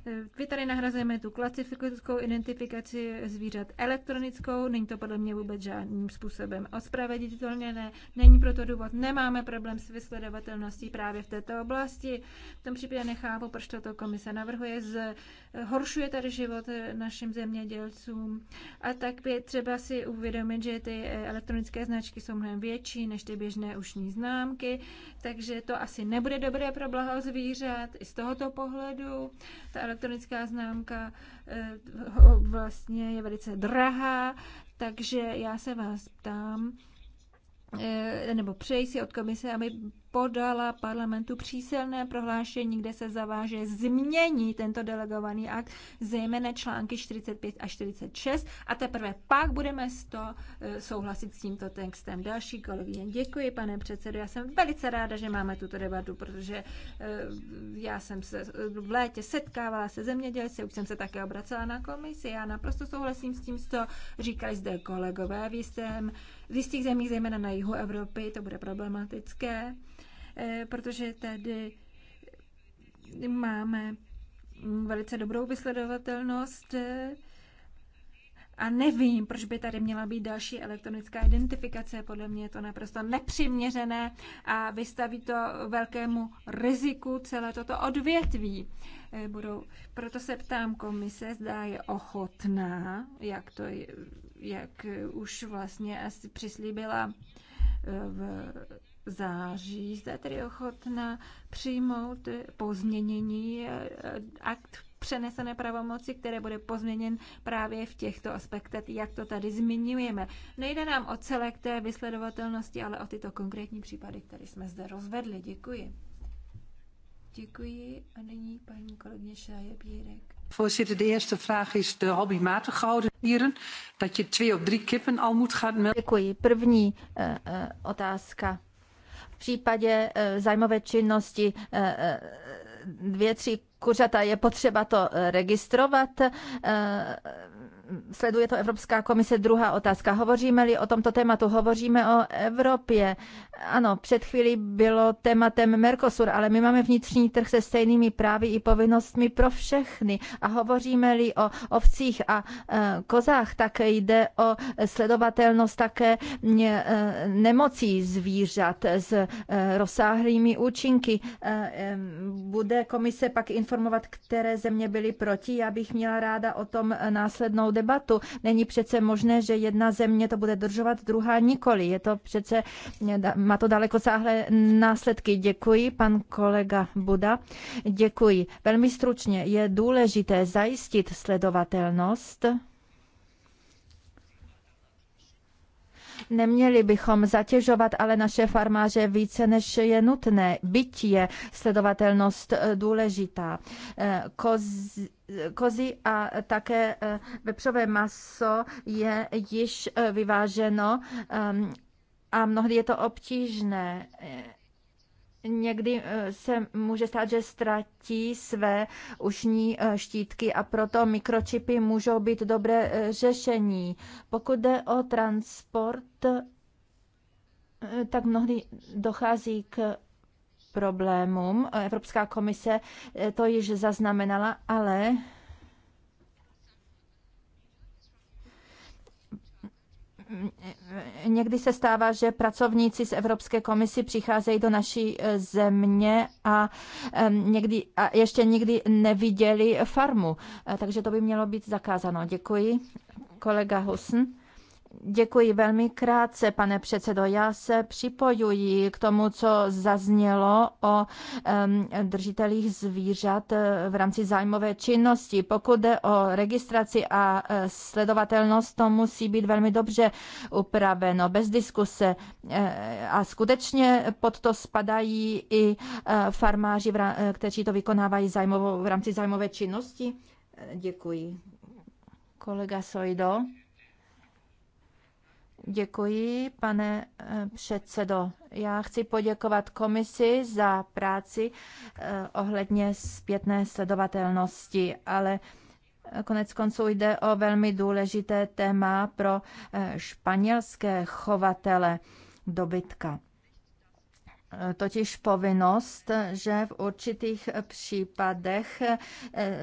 Eh, vy tady nahrazujeme tu klasifikovou identifikaci zvířat elektronickou, není to podle mě vůbec žádným způsobem ospravedlitelné, není proto důvod, nemáme problém s vysledovatelností právě v této oblasti. V tom případě nechápu, proč toto komise navrhuje z horšuje tady život našim zemědělcům. A tak by třeba si uvědomit, že ty elektronické značky jsou mnohem větší než ty běžné ušní známky, takže to asi nebude dobré pro blaho zvířat. I z tohoto pohledu ta elektronická známka eh, vlastně je velice drahá, takže já se vás ptám, eh, nebo přeji si od komise, aby podala parlamentu přísilné prohlášení, kde se zaváže změní tento delegovaný akt, zejména články 45 a 46 a teprve pak budeme s to eh, souhlasit s tímto textem. Další kolegyně, děkuji pane předsedo, já jsem velice ráda, že máme tuto debatu, protože eh, já jsem se v létě setkávala se zemědělci, už jsem se také obracela na komisi, já naprosto souhlasím s tím, co říkají zde kolegové, v, jistém, v jistých zemích, zejména na jihu Evropy, to bude problematické. Eh, protože tady máme velice dobrou vysledovatelnost eh, a nevím, proč by tady měla být další elektronická identifikace. Podle mě je to naprosto nepřiměřené a vystaví to velkému riziku celé toto odvětví. Eh, budou. Proto se ptám komise, zda je ochotná, jak to jak už vlastně asi přislíbila v září. Zde tedy ochotna přijmout pozměnění eh, akt přenesené pravomoci, které bude pozměněn právě v těchto aspektech, jak to tady zmiňujeme. Nejde nám o celek té vysledovatelnosti, ale o tyto konkrétní případy, které jsme zde rozvedli. Děkuji. Děkuji a nyní paní kolegyně Šáje Bírek. Voorzitter, de eerste vraag is de hobbymatig gehouden dieren. Dat je twee of drie kippen al moet gaan melden. Děkuji. První uh, uh, otázka v případě eh, zájmové činnosti eh, eh, dvě, tři kuřata je potřeba to registrovat sleduje to Evropská komise. Druhá otázka. Hovoříme-li o tomto tématu? Hovoříme o Evropě. Ano, před chvílí bylo tématem Mercosur, ale my máme vnitřní trh se stejnými právy i povinnostmi pro všechny. A hovoříme-li o ovcích a e, kozách, tak jde o sledovatelnost také e, nemocí zvířat s e, rozsáhlými účinky. Bude komise pak informovat, které země byly proti. Já bych měla ráda o tom následnou debatu debatu. Není přece možné, že jedna země to bude držovat, druhá nikoli. Je to přece, má to daleko sáhlé následky. Děkuji, pan kolega Buda. Děkuji. Velmi stručně je důležité zajistit sledovatelnost Neměli bychom zatěžovat ale naše farmáře více, než je nutné. Byť je sledovatelnost eh, důležitá. Eh, koz, kozy a také eh, vepřové maso je již vyváženo ehm, a mnohdy je to obtížné někdy eh, se může stát, že ztratí své ušní eh, štítky a proto mikročipy můžou být dobré eh, řešení. Pokud jde o transport, tak mnohdy dochází k problémům. Evropská komise to již zaznamenala, ale Někdy se stává, že pracovníci z Evropské komisy přicházejí do naší e, země a, někdy, a ještě nikdy neviděli farmu. E, takže to by mělo být zakázáno. Děkuji. Kolega Husn. Děkuji velmi krátce, pane předsedo. Já se připojuji k tomu, co zaznělo o um, držitelích zvířat eh, v rámci zájmové činnosti. Pokud jde o registraci a eh, sledovatelnost, to musí být velmi dobře upraveno, bez diskuse. Eh, a skutečně pod to spadají i farmáři, kteří to vykonávají zájmovou, v rámci zájmové činnosti. Děkuji. Kolega Sojdo. Děkuji, pane eh, předsedo. Já chci poděkovat komisi za práci eh, ohledně zpětné sledovatelnosti, ale eh, Konec konců jde o velmi důležité téma pro španělské chovatele dobytka totiž povinnost, že v určitých případech eh,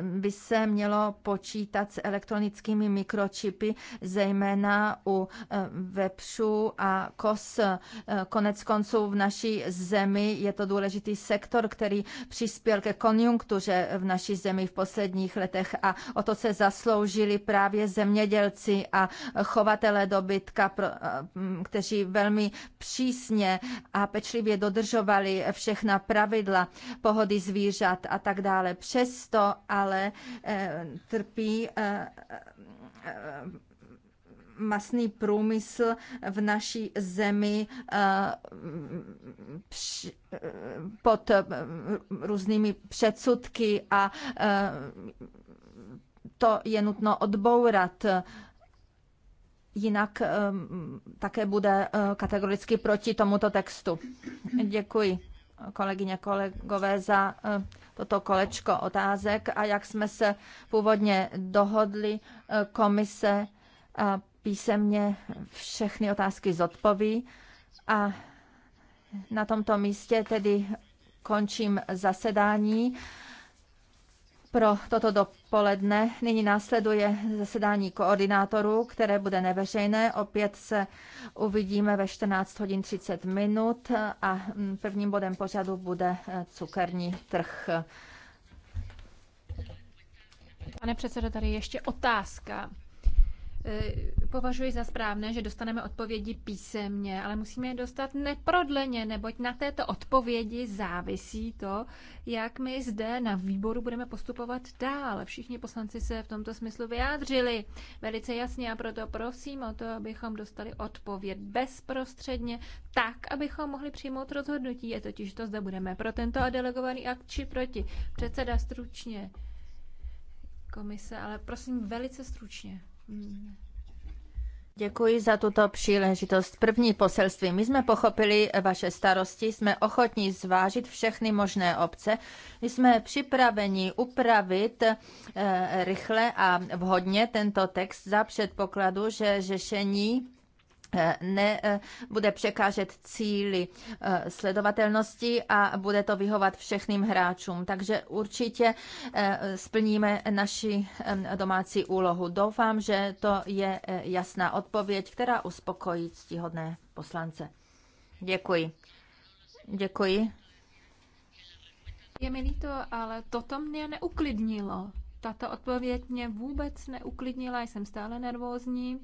by se mělo počítat s elektronickými mikročipy, zejména u eh, vepřů a kos. Eh, konec konců v naší zemi je to důležitý sektor, který přispěl ke konjunktuře v naší zemi v posledních letech a o to se zasloužili právě zemědělci a chovatele dobytka, kteří velmi přísně a pečlivě dodržují dodržovali všechna pravidla pohody zvířat a tak dále. Přesto ale eh, trpí eh, masný průmysl v naší zemi eh, pod různými předsudky a to je nutno odbourat jinak ehm, také bude eh, kategoricky proti tomuto textu. Děkuji kolegyně, kolegové za eh, toto kolečko otázek a jak jsme se původně dohodli, eh, komise písemně všechny otázky zodpoví a na tomto místě tedy končím zasedání pro toto dopoledne. Nyní následuje zasedání koordinátorů, které bude neveřejné. Opět se uvidíme ve 14 hodin 30 minut a prvním bodem pořadu bude eh, cukerní trh. Pane předsedo, tady ještě otázka. Eh, považuji za správné, že dostaneme odpovědi písemně, ale musíme je dostat neprodleně, neboť na této odpovědi závisí to, jak my zde na výboru budeme postupovat dál. Všichni poslanci se v tomto smyslu vyjádřili velice jasně a proto prosím o to, abychom dostali odpověď bezprostředně, tak, abychom mohli přijmout rozhodnutí. Je totiž to, zda budeme pro tento a delegovaný akt či proti. Předseda stručně komise, ale prosím velice stručně. Děkuji za tuto příležitost. První poselství. My jsme pochopili vaše starosti, jsme ochotní zvážit všechny možné obce, jsme připraveni upravit eh, rychle a vhodně tento text za předpokladu, že řešení Eh, nebude eh, překážet cíly eh, sledovatelnosti a bude to vyhovat všechným hráčům. Takže určitě splníme naši domácí úlohu. Doufám, že to je jasná odpověď, která uspokojí ctihodné poslance. Děkuji. Děkuji. Je mi líto, ale toto mě neuklidnilo. Tato odpověď mě vůbec neuklidnila, jsem stále nervózní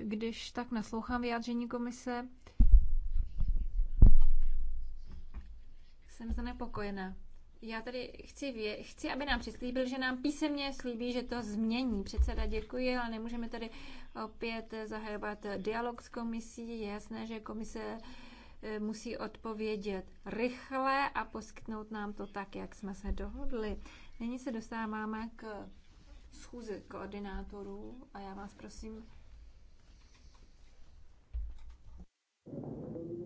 když tak naslouchám vyjádření komise, jsem znepokojená. Já tady chci, vě- chci, aby nám přislíbil, že nám písemně slíbí, že to změní. Předseda děkuji, ale nemůžeme tady opět zahajovat dialog s komisí. Je jasné, že komise eh, musí odpovědět rychle a poskytnout nám to tak, jak jsme se dohodli. Nyní se dostáváme k schůzi koordinátorů a já vás prosím, Thank you.